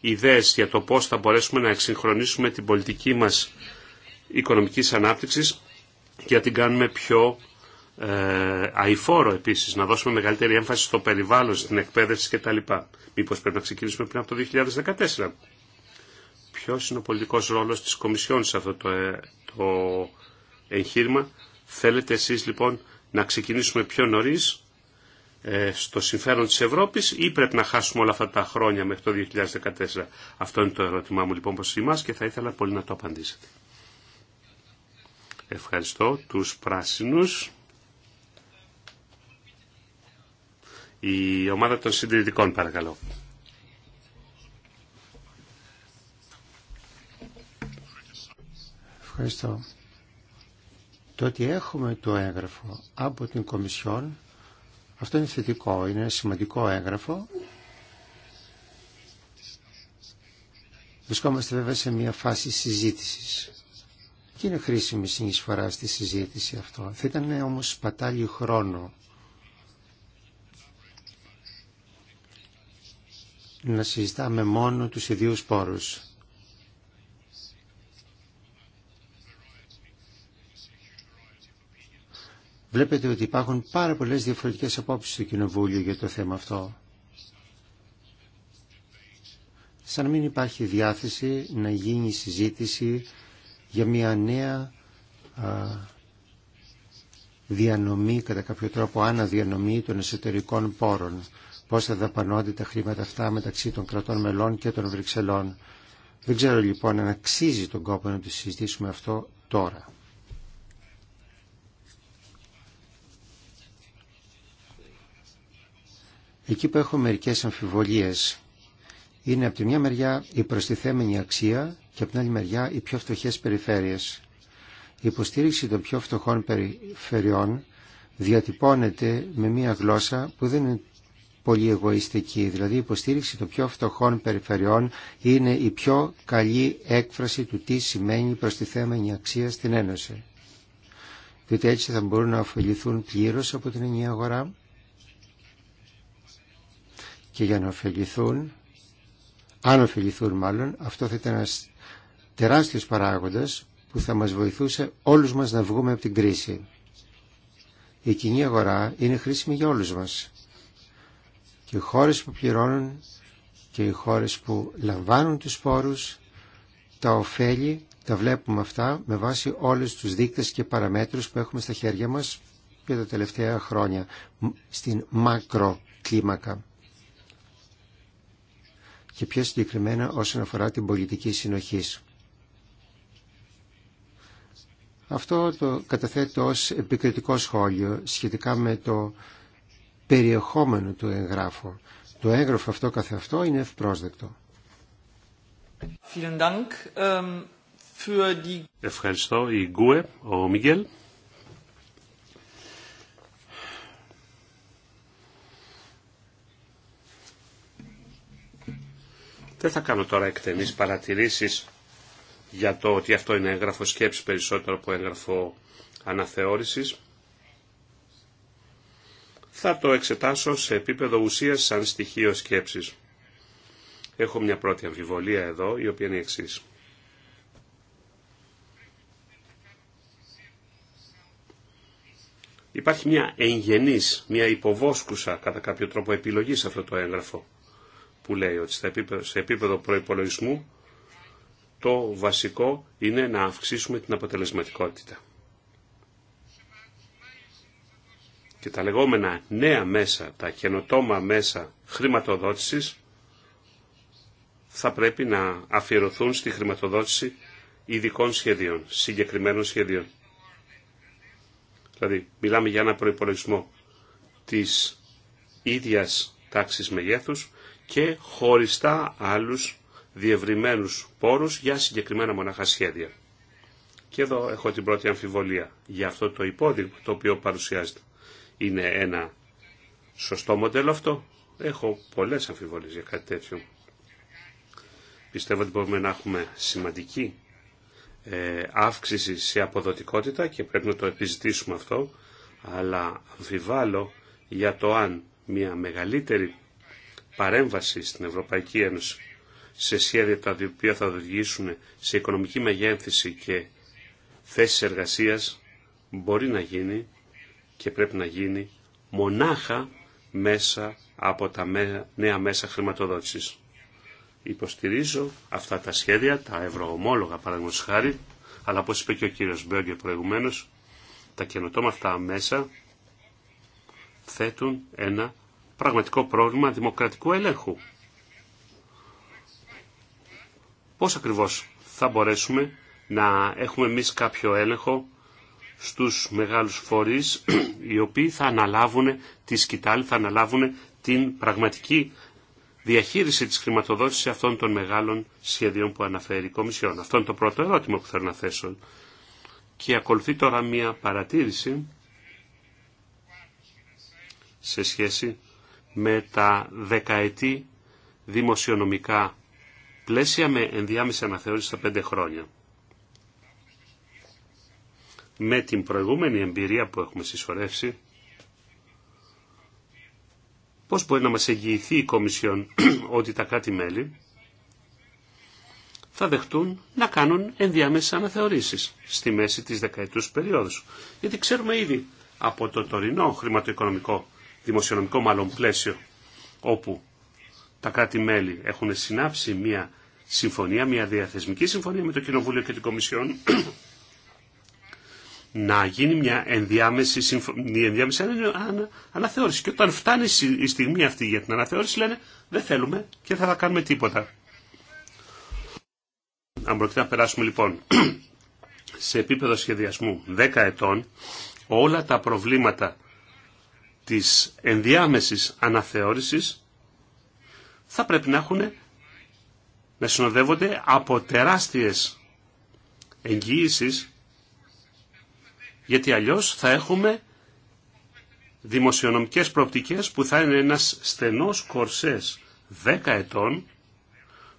ιδέες για το πώς θα μπορέσουμε να εξυγχρονίσουμε την πολιτική μας οικονομικής ανάπτυξης και την κάνουμε πιο ε, αηφόρο επίσης, να δώσουμε μεγαλύτερη έμφαση στο περιβάλλον, στην εκπαίδευση κτλ. Μήπως πρέπει να ξεκινήσουμε πριν από το 2014. Ποιος είναι ο πολιτικός ρόλος της Κομισιόν σε αυτό το, ε, το εγχείρημα. Θέλετε εσείς λοιπόν να ξεκινήσουμε πιο νωρίς ε, στο συμφέρον της Ευρώπης ή πρέπει να χάσουμε όλα αυτά τα χρόνια μέχρι το 2014. Αυτό είναι το ερώτημά μου λοιπόν προς εμάς και θα ήθελα πολύ να το απαντήσετε. Ευχαριστώ τους πράσινους. Η ομάδα των συντηρητικών παρακαλώ. Ευχαριστώ. Το ότι έχουμε το έγγραφο από την Κομισιόν, αυτό είναι θετικό, είναι ένα σημαντικό έγγραφο. Βρισκόμαστε βέβαια σε μια φάση συζήτησης και είναι χρήσιμη συνεισφορά στη συζήτηση αυτό. Θα ήταν όμως πατάλιο χρόνο να συζητάμε μόνο τους ιδίους πόρους. Βλέπετε ότι υπάρχουν πάρα πολλές διαφορετικές απόψεις στο Κοινοβούλιο για το θέμα αυτό. Σαν να μην υπάρχει διάθεση να γίνει συζήτηση για μια νέα α, διανομή, κατά κάποιο τρόπο αναδιανομή των εσωτερικών πόρων πώς θα δαπανώνται τα χρήματα αυτά μεταξύ των κρατών μελών και των Βρυξελών. Δεν ξέρω λοιπόν αν αξίζει τον κόπο να το συζητήσουμε αυτό τώρα. Εκεί που έχω μερικές αμφιβολίες είναι από τη μια μεριά η προστιθέμενη αξία και από την άλλη μεριά οι πιο φτωχές περιφέρειες. Η υποστήριξη των πιο φτωχών περιφερειών διατυπώνεται με μια γλώσσα που δεν είναι πολύ εγωιστική. Δηλαδή η υποστήριξη των πιο φτωχών περιφερειών είναι η πιο καλή έκφραση του τι σημαίνει τη προστιθέμενη αξία στην Ένωση. Διότι έτσι θα μπορούν να ωφεληθούν πλήρω από την ενιαία αγορά και για να ωφεληθούν, αν ωφεληθούν μάλλον, αυτό θα ήταν ένα τεράστιος παράγοντας που θα μας βοηθούσε όλους μας να βγούμε από την κρίση. Η κοινή αγορά είναι χρήσιμη για όλους μας και οι χώρες που πληρώνουν και οι χώρες που λαμβάνουν τους πόρους, τα ωφέλη, τα βλέπουμε αυτά με βάση όλους τους δείκτες και παραμέτρους που έχουμε στα χέρια μας για τα τελευταία χρόνια στην μακροκλίμακα και πιο συγκεκριμένα όσον αφορά την πολιτική συνοχή, Αυτό το καταθέτω ως επικριτικό σχόλιο σχετικά με το περιεχόμενο του εγγράφου. Το έγγραφο αυτό καθεαυτό είναι ευπρόσδεκτο. Ähm, Ευχαριστώ η Γκουε, ο Μίγκελ. Δεν θα κάνω τώρα εκτενείς παρατηρήσεις για το ότι αυτό είναι έγγραφο σκέψη περισσότερο από έγγραφο αναθεώρησης θα το εξετάσω σε επίπεδο ουσίας σαν στοιχείο σκέψης. Έχω μια πρώτη αμφιβολία εδώ, η οποία είναι η Υπάρχει μια εγγενής, μια υποβόσκουσα κατά κάποιο τρόπο επιλογή σε αυτό το έγγραφο που λέει ότι σε επίπεδο προϋπολογισμού το βασικό είναι να αυξήσουμε την αποτελεσματικότητα. και τα λεγόμενα νέα μέσα, τα καινοτόμα μέσα χρηματοδότησης θα πρέπει να αφιερωθούν στη χρηματοδότηση ειδικών σχεδίων, συγκεκριμένων σχεδίων. Δηλαδή, μιλάμε για ένα προϋπολογισμό της ίδιας τάξης μεγέθους και χωριστά άλλους διευρυμένους πόρους για συγκεκριμένα μονάχα σχέδια. Και εδώ έχω την πρώτη αμφιβολία για αυτό το υπόδειγμα το οποίο παρουσιάζεται. Είναι ένα σωστό μοντέλο αυτό. Έχω πολλές αμφιβολίες για κάτι τέτοιο. Πιστεύω ότι μπορούμε να έχουμε σημαντική ε, αύξηση σε αποδοτικότητα και πρέπει να το επιζητήσουμε αυτό, αλλά αμφιβάλλω για το αν μια μεγαλύτερη παρέμβαση στην Ευρωπαϊκή Ένωση σε σχέδια τα οποία θα οδηγήσουν σε οικονομική μεγέθυνση και θέσεις εργασίας μπορεί να γίνει και πρέπει να γίνει μονάχα μέσα από τα νέα μέσα χρηματοδότησης. Υποστηρίζω αυτά τα σχέδια, τα ευρωομόλογα παραδείγματος χάρη, αλλά όπως είπε και ο κύριος Μπέγκε προηγουμένως, τα καινοτόμα αυτά μέσα θέτουν ένα πραγματικό πρόβλημα δημοκρατικού ελέγχου. Πώς ακριβώς θα μπορέσουμε να έχουμε εμεί κάποιο έλεγχο στους μεγάλους φορείς [clears throat] οι οποίοι θα αναλάβουν τη σκητάλη, θα αναλάβουν την πραγματική διαχείριση της χρηματοδότησης αυτών των μεγάλων σχεδίων που αναφέρει η Κομισιόν. Αυτό είναι το πρώτο ερώτημα που θέλω να θέσω. Και ακολουθεί τώρα μία παρατήρηση σε σχέση με τα δεκαετή δημοσιονομικά πλαίσια με ενδιάμεση αναθεώρηση στα πέντε χρόνια με την προηγούμενη εμπειρία που έχουμε συσσωρεύσει, πώς μπορεί να μας εγγυηθεί η Κομισιόν [clears throat] ότι τα κράτη-μέλη θα δεχτούν να κάνουν ενδιάμεσες αναθεωρήσεις στη μέση της δεκαετούς περίοδου. Γιατί ξέρουμε ήδη από το τωρινό χρηματοοικονομικό, δημοσιονομικό μάλλον πλαίσιο, όπου τα κράτη-μέλη έχουν συνάψει μια συμφωνία, μια διαθεσμική συμφωνία με το Κοινοβούλιο και την Κομισιόν [clears throat] να γίνει μια ενδιάμεση, ενδιάμεση αναθεώρηση. Και όταν φτάνει η στιγμή αυτή για την αναθεώρηση λένε δεν θέλουμε και θα, θα κάνουμε τίποτα. Αν προτείνω να περάσουμε λοιπόν [clears throat] σε επίπεδο σχεδιασμού 10 ετών όλα τα προβλήματα της ενδιάμεσης αναθεώρησης θα πρέπει να έχουν να συνοδεύονται από τεράστιες εγγύησεις γιατί αλλιώς θα έχουμε δημοσιονομικές προοπτικές που θα είναι ένας στενός κορσές 10 ετών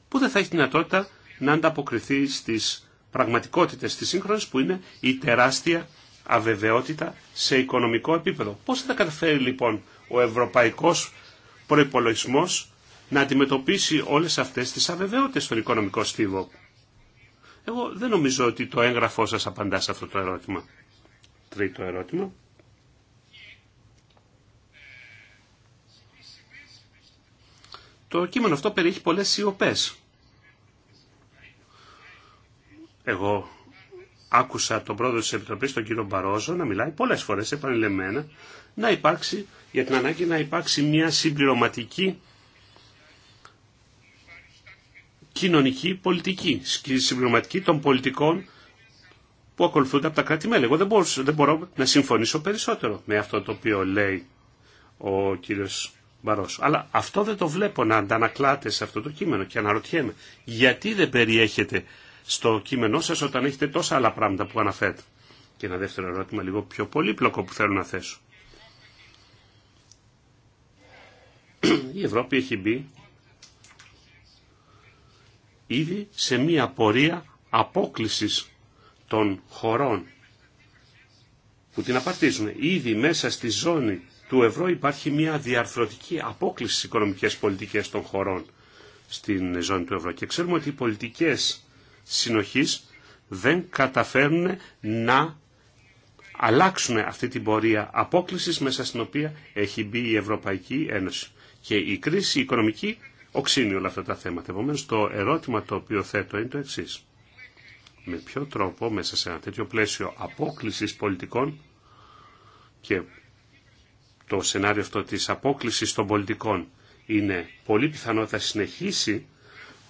που δεν θα έχει δυνατότητα να ανταποκριθεί στις πραγματικότητες της σύγχρονης που είναι η τεράστια αβεβαιότητα σε οικονομικό επίπεδο. Πώς θα καταφέρει λοιπόν ο ευρωπαϊκός προϋπολογισμός να αντιμετωπίσει όλες αυτές τις αβεβαιότητες στον οικονομικό στίβο. Εγώ δεν νομίζω ότι το έγγραφό σας απαντά σε αυτό το ερώτημα. Τρίτο ερώτημα. Το κείμενο αυτό περιέχει πολλές σιωπές. Εγώ άκουσα τον πρόεδρο της Επιτροπής, τον κύριο Μπαρόζο, να μιλάει πολλές φορές επανειλεμμένα να υπάρξει, για την ανάγκη να υπάρξει μια συμπληρωματική κοινωνική πολιτική, συμπληρωματική των πολιτικών που ακολουθούνται από τα κράτη-μέλη. Εγώ δεν, μπορώ, να συμφωνήσω περισσότερο με αυτό το οποίο λέει ο κύριος Μπαρός. Αλλά αυτό δεν το βλέπω να αντανακλάται σε αυτό το κείμενο και αναρωτιέμαι γιατί δεν περιέχετε στο κείμενό σας όταν έχετε τόσα άλλα πράγματα που αναφέρετε. Και ένα δεύτερο ερώτημα λίγο πιο πολύπλοκο που θέλω να θέσω. Η Ευρώπη έχει μπει ήδη σε μία πορεία απόκλησης των χωρών που την απαρτίζουν. Ήδη μέσα στη ζώνη του ευρώ υπάρχει μια διαρθρωτική απόκληση στις οικονομικές πολιτικές των χωρών στην ζώνη του ευρώ. Και ξέρουμε ότι οι πολιτικές συνοχής δεν καταφέρνουν να αλλάξουν αυτή την πορεία απόκλησης μέσα στην οποία έχει μπει η Ευρωπαϊκή Ένωση. Και η κρίση οικονομική οξύνει όλα αυτά τα θέματα. Επομένως το ερώτημα το οποίο θέτω είναι το εξής με ποιο τρόπο μέσα σε ένα τέτοιο πλαίσιο απόκλησης πολιτικών και το σενάριο αυτό της απόκλησης των πολιτικών είναι πολύ πιθανό θα συνεχίσει,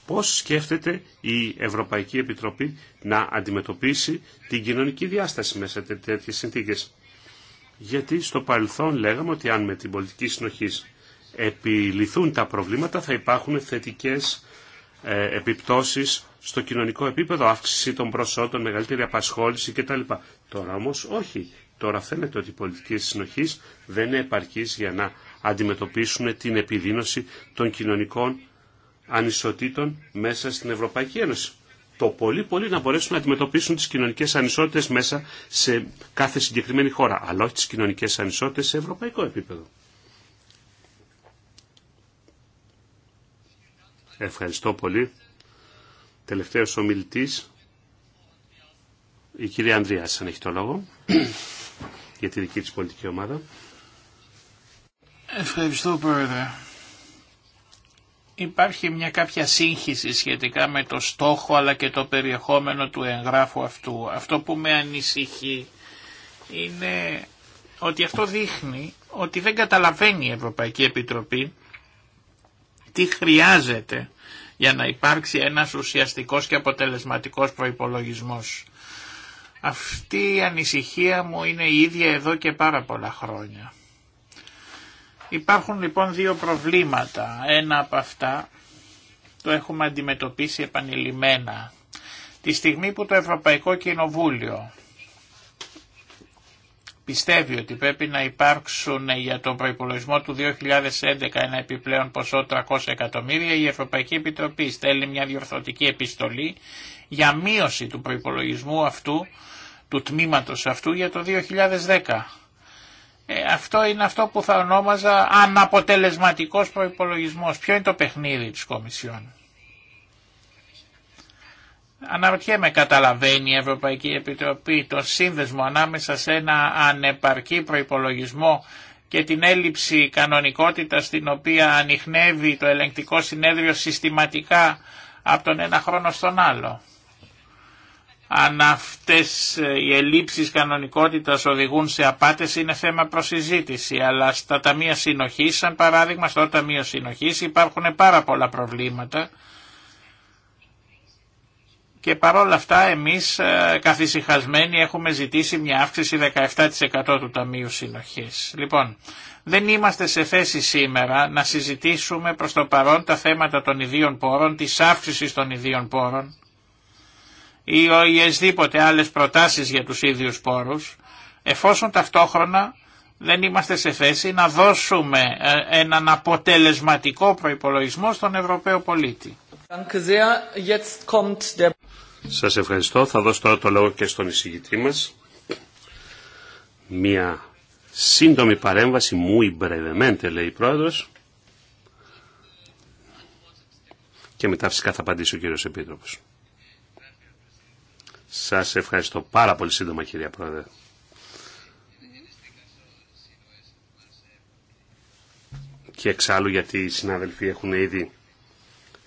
πώς σκέφτεται η Ευρωπαϊκή Επιτροπή να αντιμετωπίσει την κοινωνική διάσταση μέσα σε τέτοιες συνθήκες. Γιατί στο παρελθόν λέγαμε ότι αν με την πολιτική συνοχή επιληθούν τα προβλήματα θα υπάρχουν θετικές ε, επιπτώσεις στο κοινωνικό επίπεδο, αύξηση των προσώτων, μεγαλύτερη απασχόληση κτλ. Τώρα όμως όχι. Τώρα φαίνεται ότι οι πολιτικές συνοχής δεν είναι επαρκείς για να αντιμετωπίσουν την επιδείνωση των κοινωνικών ανισοτήτων μέσα στην Ευρωπαϊκή Ένωση. Το πολύ πολύ να μπορέσουν να αντιμετωπίσουν τις κοινωνικές ανισότητες μέσα σε κάθε συγκεκριμένη χώρα, αλλά όχι τις κοινωνικές ανισότητες σε ευρωπαϊκό επίπεδο. Ευχαριστώ πολύ. Τελευταίος ομιλητής, η κυρία Ανδρία, αν έχει το λόγο, [clears throat] για τη δική της πολιτική ομάδα. Ευχαριστώ, Πρόεδρε. Υπάρχει μια κάποια σύγχυση σχετικά με το στόχο αλλά και το περιεχόμενο του εγγράφου αυτού. Αυτό που με ανησυχεί είναι ότι αυτό δείχνει ότι δεν καταλαβαίνει η Ευρωπαϊκή Επιτροπή τι χρειάζεται για να υπάρξει ένας ουσιαστικός και αποτελεσματικός προϋπολογισμός. Αυτή η ανησυχία μου είναι η ίδια εδώ και πάρα πολλά χρόνια. Υπάρχουν λοιπόν δύο προβλήματα. Ένα από αυτά το έχουμε αντιμετωπίσει επανειλημμένα. Τη στιγμή που το Ευρωπαϊκό Κοινοβούλιο πιστεύει ότι πρέπει να υπάρξουν για τον προϋπολογισμό του 2011 ένα επιπλέον ποσό 300 εκατομμύρια, η Ευρωπαϊκή Επιτροπή στέλνει μια διορθωτική επιστολή για μείωση του προϋπολογισμού αυτού, του τμήματος αυτού για το 2010. Ε, αυτό είναι αυτό που θα ονόμαζα αναποτελεσματικός προϋπολογισμός. Ποιο είναι το παιχνίδι της Κομισιόν. Αναρωτιέμαι καταλαβαίνει η Ευρωπαϊκή Επιτροπή το σύνδεσμο ανάμεσα σε ένα ανεπαρκή προϋπολογισμό και την έλλειψη κανονικότητας στην οποία ανοιχνεύει το ελεγκτικό συνέδριο συστηματικά από τον ένα χρόνο στον άλλο. Αν αυτές οι ελλείψεις κανονικότητας οδηγούν σε απάτες είναι θέμα προσυζήτηση, αλλά στα Ταμεία Συνοχής, σαν παράδειγμα στο Ταμείο Συνοχής υπάρχουν πάρα πολλά προβλήματα και παρόλα αυτά εμείς ε, καθησυχασμένοι έχουμε ζητήσει μια αύξηση 17% του Ταμείου Συνοχής. Λοιπόν, δεν είμαστε σε θέση σήμερα να συζητήσουμε προς το παρόν τα θέματα των ιδίων πόρων, της αύξησης των ιδίων πόρων ή οιεσδήποτε άλλες προτάσεις για τους ίδιους πόρους, εφόσον ταυτόχρονα δεν είμαστε σε θέση να δώσουμε ε, έναν αποτελεσματικό προϋπολογισμό στον Ευρωπαίο πολίτη. Σας ευχαριστώ. Θα δώσω τώρα το λόγο και στον εισηγητή μας. Μία σύντομη παρέμβαση, muy brevemente λέει η πρόεδρος. Και μετά φυσικά θα απαντήσει ο κύριος Επίτροπος. Σας ευχαριστώ πάρα πολύ σύντομα κυρία Πρόεδρε. Και εξάλλου γιατί οι συναδελφοί έχουν ήδη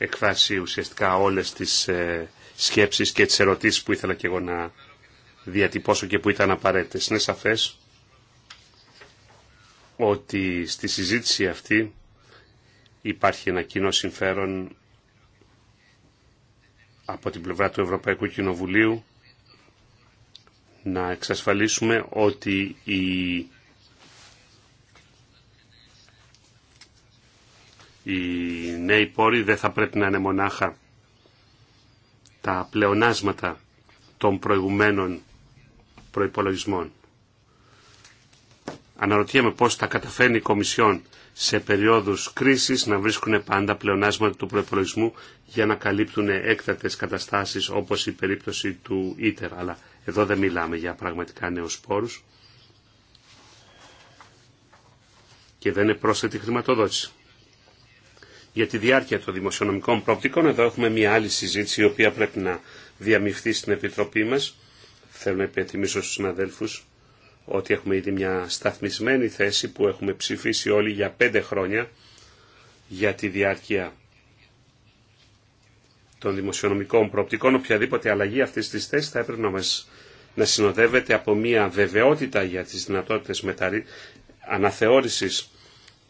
εκφράσει ουσιαστικά όλες τις ε, σκέψεις και τις ερωτήσεις που ήθελα και εγώ να διατυπώσω και που ήταν απαραίτητες. Είναι σαφές ότι στη συζήτηση αυτή υπάρχει ένα κοινό συμφέρον από την πλευρά του Ευρωπαϊκού Κοινοβουλίου να εξασφαλίσουμε ότι η οι νέοι πόροι δεν θα πρέπει να είναι μονάχα τα πλεονάσματα των προηγουμένων προϋπολογισμών. Αναρωτιέμαι πώς θα καταφέρνει η Κομισιόν σε περίοδους κρίσης να βρίσκουν πάντα πλεονάσματα του προϋπολογισμού για να καλύπτουν έκτατες καταστάσεις όπως η περίπτωση του Ίτερ. Αλλά εδώ δεν μιλάμε για πραγματικά νέους πόρους και δεν είναι πρόσθετη χρηματοδότηση για τη διάρκεια των δημοσιονομικών προοπτικών. Εδώ έχουμε μια άλλη συζήτηση η οποία πρέπει να διαμειφθεί στην Επιτροπή μας. Θέλω να υπενθυμίσω στους συναδέλφους ότι έχουμε ήδη μια σταθμισμένη θέση που έχουμε ψηφίσει όλοι για πέντε χρόνια για τη διάρκεια των δημοσιονομικών προοπτικών. Οποιαδήποτε αλλαγή αυτής της θέσης θα έπρεπε να μας να συνοδεύεται από μια βεβαιότητα για τις δυνατότητες μεταρρύ... αναθεώρησης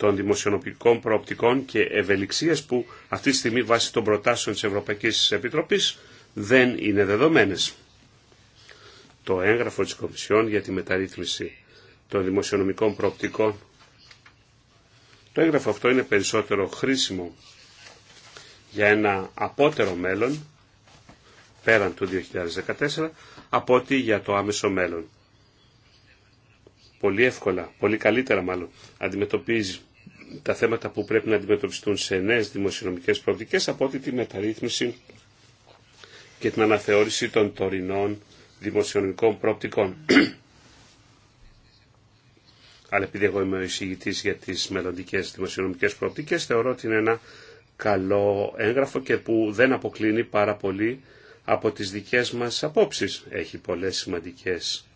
των δημοσιονομικών προοπτικών και ευελιξίας που αυτή τη στιγμή βάσει των προτάσεων της Ευρωπαϊκής Επιτροπής δεν είναι δεδομένες. Το έγγραφο της Κομισιόν για τη μεταρρύθμιση των δημοσιονομικών προοπτικών το έγγραφο αυτό είναι περισσότερο χρήσιμο για ένα απότερο μέλλον πέραν του 2014 από ότι για το άμεσο μέλλον. Πολύ εύκολα, πολύ καλύτερα μάλλον, αντιμετωπίζει τα θέματα που πρέπει να αντιμετωπιστούν σε νέες δημοσιονομικές προοπτικές από ότι τη μεταρρύθμιση και την αναθεώρηση των τωρινών δημοσιονομικών προοπτικών. [clears throat] Αλλά επειδή εγώ είμαι ο εισηγητής για τις μελλοντικές δημοσιονομικές προοπτικές, θεωρώ ότι είναι ένα καλό έγγραφο και που δεν αποκλίνει πάρα πολύ από τις δικές μας απόψεις. Έχει πολλές σημαντικές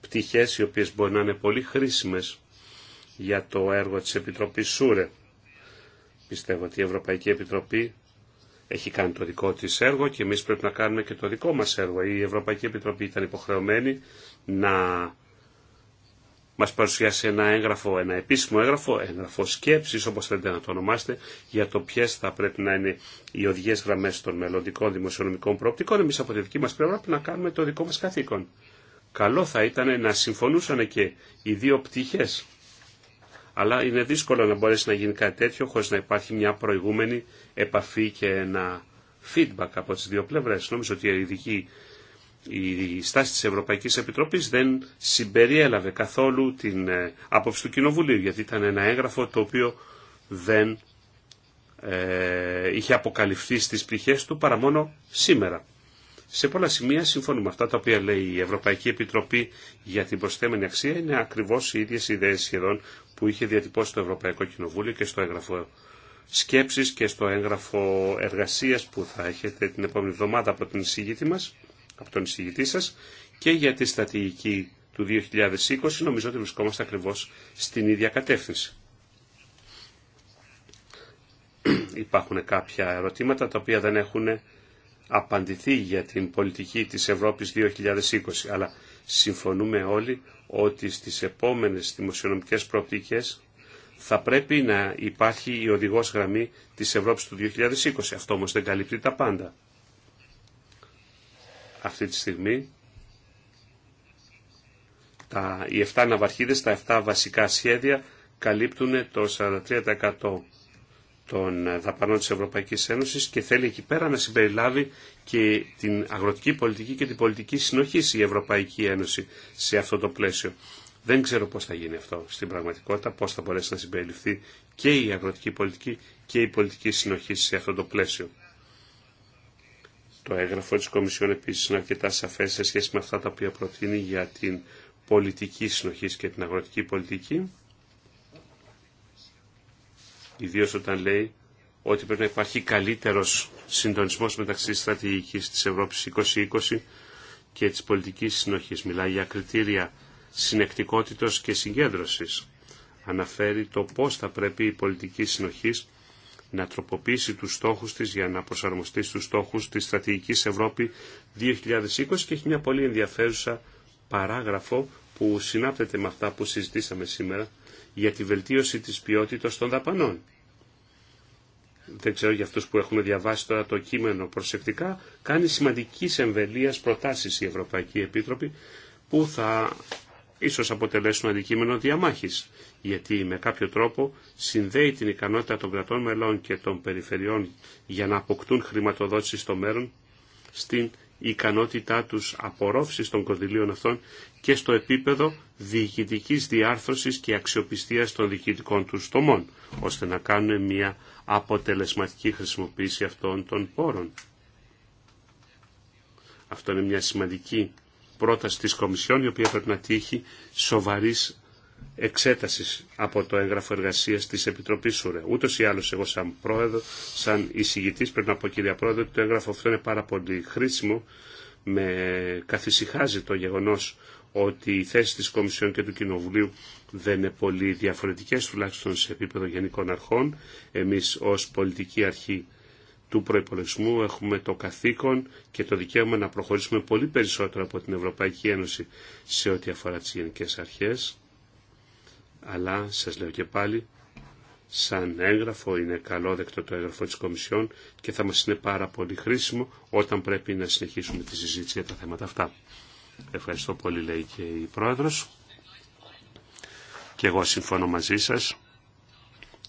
πτυχές οι οποίες μπορεί να είναι πολύ χρήσιμες για το έργο της Επιτροπής ΣΟΥΡΕ. Πιστεύω ότι η Ευρωπαϊκή Επιτροπή έχει κάνει το δικό της έργο και εμείς πρέπει να κάνουμε και το δικό μας έργο. Η Ευρωπαϊκή Επιτροπή ήταν υποχρεωμένη να μας παρουσιάσει ένα έγγραφο, ένα επίσημο έγγραφο, έγγραφο σκέψης όπως θέλετε να το ονομάσετε, για το ποιε θα πρέπει να είναι οι οδηγές γραμμές των μελλοντικών δημοσιονομικών προοπτικών. Εμείς από τη δική μας πλευρά πρέπει να κάνουμε το δικό μας καθήκον. Καλό θα ήταν να συμφωνούσαν και οι δύο πτυχές αλλά είναι δύσκολο να μπορέσει να γίνει κάτι τέτοιο χωρίς να υπάρχει μια προηγούμενη επαφή και ένα feedback από τις δύο πλευρές. Νομίζω ότι η ειδική η στάση της Ευρωπαϊκής Επιτροπής δεν συμπεριέλαβε καθόλου την ε, άποψη του Κοινοβουλίου, γιατί ήταν ένα έγγραφο το οποίο δεν ε, είχε αποκαλυφθεί στις πτυχέ του παρά μόνο σήμερα. Σε πολλά σημεία συμφωνούμε. Αυτά τα οποία λέει η Ευρωπαϊκή Επιτροπή για την προσθέμενη αξία είναι ακριβώ οι ίδιε ιδέε σχεδόν που είχε διατυπώσει το Ευρωπαϊκό Κοινοβούλιο και στο έγγραφο σκέψη και στο έγγραφο εργασία που θα έχετε την επόμενη εβδομάδα από τον εισηγητή μα, από τον εισηγητή σα και για τη στρατηγική του 2020 νομίζω ότι βρισκόμαστε ακριβώ στην ίδια κατεύθυνση. Υπάρχουν κάποια ερωτήματα τα οποία δεν έχουν απαντηθεί για την πολιτική της Ευρώπης 2020, αλλά συμφωνούμε όλοι ότι στις επόμενες δημοσιονομικές προοπτικές θα πρέπει να υπάρχει η οδηγός γραμμή της Ευρώπης του 2020. Αυτό όμως δεν καλύπτει τα πάντα. Αυτή τη στιγμή τα, οι 7 ναυαρχίδες, τα 7 βασικά σχέδια καλύπτουν το 43% των δαπανών της Ευρωπαϊκής Ένωσης και θέλει εκεί πέρα να συμπεριλάβει και την αγροτική πολιτική και την πολιτική συνοχή η Ευρωπαϊκή Ένωση σε αυτό το πλαίσιο. Δεν ξέρω πώς θα γίνει αυτό στην πραγματικότητα, πώς θα μπορέσει να συμπεριληφθεί και η αγροτική πολιτική και η πολιτική συνοχή σε αυτό το πλαίσιο. Το έγγραφο της Κομισιόν επίσης είναι αρκετά σαφέ σε σχέση με αυτά τα οποία προτείνει για την πολιτική συνοχή και την αγροτική πολιτική. Ιδίω όταν λέει ότι πρέπει να υπάρχει καλύτερος συντονισμός μεταξύ της στρατηγικής της Ευρώπης 2020 και της πολιτικής συνοχής. Μιλάει για κριτήρια συνεκτικότητα και συγκέντρωσης. Αναφέρει το πώς θα πρέπει η πολιτική συνοχής να τροποποιήσει τους στόχους της για να προσαρμοστεί στους στόχους της στρατηγικής Ευρώπη 2020 και έχει μια πολύ ενδιαφέρουσα παράγραφο που συνάπτεται με αυτά που συζητήσαμε σήμερα για τη βελτίωση της ποιότητας των δαπανών. Δεν ξέρω για αυτούς που έχουμε διαβάσει τώρα το κείμενο προσεκτικά, κάνει σημαντική εμβελία προτάσεις η Ευρωπαϊκή Επίτροπη που θα ίσως αποτελέσουν αντικείμενο διαμάχης, γιατί με κάποιο τρόπο συνδέει την ικανότητα των κρατών μελών και των περιφερειών για να αποκτούν χρηματοδότηση στο μέλλον στην η ικανότητά τους απορρόφησης των κονδυλίων αυτών και στο επίπεδο διοικητικής διάρθρωσης και αξιοπιστίας των διοικητικών τους τομών, ώστε να κάνουν μια αποτελεσματική χρησιμοποίηση αυτών των πόρων. Αυτό είναι μια σημαντική πρόταση της Κομισιόν, η οποία πρέπει να τύχει σοβαρής Εξέταση από το έγγραφο εργασία τη Επιτροπής ΣΟΡΕ. Ούτω ή αλλω εγώ σαν πρόεδρο, σαν εισηγητή, πρέπει να πω κυρία πρόεδρο ότι το έγγραφο αυτό είναι πάρα πολύ χρήσιμο. Με καθησυχάζει το γεγονο ότι οι θέσει τη Κομισιόν και του Κοινοβουλίου δεν είναι πολύ διαφορετικέ τουλάχιστον σε επίπεδο γενικών αρχών. Εμεί ω πολιτική αρχή του προϋπολογισμού έχουμε το καθήκον και το δικαίωμα να προχωρήσουμε πολύ περισσότερο από την Ευρωπαϊκή Ένωση σε ό,τι αφορά τις γενικές αρχές αλλά σας λέω και πάλι, σαν έγγραφο είναι καλό δεκτό το έγγραφο της Κομισιόν και θα μας είναι πάρα πολύ χρήσιμο όταν πρέπει να συνεχίσουμε τη συζήτηση για τα θέματα αυτά. Ευχαριστώ πολύ λέει και η Πρόεδρος. Και εγώ συμφωνώ μαζί σας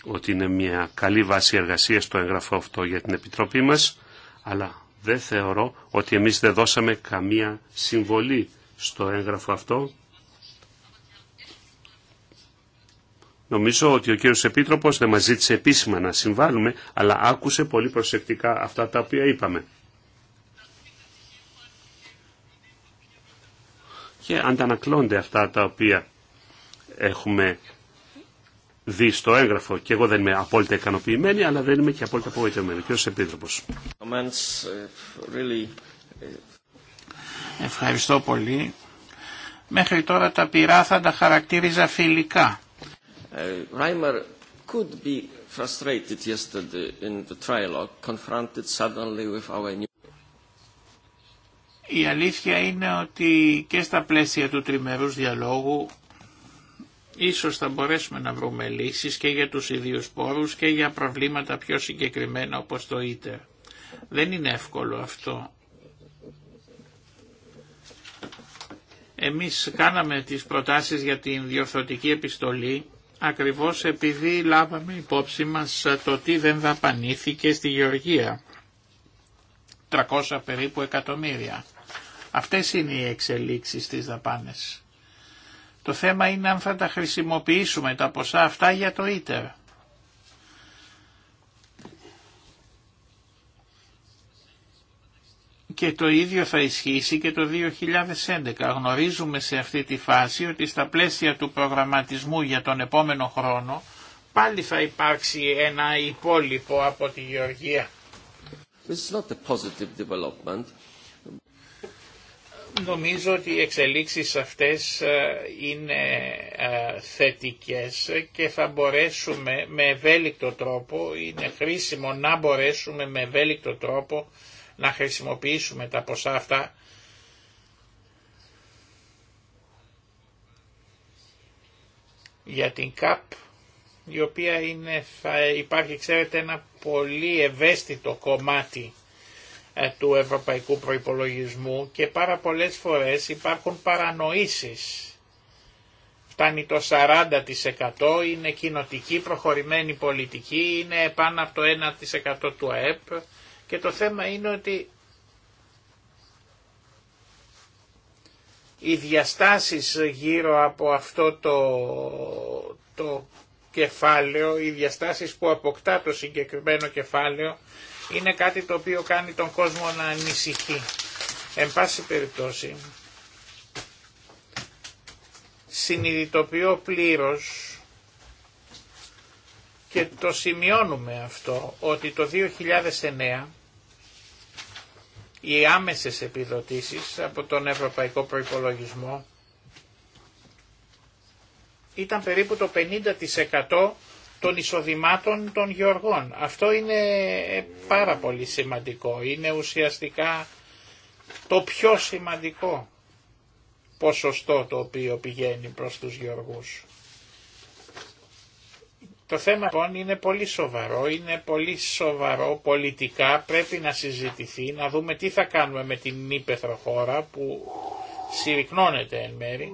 ότι είναι μια καλή βάση εργασίας το έγγραφο αυτό για την Επιτροπή μας, αλλά δεν θεωρώ ότι εμείς δεν δώσαμε καμία συμβολή στο έγγραφο αυτό Νομίζω ότι ο κύριος Επίτροπος δεν μας ζήτησε επίσημα να συμβάλλουμε, αλλά άκουσε πολύ προσεκτικά αυτά τα οποία είπαμε. Και αντανακλώνται αυτά τα οποία έχουμε δει στο έγγραφο. Και εγώ δεν είμαι απόλυτα ικανοποιημένη, αλλά δεν είμαι και απόλυτα απογοητευμένη. Κύριος Επίτροπος. Ευχαριστώ πολύ. Μέχρι τώρα τα πειρά θα τα χαρακτήριζα φιλικά η αλήθεια είναι ότι και στα πλαίσια του τριμερούς διαλόγου ίσως θα μπορέσουμε να βρούμε λύσεις και για τους ιδίους πόρους και για προβλήματα πιο συγκεκριμένα όπως το είτε. Δεν είναι εύκολο αυτό. Εμείς κάναμε τις προτάσεις για την διορθωτική επιστολή ακριβώς επειδή λάβαμε υπόψη μας το τι δεν δαπανήθηκε στη Γεωργία. 300 περίπου εκατομμύρια. Αυτές είναι οι εξελίξεις της δαπάνες. Το θέμα είναι αν θα τα χρησιμοποιήσουμε τα ποσά αυτά για το ίτερ. και το ίδιο θα ισχύσει και το 2011. Γνωρίζουμε σε αυτή τη φάση ότι στα πλαίσια του προγραμματισμού για τον επόμενο χρόνο πάλι θα υπάρξει ένα υπόλοιπο από τη Γεωργία. Νομίζω ότι οι εξελίξεις αυτές ε, είναι ε, θετικές και θα μπορέσουμε με ευέλικτο τρόπο, είναι χρήσιμο να μπορέσουμε με ευέλικτο τρόπο να χρησιμοποιήσουμε τα ποσά αυτά για την ΚΑΠ η οποία είναι, θα υπάρχει ξέρετε ένα πολύ ευαίσθητο κομμάτι ε, του ευρωπαϊκού προϋπολογισμού και πάρα πολλές φορές υπάρχουν παρανοήσεις. Φτάνει το 40% είναι κοινοτική προχωρημένη πολιτική, είναι πάνω από το 1% του ΑΕΠ και το θέμα είναι ότι οι διαστάσεις γύρω από αυτό το, το κεφάλαιο, οι διαστάσεις που αποκτά το συγκεκριμένο κεφάλαιο, είναι κάτι το οποίο κάνει τον κόσμο να ανησυχεί. Εν πάση περιπτώσει, συνειδητοποιώ πλήρως και το σημειώνουμε αυτό, ότι το 2009 οι άμεσες επιδοτήσεις από τον Ευρωπαϊκό Προϋπολογισμό ήταν περίπου το 50% των εισοδημάτων των γεωργών. Αυτό είναι ε, πάρα πολύ σημαντικό. Είναι ουσιαστικά το πιο σημαντικό ποσοστό το οποίο πηγαίνει προς τους γεωργούς. Το θέμα λοιπόν είναι πολύ σοβαρό, είναι πολύ σοβαρό πολιτικά, πρέπει να συζητηθεί, να δούμε τι θα κάνουμε με την ύπεθρο χώρα που συρρυκνώνεται εν μέρη.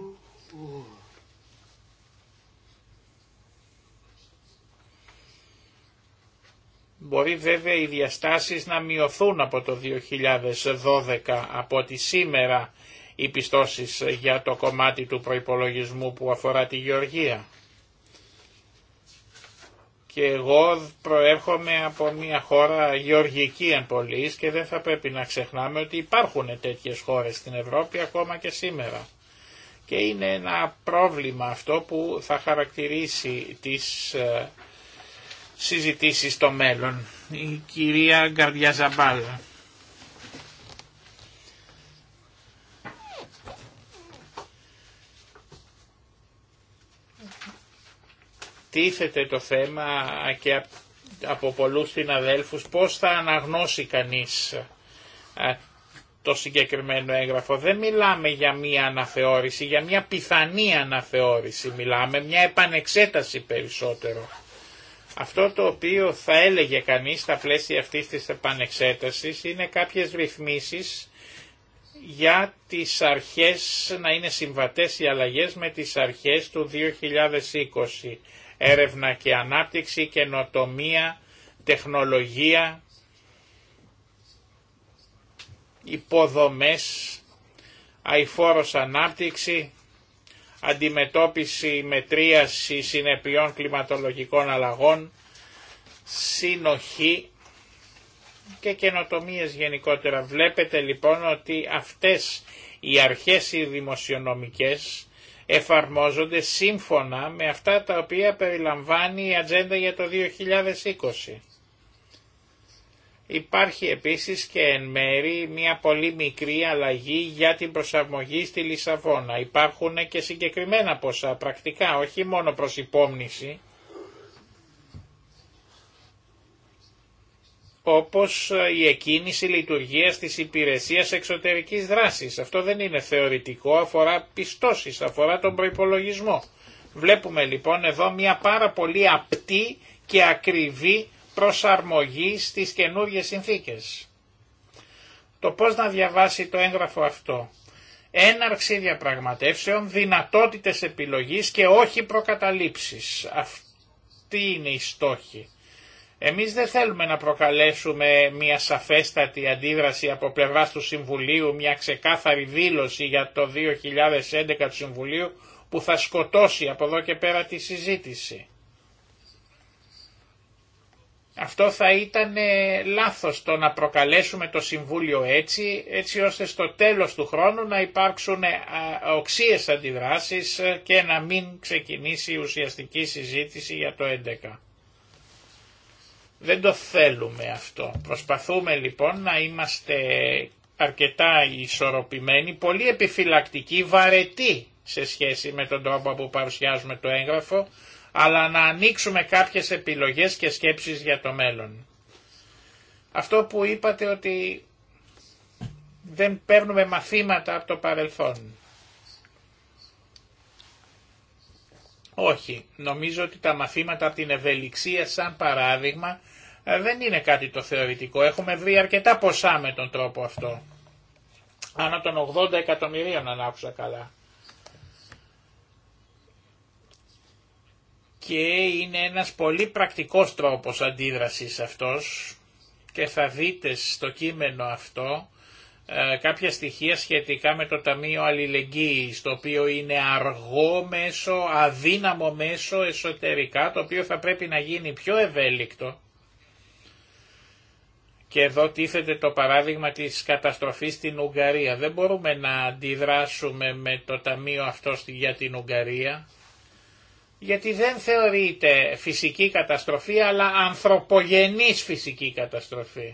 Μπορεί βέβαια οι διαστάσεις να μειωθούν από το 2012, από τη σήμερα οι πιστώσεις για το κομμάτι του προϋπολογισμού που αφορά τη γεωργία και εγώ προέρχομαι από μια χώρα γεωργική εν και δεν θα πρέπει να ξεχνάμε ότι υπάρχουν τέτοιες χώρες στην Ευρώπη ακόμα και σήμερα. Και είναι ένα πρόβλημα αυτό που θα χαρακτηρίσει τις ε, συζητήσεις στο μέλλον. Η κυρία Ζαμπάλα. τίθεται το θέμα και από πολλούς συναδέλφους πώς θα αναγνώσει κανείς ε, το συγκεκριμένο έγγραφο. Δεν μιλάμε για μία αναθεώρηση, για μία πιθανή αναθεώρηση μιλάμε, μια επανεξέταση περισσότερο. Αυτό το οποίο θα έλεγε κανείς στα πλαίσια αυτής της επανεξέτασης είναι κάποιες ρυθμίσεις για τις αρχές, να είναι συμβατές οι αλλαγές με τις αρχές του 2020 έρευνα και ανάπτυξη, καινοτομία, τεχνολογία, υποδομές, αηφόρος ανάπτυξη, αντιμετώπιση μετρίαση συνεπειών κλιματολογικών αλλαγών, συνοχή και καινοτομίες γενικότερα. Βλέπετε λοιπόν ότι αυτές οι αρχές οι δημοσιονομικές εφαρμόζονται σύμφωνα με αυτά τα οποία περιλαμβάνει η ατζέντα για το 2020. Υπάρχει επίσης και εν μέρη μια πολύ μικρή αλλαγή για την προσαρμογή στη Λισαβόνα. Υπάρχουν και συγκεκριμένα ποσά πρακτικά, όχι μόνο προς υπόμνηση, όπως ε, η εκκίνηση λειτουργίας της υπηρεσίας εξωτερικής δράσης. Αυτό δεν είναι θεωρητικό, αφορά πιστώσεις, αφορά τον προϋπολογισμό. Βλέπουμε λοιπόν εδώ μια πάρα πολύ απτή και ακριβή προσαρμογή στις καινούργιες συνθήκες. Το πώς να διαβάσει το έγγραφο αυτό. Έναρξη διαπραγματεύσεων, δυνατότητες επιλογής και όχι προκαταλήψεις. Αυτή είναι η στόχη εμείς δεν θέλουμε να προκαλέσουμε μια σαφέστατη αντίδραση από πλευράς του Συμβουλίου, μια ξεκάθαρη δήλωση για το 2011 του Συμβουλίου που θα σκοτώσει από εδώ και πέρα τη συζήτηση. Αυτό θα ήταν ε, λάθος το να προκαλέσουμε το Συμβούλιο έτσι, έτσι ώστε στο τέλος του χρόνου να υπάρξουν ε, οξύες αντιδράσεις ε, και να μην ξεκινήσει ουσιαστική συζήτηση για το 2011. Δεν το θέλουμε αυτό. Προσπαθούμε λοιπόν να είμαστε αρκετά ισορροπημένοι, πολύ επιφυλακτικοί, βαρετοί σε σχέση με τον τρόπο που παρουσιάζουμε το έγγραφο, αλλά να ανοίξουμε κάποιες επιλογές και σκέψεις για το μέλλον. Αυτό που είπατε ότι δεν παίρνουμε μαθήματα από το παρελθόν. Όχι, νομίζω ότι τα μαθήματα από την ευελιξία σαν παράδειγμα ε, δεν είναι κάτι το θεωρητικό. Έχουμε βρει αρκετά ποσά με τον τρόπο αυτό. Άνω των 80 εκατομμυρίων αν άκουσα καλά. Και είναι ένας πολύ πρακτικός τρόπος αντίδρασης αυτός και θα δείτε στο κείμενο αυτό ε, κάποια στοιχεία σχετικά με το Ταμείο Αλληλεγγύης, το οποίο είναι αργό μέσο, αδύναμο μέσο εσωτερικά, το οποίο θα πρέπει να γίνει πιο ευέλικτο και εδώ τίθεται το παράδειγμα της καταστροφής στην Ουγγαρία. Δεν μπορούμε να αντιδράσουμε με το ταμείο αυτό για την Ουγγαρία, γιατί δεν θεωρείται φυσική καταστροφή, αλλά ανθρωπογενής φυσική καταστροφή.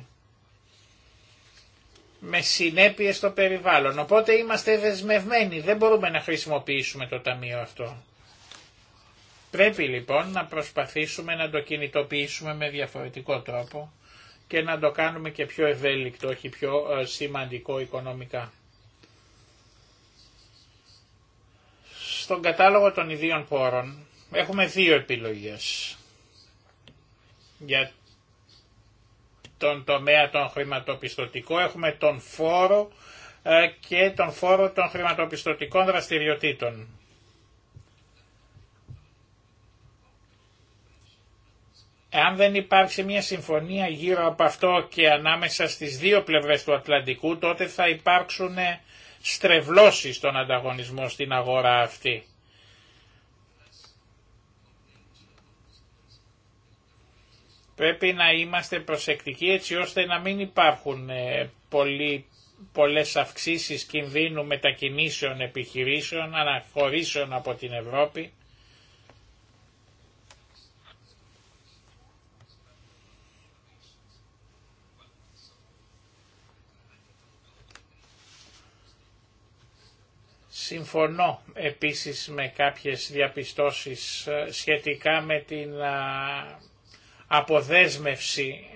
Με συνέπειες στο περιβάλλον. Οπότε είμαστε δεσμευμένοι, δεν μπορούμε να χρησιμοποιήσουμε το ταμείο αυτό. Πρέπει λοιπόν να προσπαθήσουμε να το κινητοποιήσουμε με διαφορετικό τρόπο και να το κάνουμε και πιο ευέλικτο, όχι πιο ε, σημαντικό οικονομικά. Στον κατάλογο των ιδίων πόρων έχουμε δύο επιλογές για τον τομέα των χρηματοπιστωτικών Έχουμε τον φόρο ε, και τον φόρο των χρηματοπιστωτικών δραστηριοτήτων. Εάν δεν υπάρξει μια συμφωνία γύρω από αυτό και ανάμεσα στις δύο πλευρές του Ατλαντικού, τότε θα υπάρξουν ε, στρεβλώσεις στον ανταγωνισμό στην αγορά αυτή. Πρέπει να είμαστε προσεκτικοί έτσι ώστε να μην υπάρχουν ε, πολλές αυξήσεις κινδύνου μετακινήσεων επιχειρήσεων, αναχωρήσεων από την Ευρώπη Συμφωνώ επίσης με κάποιες διαπιστώσεις ε, σχετικά με την αποδέσμευση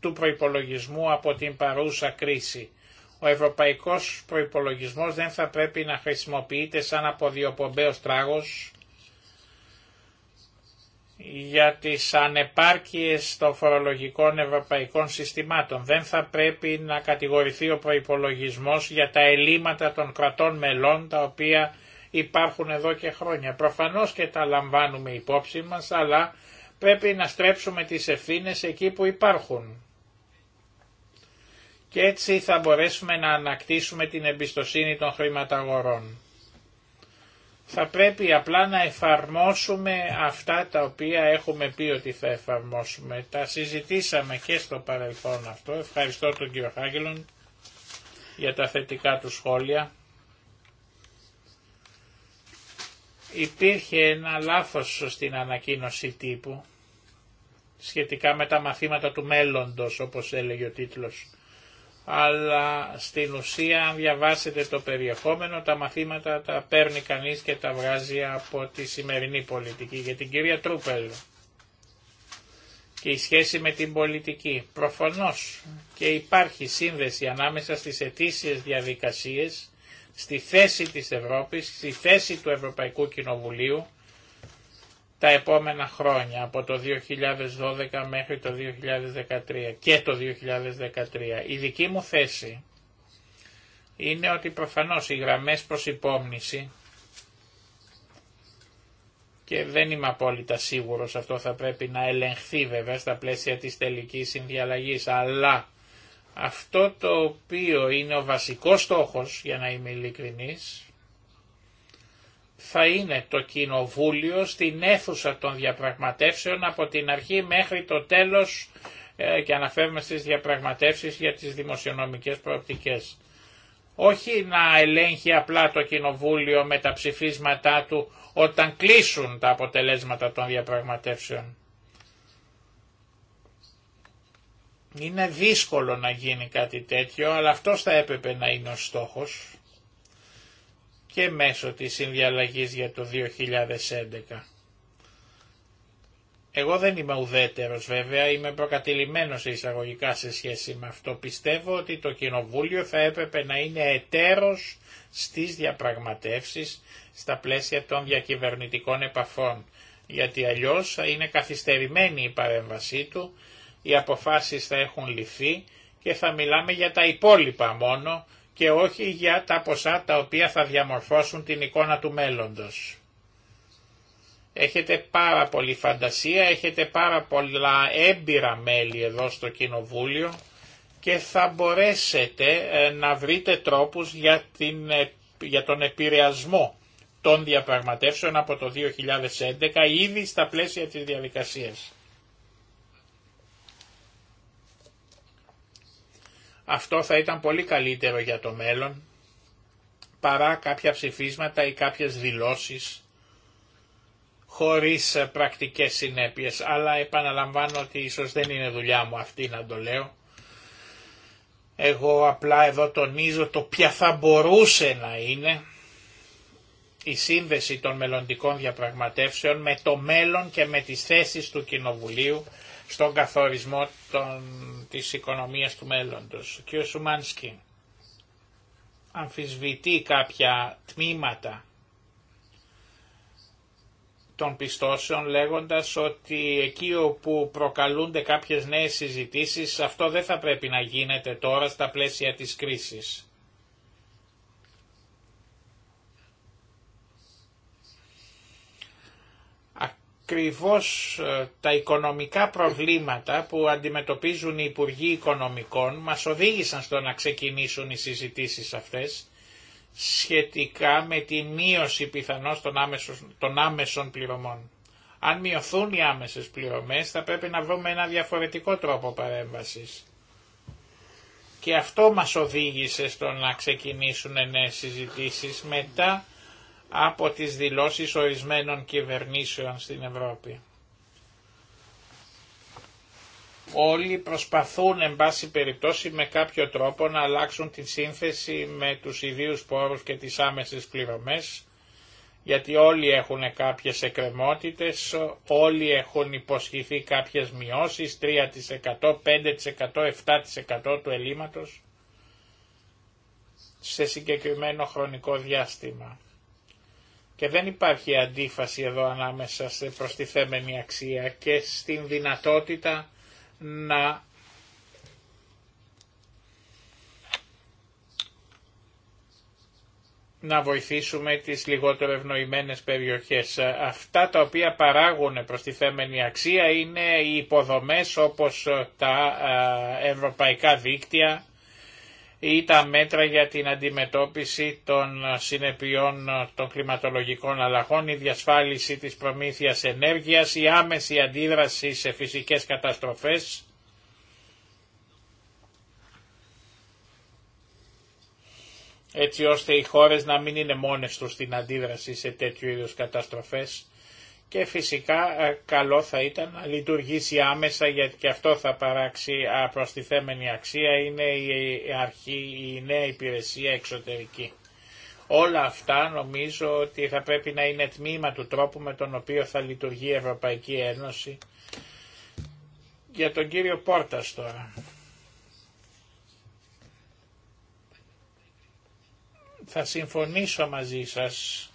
του προϋπολογισμού από την παρούσα κρίση. Ο ευρωπαϊκός προϋπολογισμός δεν θα πρέπει να χρησιμοποιείται σαν αποδιοπομπαίος τράγος για τις ανεπάρκειες των φορολογικών ευρωπαϊκών συστημάτων. Δεν θα πρέπει να κατηγορηθεί ο προϋπολογισμός για τα ελλείμματα των κρατών μελών τα οποία υπάρχουν εδώ και χρόνια. Προφανώς και τα λαμβάνουμε υπόψη μας αλλά πρέπει να στρέψουμε τις ευθύνες εκεί που υπάρχουν. Και έτσι θα μπορέσουμε να ανακτήσουμε την εμπιστοσύνη των χρηματαγορών. Θα πρέπει απλά να εφαρμόσουμε αυτά τα οποία έχουμε πει ότι θα εφαρμόσουμε. Τα συζητήσαμε και στο παρελθόν αυτό. Ευχαριστώ τον κύριο Χάγγελον για τα θετικά του σχόλια. Υπήρχε ένα λάθος στην ανακοίνωση τύπου σχετικά με τα μαθήματα του μέλλοντος όπως έλεγε ο τίτλος αλλά στην ουσία αν διαβάσετε το περιεχόμενο τα μαθήματα τα παίρνει κανείς και τα βγάζει από τη σημερινή πολιτική. Για την κυρία Τρούπελ και η σχέση με την πολιτική. Προφανώς και υπάρχει σύνδεση ανάμεσα στις αιτήσιες διαδικασίες, στη θέση της Ευρώπης, στη θέση του Ευρωπαϊκού Κοινοβουλίου τα επόμενα χρόνια, από το 2012 μέχρι το 2013 και το 2013. Η δική μου θέση είναι ότι προφανώς οι γραμμές προς υπόμνηση και δεν είμαι απόλυτα σίγουρος αυτό θα πρέπει να ελεγχθεί βέβαια στα πλαίσια της τελικής συνδιαλλαγής αλλά αυτό το οποίο είναι ο βασικός στόχος για να είμαι ειλικρινής θα είναι το Κοινοβούλιο στην αίθουσα των διαπραγματεύσεων από την αρχή μέχρι το τέλος ε, και αναφέρουμε στις διαπραγματεύσεις για τις δημοσιονομικές προοπτικές. Όχι να ελέγχει απλά το Κοινοβούλιο με τα ψηφίσματά του όταν κλείσουν τα αποτελέσματα των διαπραγματεύσεων. Είναι δύσκολο να γίνει κάτι τέτοιο, αλλά αυτός θα έπρεπε να είναι ο στόχος και μέσω της συνδιαλλαγής για το 2011. Εγώ δεν είμαι ουδέτερος βέβαια, είμαι προκατηλημένος εισαγωγικά σε σχέση με αυτό. Πιστεύω ότι το Κοινοβούλιο θα έπρεπε να είναι εταίρος στις διαπραγματεύσεις στα πλαίσια των διακυβερνητικών επαφών, γιατί αλλιώς θα είναι καθυστερημένη η παρέμβασή του, οι αποφάσεις θα έχουν λυθεί και θα μιλάμε για τα υπόλοιπα μόνο και όχι για τα ποσά τα οποία θα διαμορφώσουν την εικόνα του μέλλοντος. Έχετε πάρα πολλή φαντασία, έχετε πάρα πολλά έμπειρα μέλη εδώ στο Κοινοβούλιο και θα μπορέσετε ε, να βρείτε τρόπους για, ε, για τον επηρεασμό των διαπραγματεύσεων από το 2011 ήδη στα πλαίσια της διαδικασίας. Αυτό θα ήταν πολύ καλύτερο για το μέλλον παρά κάποια ψηφίσματα ή κάποιες δηλώσεις χωρίς ε, πρακτικές συνέπειες. Αλλά επαναλαμβάνω ότι ίσως δεν είναι δουλειά μου αυτή να το λέω. Εγώ απλά εδώ τονίζω το ποια θα μπορούσε να είναι η σύνδεση των μελλοντικών διαπραγματεύσεων με το μέλλον και με τις θέσεις του Κοινοβουλίου στον καθορισμό των της οικονομίας του μέλλοντος. Ο κ. Σουμάνσκι αμφισβητεί κάποια τμήματα των πιστώσεων λέγοντας ότι εκεί όπου προκαλούνται κάποιες νέες συζητήσεις αυτό δεν θα πρέπει να γίνεται τώρα στα πλαίσια της κρίσης. ακριβώς ε, τα οικονομικά προβλήματα που αντιμετωπίζουν οι Υπουργοί Οικονομικών μας οδήγησαν στο να ξεκινήσουν οι συζητήσεις αυτές σχετικά με τη μείωση πιθανώς των άμεσων, των άμεσων πληρωμών. Αν μειωθούν οι άμεσες πληρωμές θα πρέπει να βρούμε ένα διαφορετικό τρόπο παρέμβασης. Και αυτό μας οδήγησε στο να ξεκινήσουν νέες συζητήσεις μετά από τις δηλώσεις ορισμένων κυβερνήσεων στην Ευρώπη. Όλοι προσπαθούν, εν πάση περιπτώσει, με κάποιο τρόπο να αλλάξουν τη σύνθεση με τους ιδίους πόρους και τις άμεσες πληρωμές, γιατί όλοι έχουν κάποιες εκκρεμότητες, όλοι έχουν υποσχεθεί κάποιες μειώσεις, 3%, 5%, 7% του ελλείμματος, σε συγκεκριμένο χρονικό διάστημα. Και δεν υπάρχει αντίφαση εδώ ανάμεσα σε προστιθέμενη αξία και στην δυνατότητα να να βοηθήσουμε τις λιγότερο ευνοημένες περιοχές. Αυτά τα οποία παράγουν προς τη θέμενη αξία είναι οι υποδομές όπως τα ευρωπαϊκά δίκτυα, ή τα μέτρα για την αντιμετώπιση των συνεπειών των κλιματολογικών αλλαγών, η διασφάλιση της προμήθειας ενέργειας, η άμεση αντίδραση σε φυσικές καταστροφές, έτσι ώστε οι χώρες να μην είναι μόνες τους στην αντίδραση σε τέτοιου είδους καταστροφές και φυσικά ε, καλό θα ήταν να λειτουργήσει άμεσα γιατί και αυτό θα παράξει προστιθέμενη αξία είναι η αρχή, η νέα υπηρεσία εξωτερική. Όλα αυτά νομίζω ότι θα πρέπει να είναι τμήμα του τρόπου με τον οποίο θα λειτουργεί η Ευρωπαϊκή Ένωση. Για τον κύριο Πόρτας τώρα. Θα συμφωνήσω μαζί σας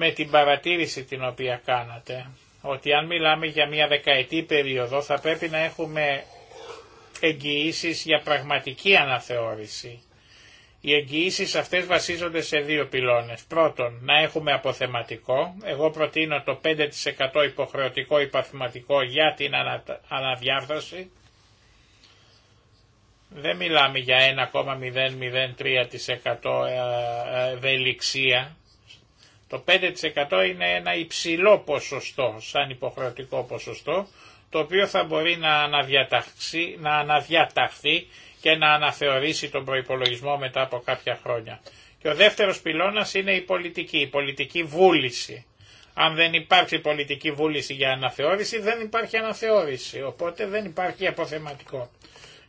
με την παρατήρηση την οποία κάνατε, ότι αν μιλάμε για μια δεκαετή περίοδο θα πρέπει να έχουμε εγγυήσει για πραγματική αναθεώρηση. Οι εγγυήσει αυτές βασίζονται σε δύο πυλώνες. Πρώτον, να έχουμε αποθεματικό. Εγώ προτείνω το 5% υποχρεωτικό υπαθηματικό για την αναδιάρθρωση. Δεν μιλάμε για 1,003% ε, ε, ευελιξία το 5% είναι ένα υψηλό ποσοστό, σαν υποχρεωτικό ποσοστό, το οποίο θα μπορεί να αναδιαταχθεί, να αναδιαταχθεί και να αναθεωρήσει τον προϋπολογισμό μετά από κάποια χρόνια. Και ο δεύτερος πυλώνας είναι η πολιτική, η πολιτική βούληση. Αν δεν υπάρχει πολιτική βούληση για αναθεώρηση, δεν υπάρχει αναθεώρηση, οπότε δεν υπάρχει αποθεματικό.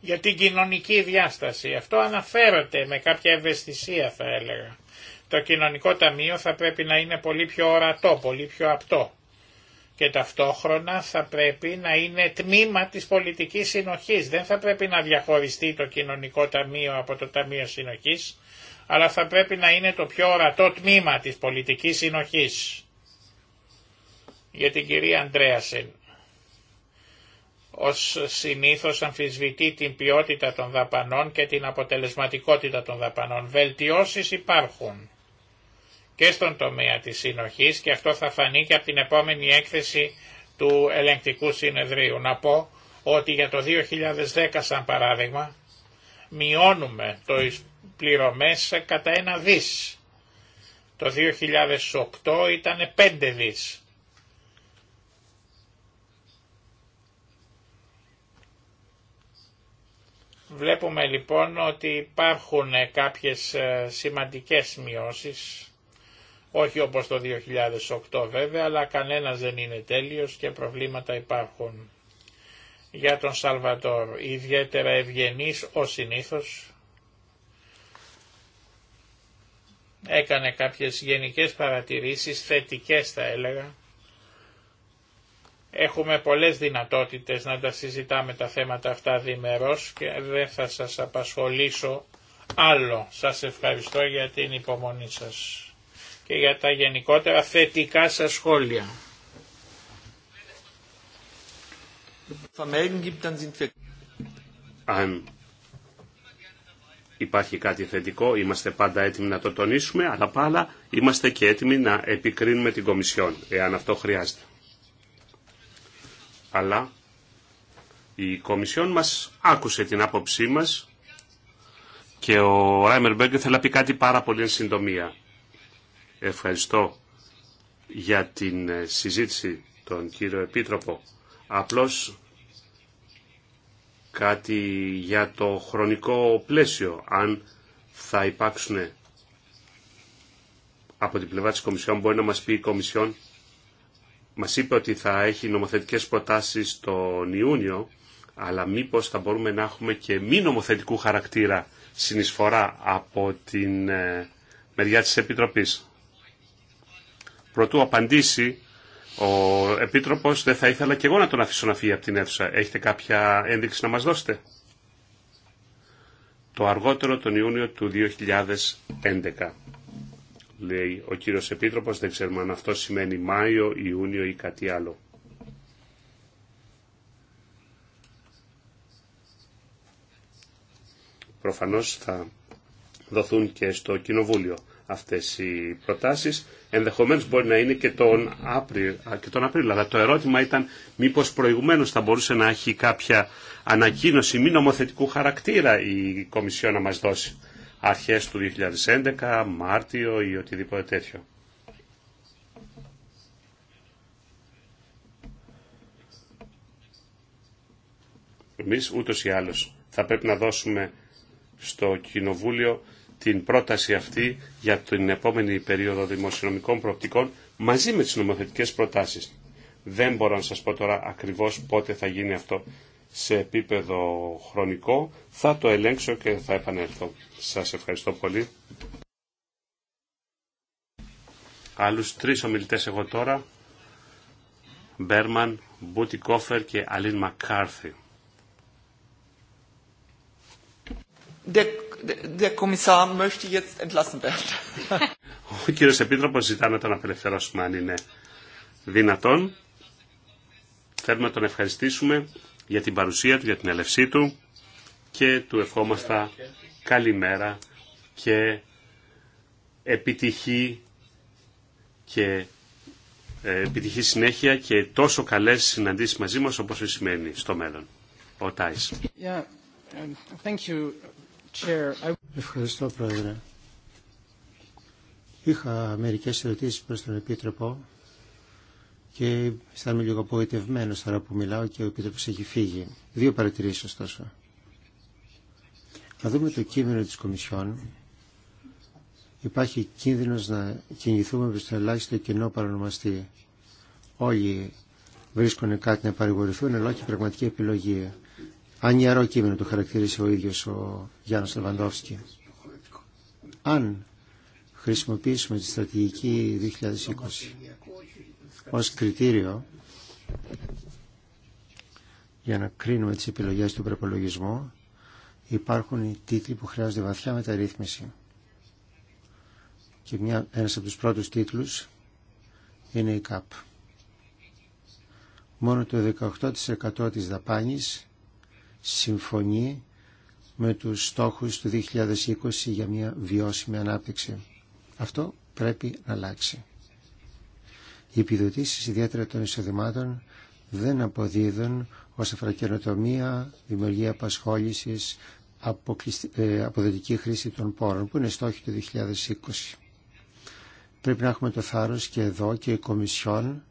Για την κοινωνική διάσταση, αυτό αναφέρεται με κάποια ευαισθησία θα έλεγα. Το κοινωνικό ταμείο θα πρέπει να είναι πολύ πιο ορατό, πολύ πιο απτό και ταυτόχρονα θα πρέπει να είναι τμήμα της πολιτικής συνοχής. Δεν θα πρέπει να διαχωριστεί το κοινωνικό ταμείο από το ταμείο συνοχής, αλλά θα πρέπει να είναι το πιο ορατό τμήμα της πολιτικής συνοχής. Για την κυρία Αντρέασεν, ως συνήθως αμφισβητεί την ποιότητα των δαπανών και την αποτελεσματικότητα των δαπανών. Βελτιώσεις υπάρχουν και στον τομέα της συνοχής και αυτό θα φανεί και από την επόμενη έκθεση του ελεγκτικού συνεδρίου. Να πω ότι για το 2010 σαν παράδειγμα μειώνουμε το πληρωμές κατά ένα δις. Το 2008 ήταν πέντε δις. Βλέπουμε λοιπόν ότι υπάρχουν κάποιες ε, σημαντικές μειώσεις όχι όπως το 2008 βέβαια, αλλά κανένας δεν είναι τέλειος και προβλήματα υπάρχουν. Για τον Σαλβατόρ, ιδιαίτερα ευγενής ο συνήθως, έκανε κάποιες γενικές παρατηρήσεις, θετικές θα έλεγα. Έχουμε πολλές δυνατότητες να τα συζητάμε τα θέματα αυτά διμερώς και δεν θα σας απασχολήσω άλλο. Σας ευχαριστώ για την υπομονή σας και για τα γενικότερα θετικά σας σχόλια. Αν υπάρχει κάτι θετικό, είμαστε πάντα έτοιμοι να το τονίσουμε, αλλά πάλα είμαστε και έτοιμοι να επικρίνουμε την Κομισιόν, εάν αυτό χρειάζεται. Αλλά η Κομισιόν μας άκουσε την άποψή μας και ο Ράιμερ Μπέγκε θέλει να πει κάτι πάρα πολύ εν συντομία. Ευχαριστώ για την ε, συζήτηση τον κύριο Επίτροπο. Απλώς κάτι για το χρονικό πλαίσιο, αν θα υπάρξουν από την πλευρά της Κομισιόν, μπορεί να μας πει η Κομισιόν, μας είπε ότι θα έχει νομοθετικές προτάσεις τον Ιούνιο, αλλά μήπως θα μπορούμε να έχουμε και μη νομοθετικού χαρακτήρα συνεισφορά από την ε, μεριά της Επιτροπής. Προτού απαντήσει ο Επίτροπος, δεν θα ήθελα και εγώ να τον αφήσω να φύγει από την αίθουσα. Έχετε κάποια ένδειξη να μας δώσετε. Το αργότερο τον Ιούνιο του 2011 λέει ο κύριος Επίτροπος, δεν ξέρουμε αν αυτό σημαίνει Μάιο, Ιούνιο ή κάτι άλλο. Προφανώς θα δοθούν και στο Κοινοβούλιο αυτές οι προτάσεις. Ενδεχομένως μπορεί να είναι και τον, και τον Απρίλιο. Αλλά το ερώτημα ήταν μήπως προηγουμένω θα μπορούσε να έχει κάποια ανακοίνωση μη νομοθετικού χαρακτήρα η Κομισιό να μας δώσει. Αρχές του 2011, Μάρτιο ή οτιδήποτε τέτοιο. Εμείς ούτως ή άλλως θα πρέπει να δώσουμε στο Κοινοβούλιο την πρόταση αυτή για την επόμενη περίοδο δημοσιονομικών προοπτικών μαζί με τις νομοθετικές προτάσεις. Δεν μπορώ να σας πω τώρα ακριβώς πότε θα γίνει αυτό σε επίπεδο χρονικό. Θα το ελέγξω και θα επανέλθω. Σας ευχαριστώ πολύ. Άλλους τρεις ομιλητές εγώ τώρα. Μπέρμαν, Μπούτι Κόφερ και Αλίν Μακάρθι. Der Kommissar möchte jetzt entlassen werden. [laughs] Ο κύριος Επίτροπος ζητά να τον απελευθερώσουμε αν είναι δυνατόν. Θέλουμε να τον ευχαριστήσουμε για την παρουσία του, για την ελευσή του και του ευχόμαστε καλημέρα και επιτυχή και ε, επιτυχή συνέχεια και τόσο καλές συναντήσεις μαζί μας όπως σημαίνει στο μέλλον. Ο Τάις. Yeah. Um, thank you Ευχαριστώ, Πρόεδρε. Είχα μερικές ερωτήσεις προς τον Επίτροπο και αισθάνομαι λίγο απογοητευμένο τώρα που μιλάω και ο Επίτροπος έχει φύγει. Δύο παρατηρήσεις ωστόσο. Αν δούμε το κείμενο της Κομισιόν. Υπάρχει κίνδυνος να κινηθούμε προς το ελάχιστο κοινό παρονομαστή. Όλοι βρίσκονται κάτι να παρηγορηθούν, αλλά όχι πραγματική επιλογή ανιαρό κείμενο το χαρακτηρίσει ο ίδιος ο Γιάννος Λεβαντόφσκι. Αν χρησιμοποιήσουμε τη στρατηγική 2020 ως κριτήριο για να κρίνουμε τις επιλογές του προπολογισμού υπάρχουν οι τίτλοι που χρειάζονται βαθιά μεταρρύθμιση. Και μια, ένας από τους πρώτους τίτλους είναι η ΚΑΠ. Μόνο το 18% της δαπάνης συμφωνεί με τους στόχους του 2020 για μια βιώσιμη ανάπτυξη. Αυτό πρέπει να αλλάξει. Οι επιδοτήσεις ιδιαίτερα των εισοδημάτων δεν αποδίδουν ως αφρακαινοτομία, δημιουργία απασχόλησης, ε, αποδοτική χρήση των πόρων, που είναι στόχοι του 2020. Πρέπει να έχουμε το θάρρος και εδώ και η Κομισιόν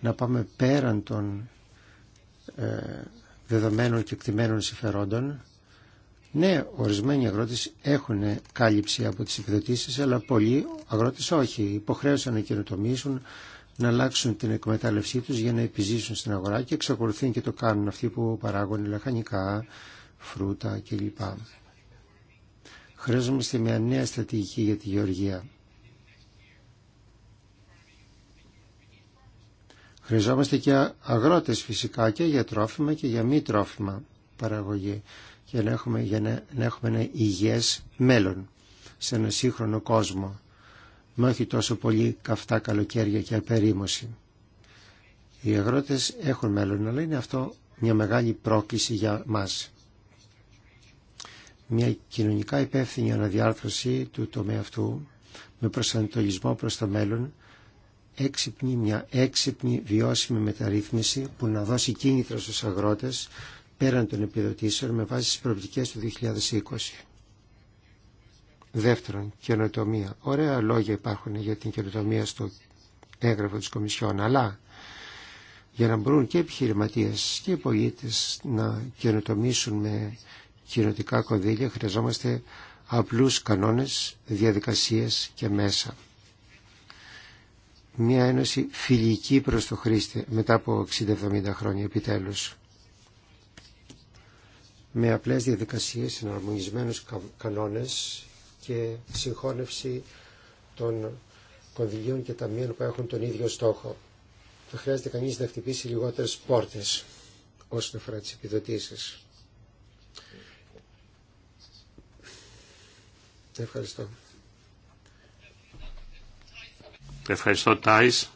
να πάμε πέραν των ε, δεδομένων και εκτιμένων συμφερόντων. Ναι, ορισμένοι αγρότες έχουν κάλυψη από τις επιδοτήσεις, αλλά πολλοί αγρότες όχι. Υποχρέωσαν να καινοτομήσουν, να αλλάξουν την εκμετάλλευσή τους για να επιζήσουν στην αγορά και εξακολουθούν και το κάνουν αυτοί που παράγουν λαχανικά, φρούτα κλπ. Χρειάζομαστε μια νέα στρατηγική για τη γεωργία. Χρειαζόμαστε και αγρότες φυσικά και για τρόφιμα και για μη τρόφιμα παραγωγή για να έχουμε, για να, να έχουμε ένα υγιές μέλλον σε ένα σύγχρονο κόσμο με όχι τόσο πολύ καυτά καλοκαίρια και απερίμωση. Οι αγρότες έχουν μέλλον, αλλά είναι αυτό μια μεγάλη πρόκληση για μας. Μια κοινωνικά υπεύθυνη αναδιάρθρωση του τομέα αυτού με προσανατολισμό προς το μέλλον έξυπνη, μια έξυπνη βιώσιμη μεταρρύθμιση που να δώσει κίνητρα στους αγρότες πέραν των επιδοτήσεων με βάση τις προοπτικές του 2020. Δεύτερον, καινοτομία. Ωραία λόγια υπάρχουν για την καινοτομία στο έγγραφο της Κομισιόν, αλλά για να μπορούν και επιχειρηματίες και οι να καινοτομήσουν με κοινοτικά κονδύλια χρειαζόμαστε απλούς κανόνες, διαδικασίες και μέσα μια ένωση φιλική προς το χρήστη μετά από 60-70 χρόνια επιτέλους με απλές διαδικασίες, συναρμονισμένους κανόνες και συγχώνευση των κονδυλίων και ταμείων που έχουν τον ίδιο στόχο. Θα χρειάζεται κανείς να χτυπήσει λιγότερες πόρτες όσον αφορά τις επιδοτήσεις. Ευχαριστώ. Ευχαριστώ Τάις.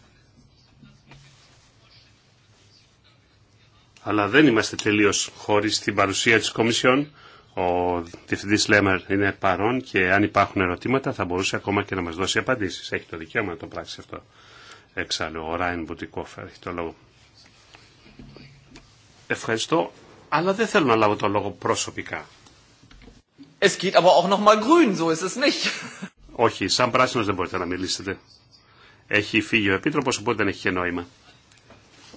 Αλλά δεν είμαστε τελείως χωρίς την παρουσία της Κομισιόν. Ο Διευθυντής Λέμερ είναι παρόν και αν υπάρχουν ερωτήματα θα μπορούσε ακόμα και να μας δώσει απαντήσεις. Έχει το δικαίωμα να το πράξει αυτό. Εξάλλου ο Ράιν Μπουτικόφερ έχει το λόγο. Ευχαριστώ, αλλά δεν θέλω να λάβω το λόγο προσωπικά. Όχι, σαν πράσινος δεν μπορείτε να μιλήσετε έχει φύγει ο επίτροπο, οπότε δεν έχει και νόημα.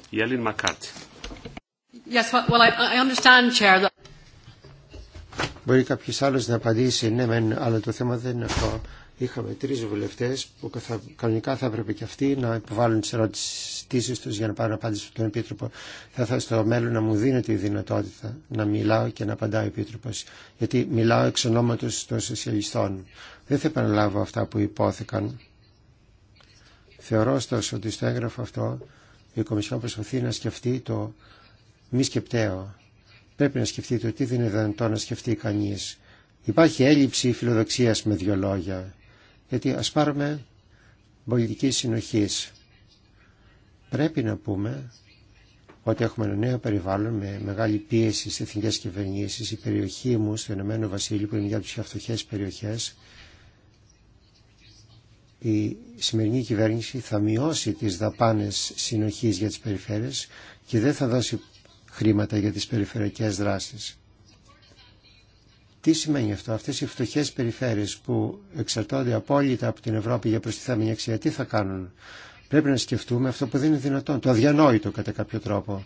Η Αλήν Μακάρτη. well, I understand, Chair, that... Μπορεί κάποιο άλλο να απαντήσει, ναι, μεν, αλλά το θέμα δεν είναι αυτό. Είχαμε τρει βουλευτέ που κανονικά θα έπρεπε και αυτοί να υποβάλουν τι ερωτήσει του για να πάρουν απάντηση από τον Επίτροπο. Θα ήθελα στο μέλλον να μου δίνετε η δυνατότητα να μιλάω και να απαντάω ο Επίτροπο. Γιατί μιλάω εξ ονόματο των σοσιαλιστών. Δεν θα επαναλάβω αυτά που υπόθηκαν. Θεωρώ ωστόσο ότι στο έγγραφο αυτό η Κομισιόν προσπαθεί να σκεφτεί το μη σκεπτεό. Πρέπει να σκεφτεί το τι δεν είναι δυνατό να σκεφτεί κανεί. Υπάρχει έλλειψη φιλοδοξία με δύο λόγια. Γιατί α πάρουμε πολιτική συνοχή. Πρέπει να πούμε ότι έχουμε ένα νέο περιβάλλον με μεγάλη πίεση στι εθνικέ κυβερνήσει. Η περιοχή μου στο Ηνωμένο Βασίλειο, που είναι μια από τι πιο φτωχέ περιοχέ, η σημερινή κυβέρνηση θα μειώσει τις δαπάνες συνοχής για τις περιφέρειες και δεν θα δώσει χρήματα για τις περιφερειακές δράσεις. Τι σημαίνει αυτό, αυτές οι φτωχές περιφέρειες που εξαρτώνται απόλυτα από την Ευρώπη για προστιθέμενη αξία, τι θα κάνουν. Πρέπει να σκεφτούμε αυτό που δεν είναι δυνατόν, το αδιανόητο κατά κάποιο τρόπο.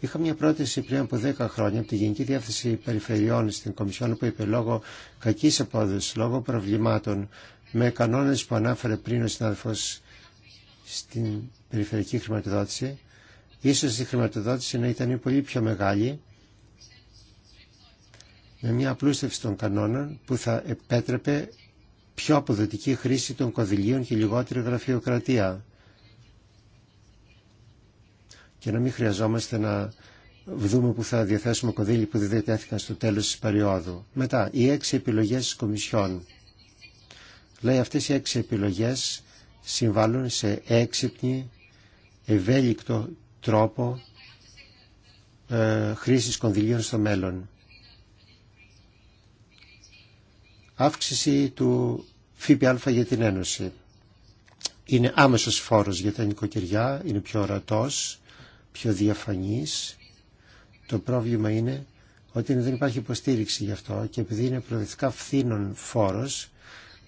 Είχα μια πρόταση πριν από 10 χρόνια από τη Γενική Διεύθυνση Περιφερειών στην Κομισιόν που είπε λόγω κακή απόδοση, λόγω προβλημάτων με κανόνες που ανάφερε πριν ο συνάδελφος στην περιφερειακή χρηματοδότηση. Ίσως η χρηματοδότηση να ήταν πολύ πιο μεγάλη με μια απλούστευση των κανόνων που θα επέτρεπε πιο αποδοτική χρήση των κονδυλίων και λιγότερη γραφειοκρατία. Και να μην χρειαζόμαστε να δούμε που θα διαθέσουμε κονδύλι που διδετέθηκαν στο τέλος της περίοδου. Μετά, οι έξι επιλογές της Κομισιόν. Λέει αυτές οι έξι επιλογές συμβάλλουν σε έξυπνη, ευέλικτο τρόπο ε, χρήσης κονδυλίων στο μέλλον. Αύξηση του ΦΠΑ για την Ένωση. Είναι άμεσος φόρος για τα νοικοκυριά, είναι πιο ορατός, πιο διαφανής. Το πρόβλημα είναι ότι δεν υπάρχει υποστήριξη γι' αυτό και επειδή είναι προοδευτικά φθήνων φόρος,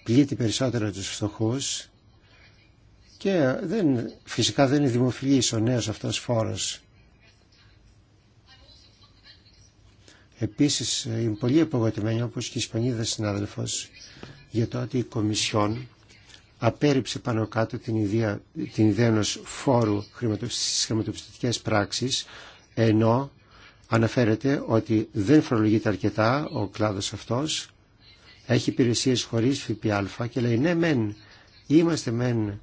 πλήττει περισσότερο τους φτωχούς και δεν, φυσικά δεν είναι δημοφιλής ο νέος αυτός φόρος. Επίσης είμαι πολύ απογοητευμένη όπως και η Ισπανίδα συνάδελφος για το ότι η Κομισιόν απέρριψε πάνω κάτω την ιδέα, την ιδέα ενός φόρου στις χρηματοπιστωτικές πράξεις ενώ αναφέρεται ότι δεν φορολογείται αρκετά ο κλάδος αυτός έχει υπηρεσίες χωρίς ΦΠΑ και λέει ναι μεν είμαστε μεν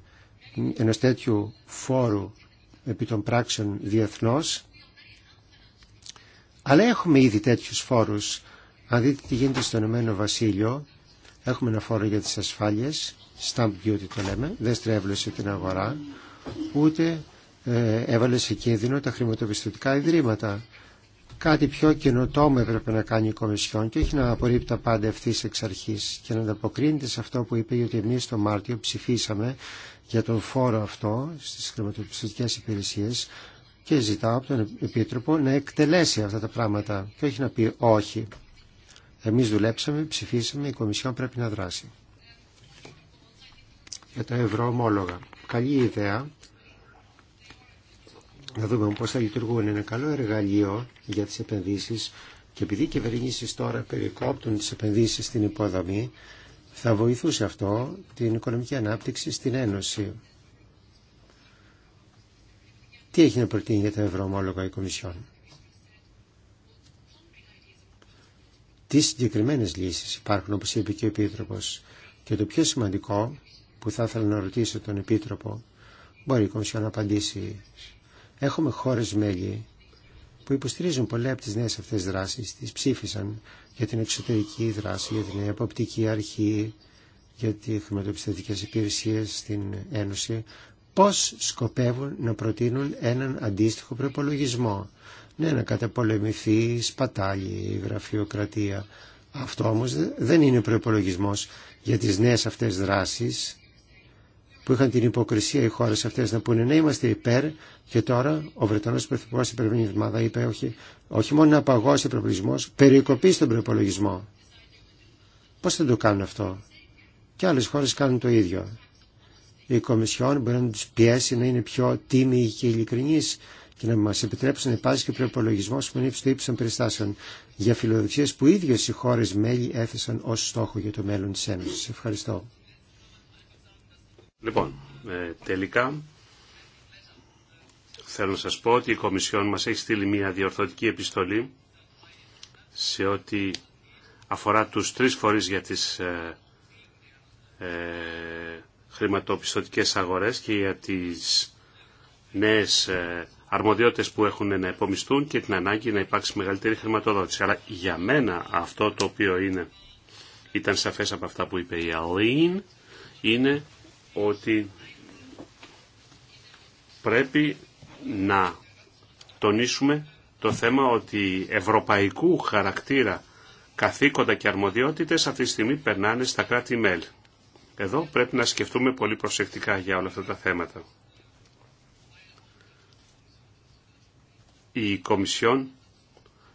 ενός τέτοιου φόρου επί των πράξεων διεθνώς αλλά έχουμε ήδη τέτοιους φόρους αν δείτε τι γίνεται στο Ηνωμένο Βασίλειο έχουμε ένα φόρο για τις ασφάλειες stamp duty το λέμε δεν στρέβλωσε την αγορά ούτε ε, έβαλε σε κίνδυνο τα χρηματοπιστωτικά ιδρύματα Κάτι πιο καινοτόμο έπρεπε να κάνει η Κομισιόν και όχι να απορρίπτει τα πάντα ευθύ εξ αρχή και να ανταποκρίνεται σε αυτό που είπε ότι εμεί το Μάρτιο ψηφίσαμε για τον φόρο αυτό στι χρηματοπιστωτικέ υπηρεσίε και ζητάω από τον Επίτροπο να εκτελέσει αυτά τα πράγματα και όχι να πει όχι. Εμείς δουλέψαμε, ψηφίσαμε, η Κομισιόν πρέπει να δράσει. Για τα ευρωομόλογα. Καλή ιδέα. Να δούμε πώς θα λειτουργούν. Είναι ένα καλό εργαλείο για τις επενδύσεις και επειδή οι κυβερνήσει τώρα περικόπτουν τις επενδύσεις στην υποδομή, θα βοηθούσε αυτό την οικονομική ανάπτυξη στην Ένωση. Τι έχει να προτείνει για τα ευρωομόλογα η Κομισιόν. Τι συγκεκριμένε λύσεις υπάρχουν όπω είπε και ο επίτροπο, Και το πιο σημαντικό που θα ήθελα να ρωτήσω τον Επίτροπο, μπορεί η Κομισιόν να απαντήσει. Έχουμε χώρε μέλη που υποστηρίζουν πολλά από τις νέες αυτές δράσεις, τις ψήφισαν για την εξωτερική δράση, για την εποπτική αρχή, για τι χρηματοπιστωτικέ υπηρεσίε στην Ένωση, πώς σκοπεύουν να προτείνουν έναν αντίστοιχο προπολογισμό. Ναι, να καταπολεμηθεί σπατάλη, η γραφειοκρατία. Αυτό όμως δεν είναι προπολογισμό για τι νέε αυτές δράσεις που είχαν την υποκρισία οι χώρε αυτέ να πούνε ναι, είμαστε υπέρ. Και τώρα ο Βρετανό Πρωθυπουργό την περασμένη εβδομάδα είπε όχι, όχι μόνο να παγώσει ο προπολογισμό, περικοπή τον προπολογισμό. Πώ θα το κάνουν αυτό. Και άλλε χώρε κάνουν το ίδιο. Η Κομισιόν μπορεί να του πιέσει να είναι πιο τίμιοι και ειλικρινεί και να μα επιτρέψουν να υπάρχει και προπολογισμό που είναι στο ύψο των περιστάσεων για φιλοδοξίε που ίδιε οι χώρε μέλη έθεσαν ω στόχο για το μέλλον τη Ένωση. Ευχαριστώ. Λοιπόν, ε, τελικά θέλω να σας πω ότι η Κομισιόν μας έχει στείλει μια διορθωτική επιστολή σε ό,τι αφορά τους τρεις φορείς για τις ε, ε, χρηματοπιστωτικές αγορές και για τις νέες ε, αρμοδιότητες που έχουν να επομιστούν και την ανάγκη να υπάρξει μεγαλύτερη χρηματοδότηση. Αλλά για μένα αυτό το οποίο είναι, ήταν σαφές από αυτά που είπε η Αλήν, είναι ότι πρέπει να τονίσουμε το θέμα ότι ευρωπαϊκού χαρακτήρα καθήκοντα και αρμοδιότητες αυτή τη στιγμή περνάνε στα κράτη-μέλη. Εδώ πρέπει να σκεφτούμε πολύ προσεκτικά για όλα αυτά τα θέματα. Η Κομισιόν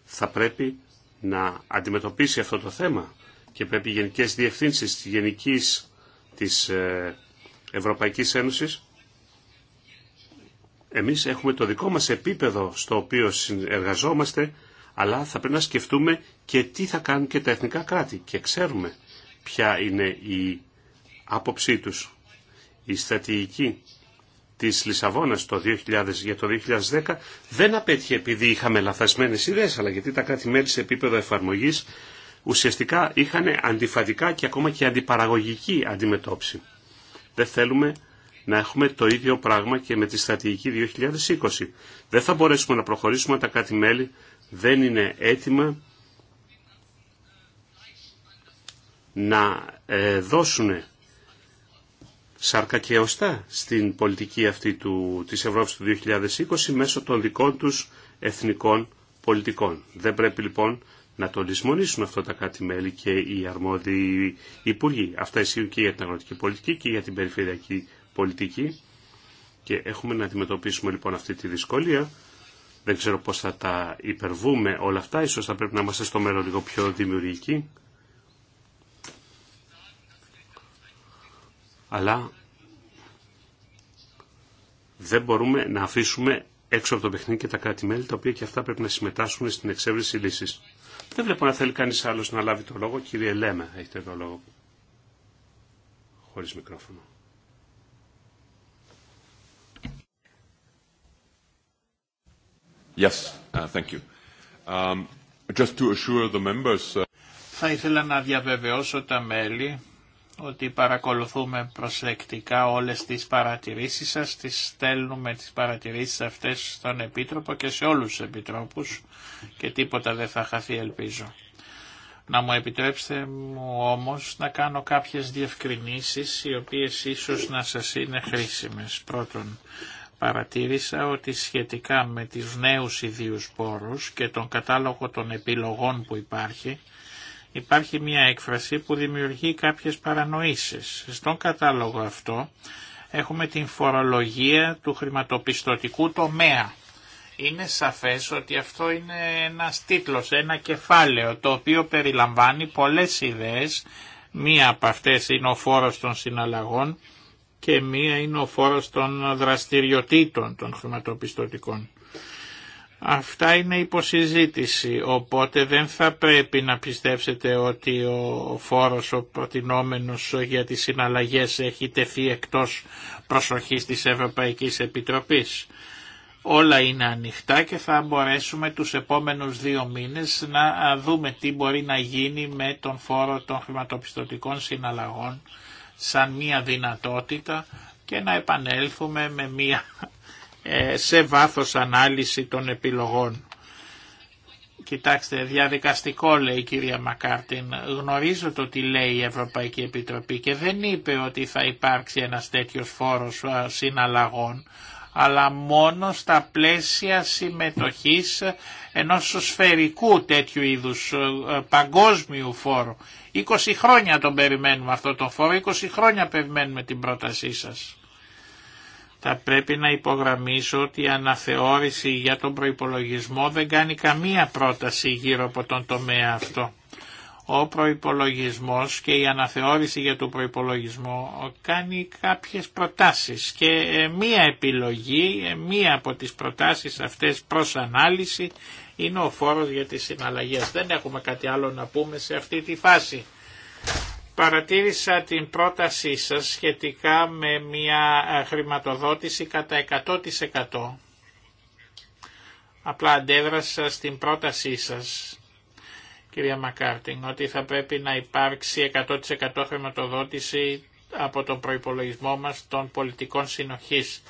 θα πρέπει να αντιμετωπίσει αυτό το θέμα και πρέπει οι γενικές διευθύνσεις της γενικής της ε, Ευρωπαϊκής Ένωσης. Εμείς έχουμε το δικό μας επίπεδο στο οποίο συνεργαζόμαστε, αλλά θα πρέπει να σκεφτούμε και τι θα κάνουν και τα εθνικά κράτη και ξέρουμε ποια είναι η άποψή τους. Η στρατηγική της Λισαβόνας το 2000, για το 2010 δεν απέτυχε επειδή είχαμε λαθασμένες ιδέες, αλλά γιατί τα κράτη-μέλη σε επίπεδο εφαρμογής ουσιαστικά είχαν αντιφατικά και ακόμα και αντιπαραγωγική αντιμετώπιση. Δεν θέλουμε να έχουμε το ίδιο πράγμα και με τη στρατηγική 2020. Δεν θα μπορέσουμε να προχωρήσουμε τα κάτι μέλη δεν είναι έτοιμα να ε, δώσουν σάρκα και στην πολιτική αυτή του, της Ευρώπης του 2020 μέσω των δικών τους εθνικών πολιτικών. Δεν πρέπει λοιπόν να το λησμονήσουν αυτό τα κάτι μελη και οι αρμόδιοι υπουργοί. Αυτά ισχύουν και για την αγροτική πολιτική και για την περιφερειακή πολιτική και έχουμε να αντιμετωπίσουμε λοιπόν αυτή τη δυσκολία. Δεν ξέρω πώς θα τα υπερβούμε όλα αυτά, ίσως θα πρέπει να είμαστε στο μέλλον λίγο πιο δημιουργικοί. Αλλά δεν μπορούμε να αφήσουμε έξω από το παιχνίδι και τα κράτη-μέλη, τα οποία και αυτά πρέπει να συμμετάσχουν στην εξέβριση λύσης. Δεν βλέπω να θέλει κανείς άλλος να λάβει το λόγο. Κύριε Λέμε, έχετε το λόγο. Χωρίς μικρόφωνο. Yes, uh, thank you. Um, just to assure the members... Uh, Θα ήθελα να διαβεβαιώσω τα μέλη ότι παρακολουθούμε προσεκτικά όλες τις παρατηρήσεις σας, τις στέλνουμε τις παρατηρήσεις αυτές στον Επίτροπο και σε όλους τους Επιτρόπους και τίποτα δεν θα χαθεί ελπίζω. Να μου επιτρέψετε μου όμως να κάνω κάποιες διευκρινήσεις οι οποίες ίσως να σας είναι χρήσιμες. Πρώτον, παρατήρησα ότι σχετικά με τις νέους ιδίους πόρους και τον κατάλογο των επιλογών που υπάρχει, υπάρχει μια έκφραση που δημιουργεί κάποιες παρανοήσεις. Στον κατάλογο αυτό έχουμε την φορολογία του χρηματοπιστωτικού τομέα. Είναι σαφές ότι αυτό είναι ένας τίτλος, ένα κεφάλαιο το οποίο περιλαμβάνει πολλές ιδέες. Μία από αυτές είναι ο φόρος των συναλλαγών και μία είναι ο φόρος των δραστηριοτήτων των χρηματοπιστωτικών. Αυτά είναι υποσυζήτηση, οπότε δεν θα πρέπει να πιστέψετε ότι ο φόρος ο προτινόμενος για τις συναλλαγές έχει τεθεί εκτός προσοχής της Ευρωπαϊκής Επιτροπής. Όλα είναι ανοιχτά και θα μπορέσουμε τους επόμενους δύο μήνες να δούμε τι μπορεί να γίνει με τον φόρο των χρηματοπιστωτικών συναλλαγών σαν μια δυνατότητα και να επανέλθουμε με μια ε, σε βάθος ανάλυση των επιλογών. Κοιτάξτε, διαδικαστικό λέει η κυρία Μακάρτιν. Γνωρίζω το τι λέει η Ευρωπαϊκή Επιτροπή και δεν είπε ότι θα υπάρξει ένας τέτοιος φόρος συναλλαγών, αλλά μόνο στα πλαίσια συμμετοχής ενός σφαιρικού τέτοιου είδους ε, παγκόσμιου φόρου. 20 χρόνια τον περιμένουμε αυτό το φόρο, 20 χρόνια περιμένουμε την πρότασή σας θα πρέπει να υπογραμμίσω ότι η αναθεώρηση για τον προϋπολογισμό δεν κάνει καμία πρόταση γύρω από τον τομέα αυτό. Ο προϋπολογισμός και η αναθεώρηση για τον προϋπολογισμό κάνει κάποιες προτάσεις και ε, μία επιλογή, ε, μία από τις προτάσεις αυτές προς ανάλυση είναι ο φόρος για τις συναλλαγές. Δεν έχουμε κάτι άλλο να πούμε σε αυτή τη φάση. Παρατήρησα την πρότασή σας σχετικά με μια ε, χρηματοδότηση κατά 100%. Απλά αντέδρασα στην πρότασή σας, κυρία Μακάρτινγκ, ότι θα πρέπει να υπάρξει 100% χρηματοδότηση από τον προϋπολογισμό μας των πολιτικών συνοχής.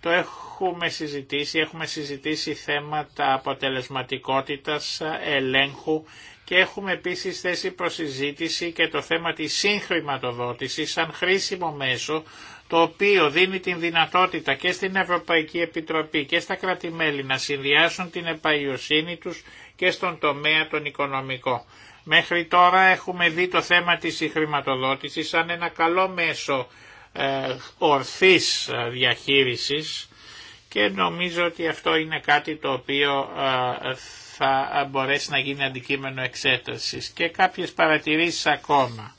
Το έχουμε συζητήσει, έχουμε συζητήσει θέματα αποτελεσματικότητας, ελέγχου και έχουμε επίσης θέσει προσυζήτηση και το θέμα της συγχρηματοδότησης σαν χρήσιμο μέσο το οποίο δίνει την δυνατότητα και στην Ευρωπαϊκή Επιτροπή και στα κρατημέλη να συνδυάσουν την επαγιοσύνη τους και στον τομέα τον οικονομικό. Μέχρι τώρα έχουμε δει το θέμα της συγχρηματοδότησης σαν ένα καλό μέσο ε, ορθής ε, διαχείρισης και νομίζω ότι αυτό είναι κάτι το οποίο ε, θα μπορέσει να γίνει αντικείμενο εξέτασης. Και κάποιες παρατηρήσεις ακόμα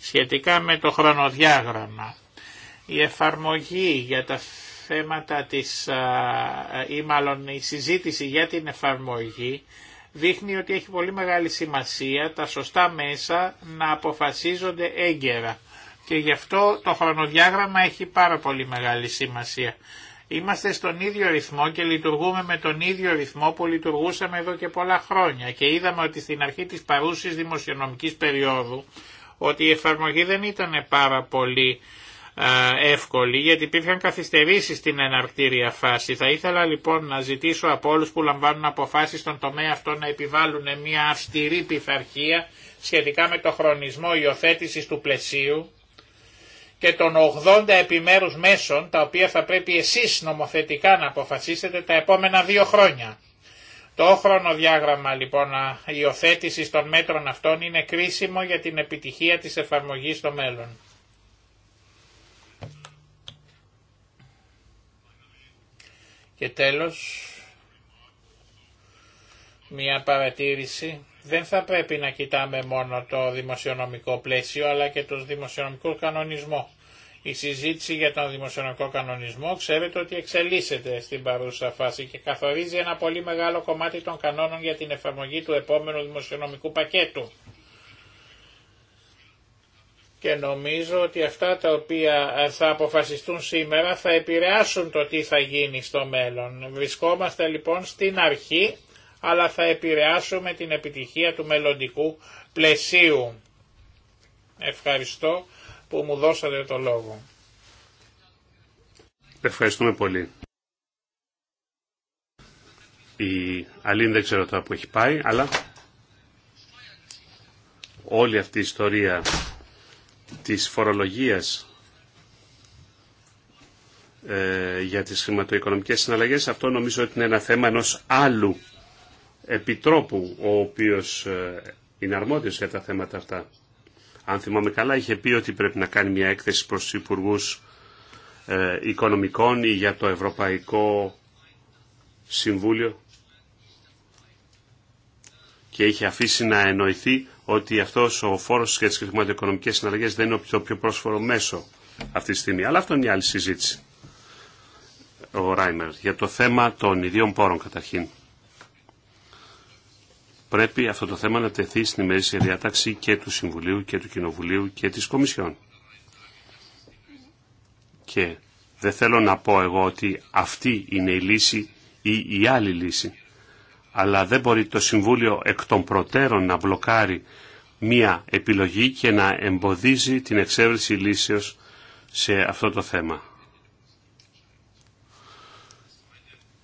σχετικά με το χρονοδιάγραμμα. Η εφαρμογή για τα θέματα της, ή μάλλον η συζήτηση για την εφαρμογή δείχνει ότι έχει πολύ μεγάλη σημασία τα σωστά μέσα να αποφασίζονται έγκαιρα. Και γι' αυτό το χρονοδιάγραμμα έχει πάρα πολύ μεγάλη σημασία. Είμαστε στον ίδιο ρυθμό και λειτουργούμε με τον ίδιο ρυθμό που λειτουργούσαμε εδώ και πολλά χρόνια και είδαμε ότι στην αρχή της παρούσης δημοσιονομικής περίοδου ότι η εφαρμογή δεν ήταν πάρα πολύ εύκολη γιατί υπήρχαν καθυστερήσεις στην εναρκτήρια φάση. Θα ήθελα λοιπόν να ζητήσω από όλους που λαμβάνουν αποφάσεις στον τομέα αυτό να επιβάλλουν μια αυστηρή πειθαρχία σχετικά με το χρονισμό υιοθέτηση του πλαισίου και των 80 επιμέρους μέσων τα οποία θα πρέπει εσείς νομοθετικά να αποφασίσετε τα επόμενα δύο χρόνια. Το χρονοδιάγραμμα λοιπόν υιοθέτηση των μέτρων αυτών είναι κρίσιμο για την επιτυχία της εφαρμογής στο μέλλον. Και τέλος, μια παρατήρηση δεν θα πρέπει να κοιτάμε μόνο το δημοσιονομικό πλαίσιο αλλά και το δημοσιονομικό κανονισμό. Η συζήτηση για τον δημοσιονομικό κανονισμό ξέρετε ότι εξελίσσεται στην παρούσα φάση και καθορίζει ένα πολύ μεγάλο κομμάτι των κανόνων για την εφαρμογή του επόμενου δημοσιονομικού πακέτου. Και νομίζω ότι αυτά τα οποία θα αποφασιστούν σήμερα θα επηρεάσουν το τι θα γίνει στο μέλλον. Βρισκόμαστε λοιπόν στην αρχή αλλά θα επηρεάσουμε την επιτυχία του μελλοντικού πλαισίου. Ευχαριστώ που μου δώσατε το λόγο. Ευχαριστούμε πολύ. Η Αλήν δεν ξέρω τώρα που έχει πάει, αλλά όλη αυτή η ιστορία της φορολογίας ε, για τις χρηματοοικονομικές συναλλαγές, αυτό νομίζω ότι είναι ένα θέμα ενός άλλου επιτρόπου ο οποίος ε, είναι αρμόδιος για τα θέματα αυτά. Αν θυμάμαι καλά είχε πει ότι πρέπει να κάνει μια έκθεση προς τους υπουργού ε, Οικονομικών ή για το Ευρωπαϊκό Συμβούλιο και είχε αφήσει να εννοηθεί ότι αυτός ο φόρος για τις χρηματοοικονομικές συναλλαγές δεν είναι το πιο πρόσφορο μέσο αυτή τη στιγμή. Αλλά αυτό είναι μια άλλη συζήτηση. Ο Ράιμερ για το θέμα των ιδίων πόρων καταρχήν πρέπει αυτό το θέμα να τεθεί στην ημερήσια διάταξη και του Συμβουλίου και του Κοινοβουλίου και της Κομισιόν. Και δεν θέλω να πω εγώ ότι αυτή είναι η λύση ή η άλλη λύση. Αλλά δεν μπορεί το Συμβούλιο εκ των προτέρων να μπλοκάρει μία επιλογή και να εμποδίζει την εξέβριση λύσεως σε αυτό το θέμα.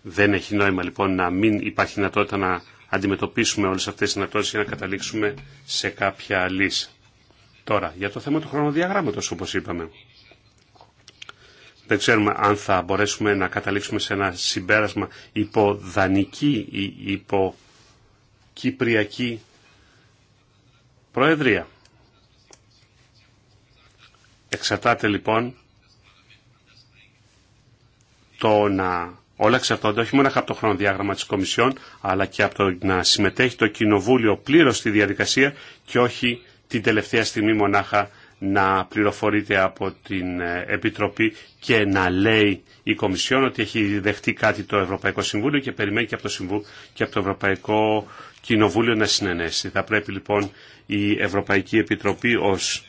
Δεν έχει νόημα λοιπόν να μην υπάρχει δυνατότητα να αντιμετωπίσουμε όλες αυτές τις ανατολές για να καταλήξουμε σε κάποια λύση. Τώρα, για το θέμα του χρονοδιαγράμματος, όπως είπαμε. Δεν ξέρουμε αν θα μπορέσουμε να καταλήξουμε σε ένα συμπέρασμα υπό ή υπό κυπριακή προεδρία. Εξαρτάται λοιπόν το να Όλα εξαρτώνται όχι μόνο από το χρονοδιάγραμμα της Κομισιόν, αλλά και από το να συμμετέχει το Κοινοβούλιο πλήρως στη διαδικασία και όχι την τελευταία στιγμή μονάχα να πληροφορείται από την ε, Επιτροπή και να λέει η Κομισιόν ότι έχει δεχτεί κάτι το Ευρωπαϊκό Συμβούλιο και περιμένει και από το, Συμβούλιο και το Ευρωπαϊκό Κοινοβούλιο να συνενέσει. Θα πρέπει λοιπόν η Ευρωπαϊκή Επιτροπή ως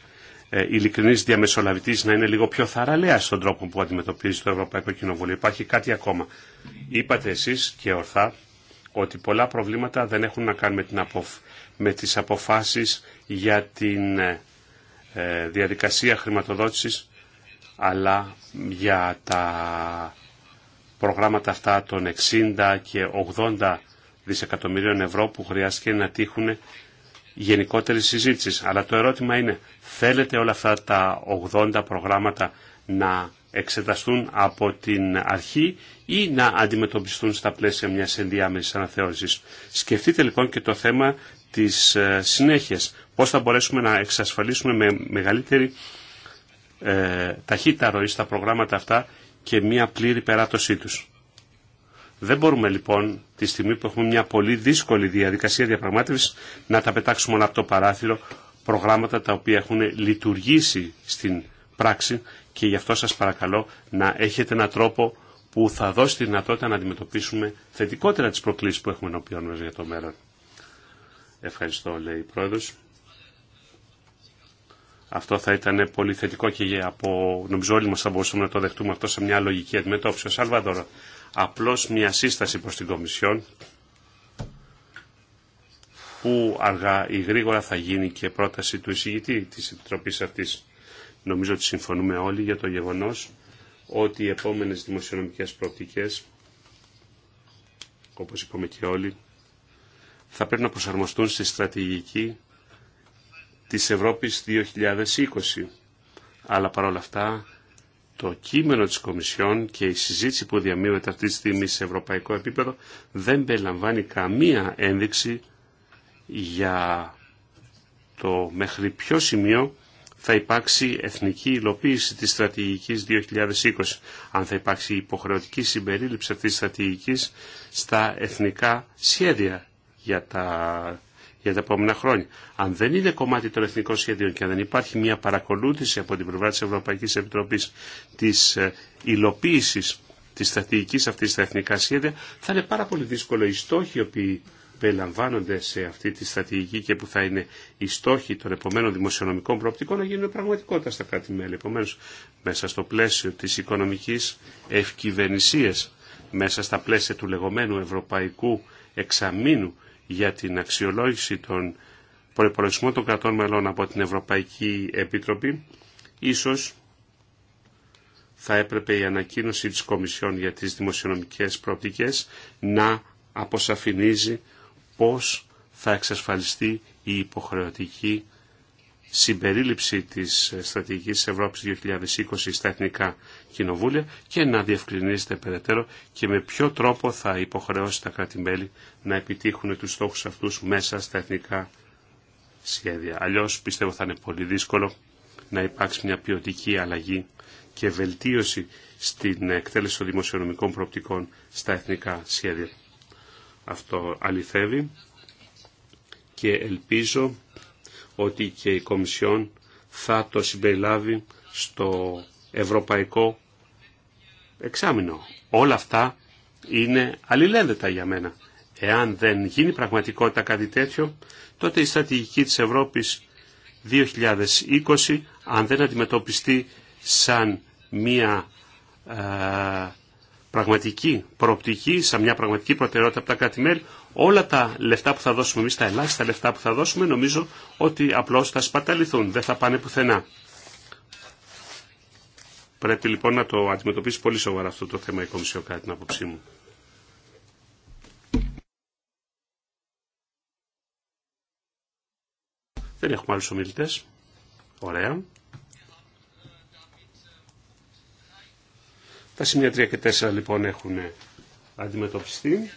ε, ειλικρινή διαμεσολαβητή να είναι λίγο πιο θαραλέα στον τρόπο που αντιμετωπίζει το Ευρωπαϊκό Κοινοβούλιο. Υπάρχει κάτι ακόμα. Είπατε εσεί και ορθά ότι πολλά προβλήματα δεν έχουν να κάνουν με, την αποφ... με τις αποφάσεις για την ε, ε, διαδικασία χρηματοδότησης αλλά για τα προγράμματα αυτά των 60 και 80 δισεκατομμυρίων ευρώ που χρειάστηκε να τύχουν Γενικότερη συζήτηση. Αλλά το ερώτημα είναι, θέλετε όλα αυτά τα 80 προγράμματα να εξεταστούν από την αρχή ή να αντιμετωπιστούν στα πλαίσια μιας ενδιάμεσης αναθεώρησης. Σκεφτείτε λοιπόν και το θέμα της ε, συνέχειας. Πώς θα μπορέσουμε να εξασφαλίσουμε με μεγαλύτερη ε, ταχύτητα ροή στα προγράμματα αυτά και μια πλήρη περάτωσή τους. Δεν μπορούμε λοιπόν τη στιγμή που έχουμε μια πολύ δύσκολη διαδικασία διαπραγμάτευσης να τα πετάξουμε όλα από το παράθυρο προγράμματα τα οποία έχουν λειτουργήσει στην πράξη και γι' αυτό σας παρακαλώ να έχετε έναν τρόπο που θα δώσει τη δυνατότητα να αντιμετωπίσουμε θετικότερα τις προκλήσεις που έχουμε ενώπιον μας για το μέλλον. Ευχαριστώ, λέει η Πρόεδρος. Αυτό θα ήταν πολύ θετικό και από νομίζω όλοι μας θα μπορούσαμε να το δεχτούμε αυτό σε μια λογική αντιμετώπιση. Ο Σαλβαδόρο, απλώς μια σύσταση προς την Κομισιόν που αργά ή γρήγορα θα γίνει και πρόταση του εισηγητή της Επιτροπής αυτής. Νομίζω ότι συμφωνούμε όλοι για το γεγονός ότι οι επόμενες δημοσιονομικές προοπτικές, όπως είπαμε και όλοι, θα πρέπει να προσαρμοστούν στη στρατηγική της Ευρώπης 2020. Αλλά παρόλα αυτά το κείμενο της Κομισιόν και η συζήτηση που διαμείβεται αυτή τη στιγμή σε ευρωπαϊκό επίπεδο δεν περιλαμβάνει καμία ένδειξη για το μέχρι ποιο σημείο θα υπάρξει εθνική υλοποίηση της στρατηγικής 2020, αν θα υπάρξει υποχρεωτική συμπερίληψη αυτής της στρατηγικής στα εθνικά σχέδια για τα για τα επόμενα χρόνια. Αν δεν είναι κομμάτι των εθνικών σχεδίων και αν δεν υπάρχει μια παρακολούθηση από την πλευρά της Ευρωπαϊκής Επιτροπής της ε, υλοποίησης της στρατηγικής αυτής στα εθνικά σχέδια, θα είναι πάρα πολύ δύσκολο οι στόχοι οι οποίοι περιλαμβάνονται σε αυτή τη στρατηγική και που θα είναι οι στόχοι των επομένων δημοσιονομικών προοπτικών να γίνουν πραγματικότητα στα κράτη-μέλη. Επομένω, μέσα στο πλαίσιο τη οικονομική ευκυβερνησία, μέσα στα πλαίσια του λεγόμενου ευρωπαϊκού εξαμήνου για την αξιολόγηση των προϋπολογισμών των κρατών μελών από την Ευρωπαϊκή Επιτροπή, ίσως θα έπρεπε η ανακοίνωση της Κομισιόν για τις δημοσιονομικές προοπτικές να αποσαφηνίζει πώς θα εξασφαλιστεί η υποχρεωτική συμπερίληψη της στρατηγικής Ευρώπης 2020 στα εθνικά κοινοβούλια και να διευκρινίσετε περαιτέρω και με ποιο τρόπο θα υποχρεώσει τα κράτη-μέλη να επιτύχουν τους στόχους αυτούς μέσα στα εθνικά σχέδια. Αλλιώς πιστεύω θα είναι πολύ δύσκολο να υπάρξει μια ποιοτική αλλαγή και βελτίωση στην εκτέλεση των δημοσιονομικών προοπτικών στα εθνικά σχέδια. Αυτό αληθεύει και ελπίζω ότι και η Κομισιόν θα το συμπεριλάβει στο ευρωπαϊκό εξάμεινο. Όλα αυτά είναι αλληλένδετα για μένα. Εάν δεν γίνει πραγματικότητα κάτι τέτοιο, τότε η στρατηγική της Ευρώπης 2020, αν δεν αντιμετωπιστεί σαν μια ε, πραγματική προοπτική, σαν μια πραγματική προτεραιότητα από τα κράτη-μέλη, όλα τα λεφτά που θα δώσουμε εμεί, τα ελάχιστα λεφτά που θα δώσουμε, νομίζω ότι απλώ θα σπαταληθούν, δεν θα πάνε πουθενά. Πρέπει λοιπόν να το αντιμετωπίσει πολύ σοβαρά αυτό το θέμα η Κομισιό, κατά την άποψή μου. Δεν έχουμε άλλους ομιλητές. Ωραία. Τα σημεία 3 και 4 λοιπόν έχουν αντιμετωπιστεί.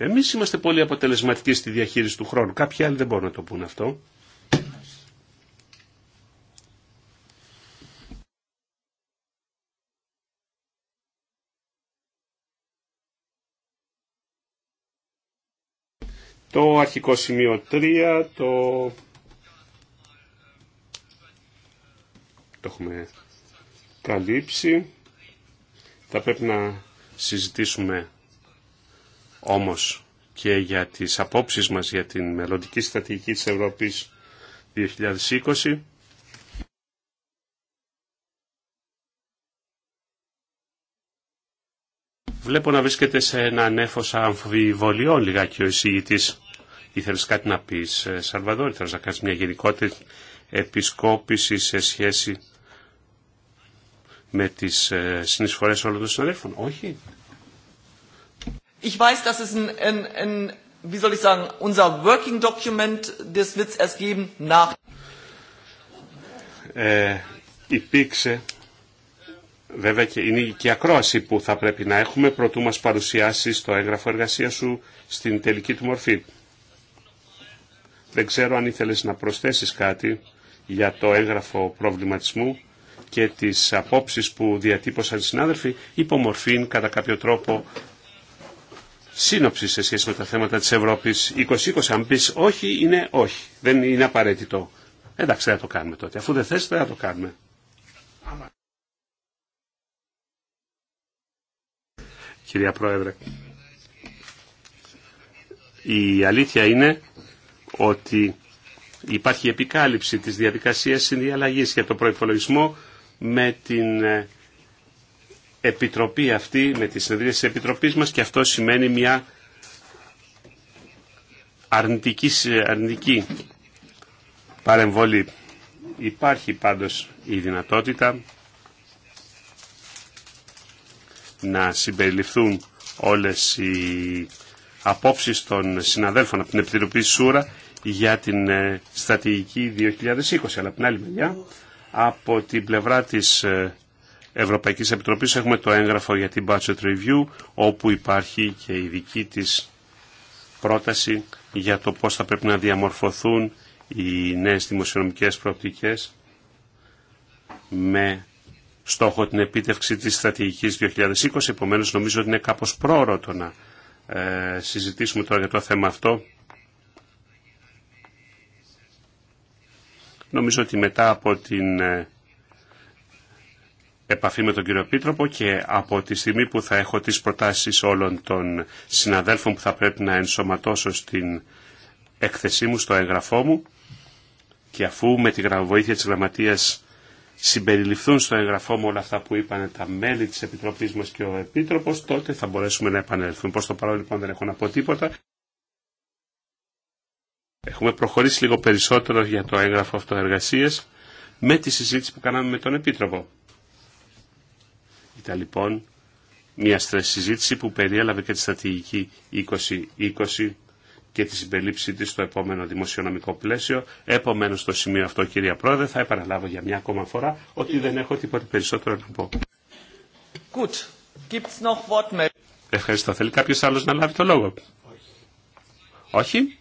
Εμείς είμαστε πολύ αποτελεσματικοί στη διαχείριση του χρόνου. Κάποιοι άλλοι δεν μπορούν να το πούν αυτό. Το αρχικό σημείο 3, το... το έχουμε καλύψει. Θα πρέπει να συζητήσουμε όμως και για τις απόψεις μας για την μελλοντική στρατηγική της Ευρώπης 2020. Βλέπω να βρίσκεται σε ένα νέφος αμφιβολιών λιγάκι ο εισηγητής. Ήθελες κάτι να πεις, ε, Σαλβαδόρ, θέλεις να κάνεις μια γενικότερη επισκόπηση σε σχέση με τις ε, συνεισφορές όλων των συναδέλφων. Όχι. Ich weiß, dass es Working Document, das wird äh, υπήρξε βέβαια και είναι η ακρόαση που θα πρέπει να έχουμε προτού μας παρουσιάσεις το έγγραφο εργασία σου στην τελική του μορφή. Δεν ξέρω αν ήθελες να προσθέσεις κάτι για το έγγραφο προβληματισμού και τις απόψεις που διατύπωσαν οι συνάδελφοι υπομορφήν κατά κάποιο τρόπο σύνοψη σε σχέση με τα θέματα της Ευρώπης 2020. Αν πεις όχι, είναι όχι. Δεν είναι απαραίτητο. Εντάξει, θα το κάνουμε τότε. Αφού δεν θες, θα το κάνουμε. Κυρία Πρόεδρε, η αλήθεια είναι ότι υπάρχει επικάλυψη της διαδικασίας συνδιαλλαγής για το προϋπολογισμό με την ε, επιτροπή αυτή, με τις συνεδρίες της Επιτροπής μας και αυτό σημαίνει μια αρνητική, αρνητική παρεμβολή. Υπάρχει πάντως η δυνατότητα να συμπεριληφθούν όλες οι απόψεις των συναδέλφων από την Επιτροπή Σούρα για την ε, στρατηγική 2020. Αλλά από την άλλη μεριά, από την πλευρά της ε, Ευρωπαϊκής Επιτροπής έχουμε το έγγραφο για την Budget Review όπου υπάρχει και η δική της πρόταση για το πώς θα πρέπει να διαμορφωθούν οι νέες δημοσιονομικές προοπτικές με στόχο την επίτευξη της στρατηγικής 2020. Επομένως νομίζω ότι είναι κάπως πρόωρο το να ε, συζητήσουμε τώρα για το θέμα αυτό. Νομίζω ότι μετά από την ε, επαφή με τον κύριο Επίτροπο και από τη στιγμή που θα έχω τις προτάσεις όλων των συναδέλφων που θα πρέπει να ενσωματώσω στην έκθεσή μου, στο έγγραφό μου και αφού με τη βοήθεια της γραμματείας συμπεριληφθούν στο εγγραφό μου όλα αυτά που είπαν τα μέλη της Επιτροπής μας και ο Επίτροπος, τότε θα μπορέσουμε να επανέλθουμε. Προς το παρόν λοιπόν δεν έχω να πω τίποτα. Έχουμε προχωρήσει λίγο περισσότερο για το έγγραφο αυτοεργασίας με τη συζήτηση που κάναμε με τον Επίτροπο. Ήταν λοιπόν μια συζήτηση που περιέλαβε και τη στρατηγική 2020 και τη συμπερίληψή της στο επόμενο δημοσιονομικό πλαίσιο. Επομένω, στο σημείο αυτό, κυρία Πρόεδρε, θα επαναλάβω για μια ακόμα φορά ότι δεν έχω τίποτα περισσότερο να πω. Gibt's noch Ευχαριστώ. Θέλει κάποιο άλλο να λάβει το λόγο. Όχι.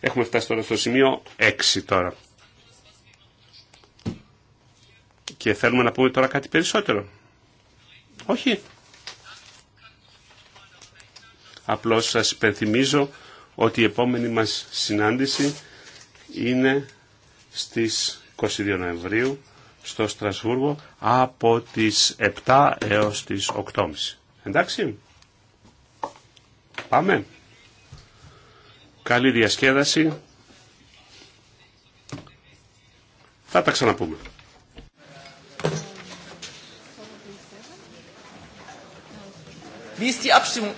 Έχουμε φτάσει τώρα στο σημείο 6 τώρα. Και θέλουμε να πούμε τώρα κάτι περισσότερο. Όχι. Απλώς σας υπενθυμίζω ότι η επόμενη μας συνάντηση είναι στις 22 Νοεμβρίου στο Στρασβούργο από τις 7 έως τις 8.30. Εντάξει. Πάμε. Καλή διασκέδαση. Θα τα ξαναπούμε. Wie ist die Abstimmung?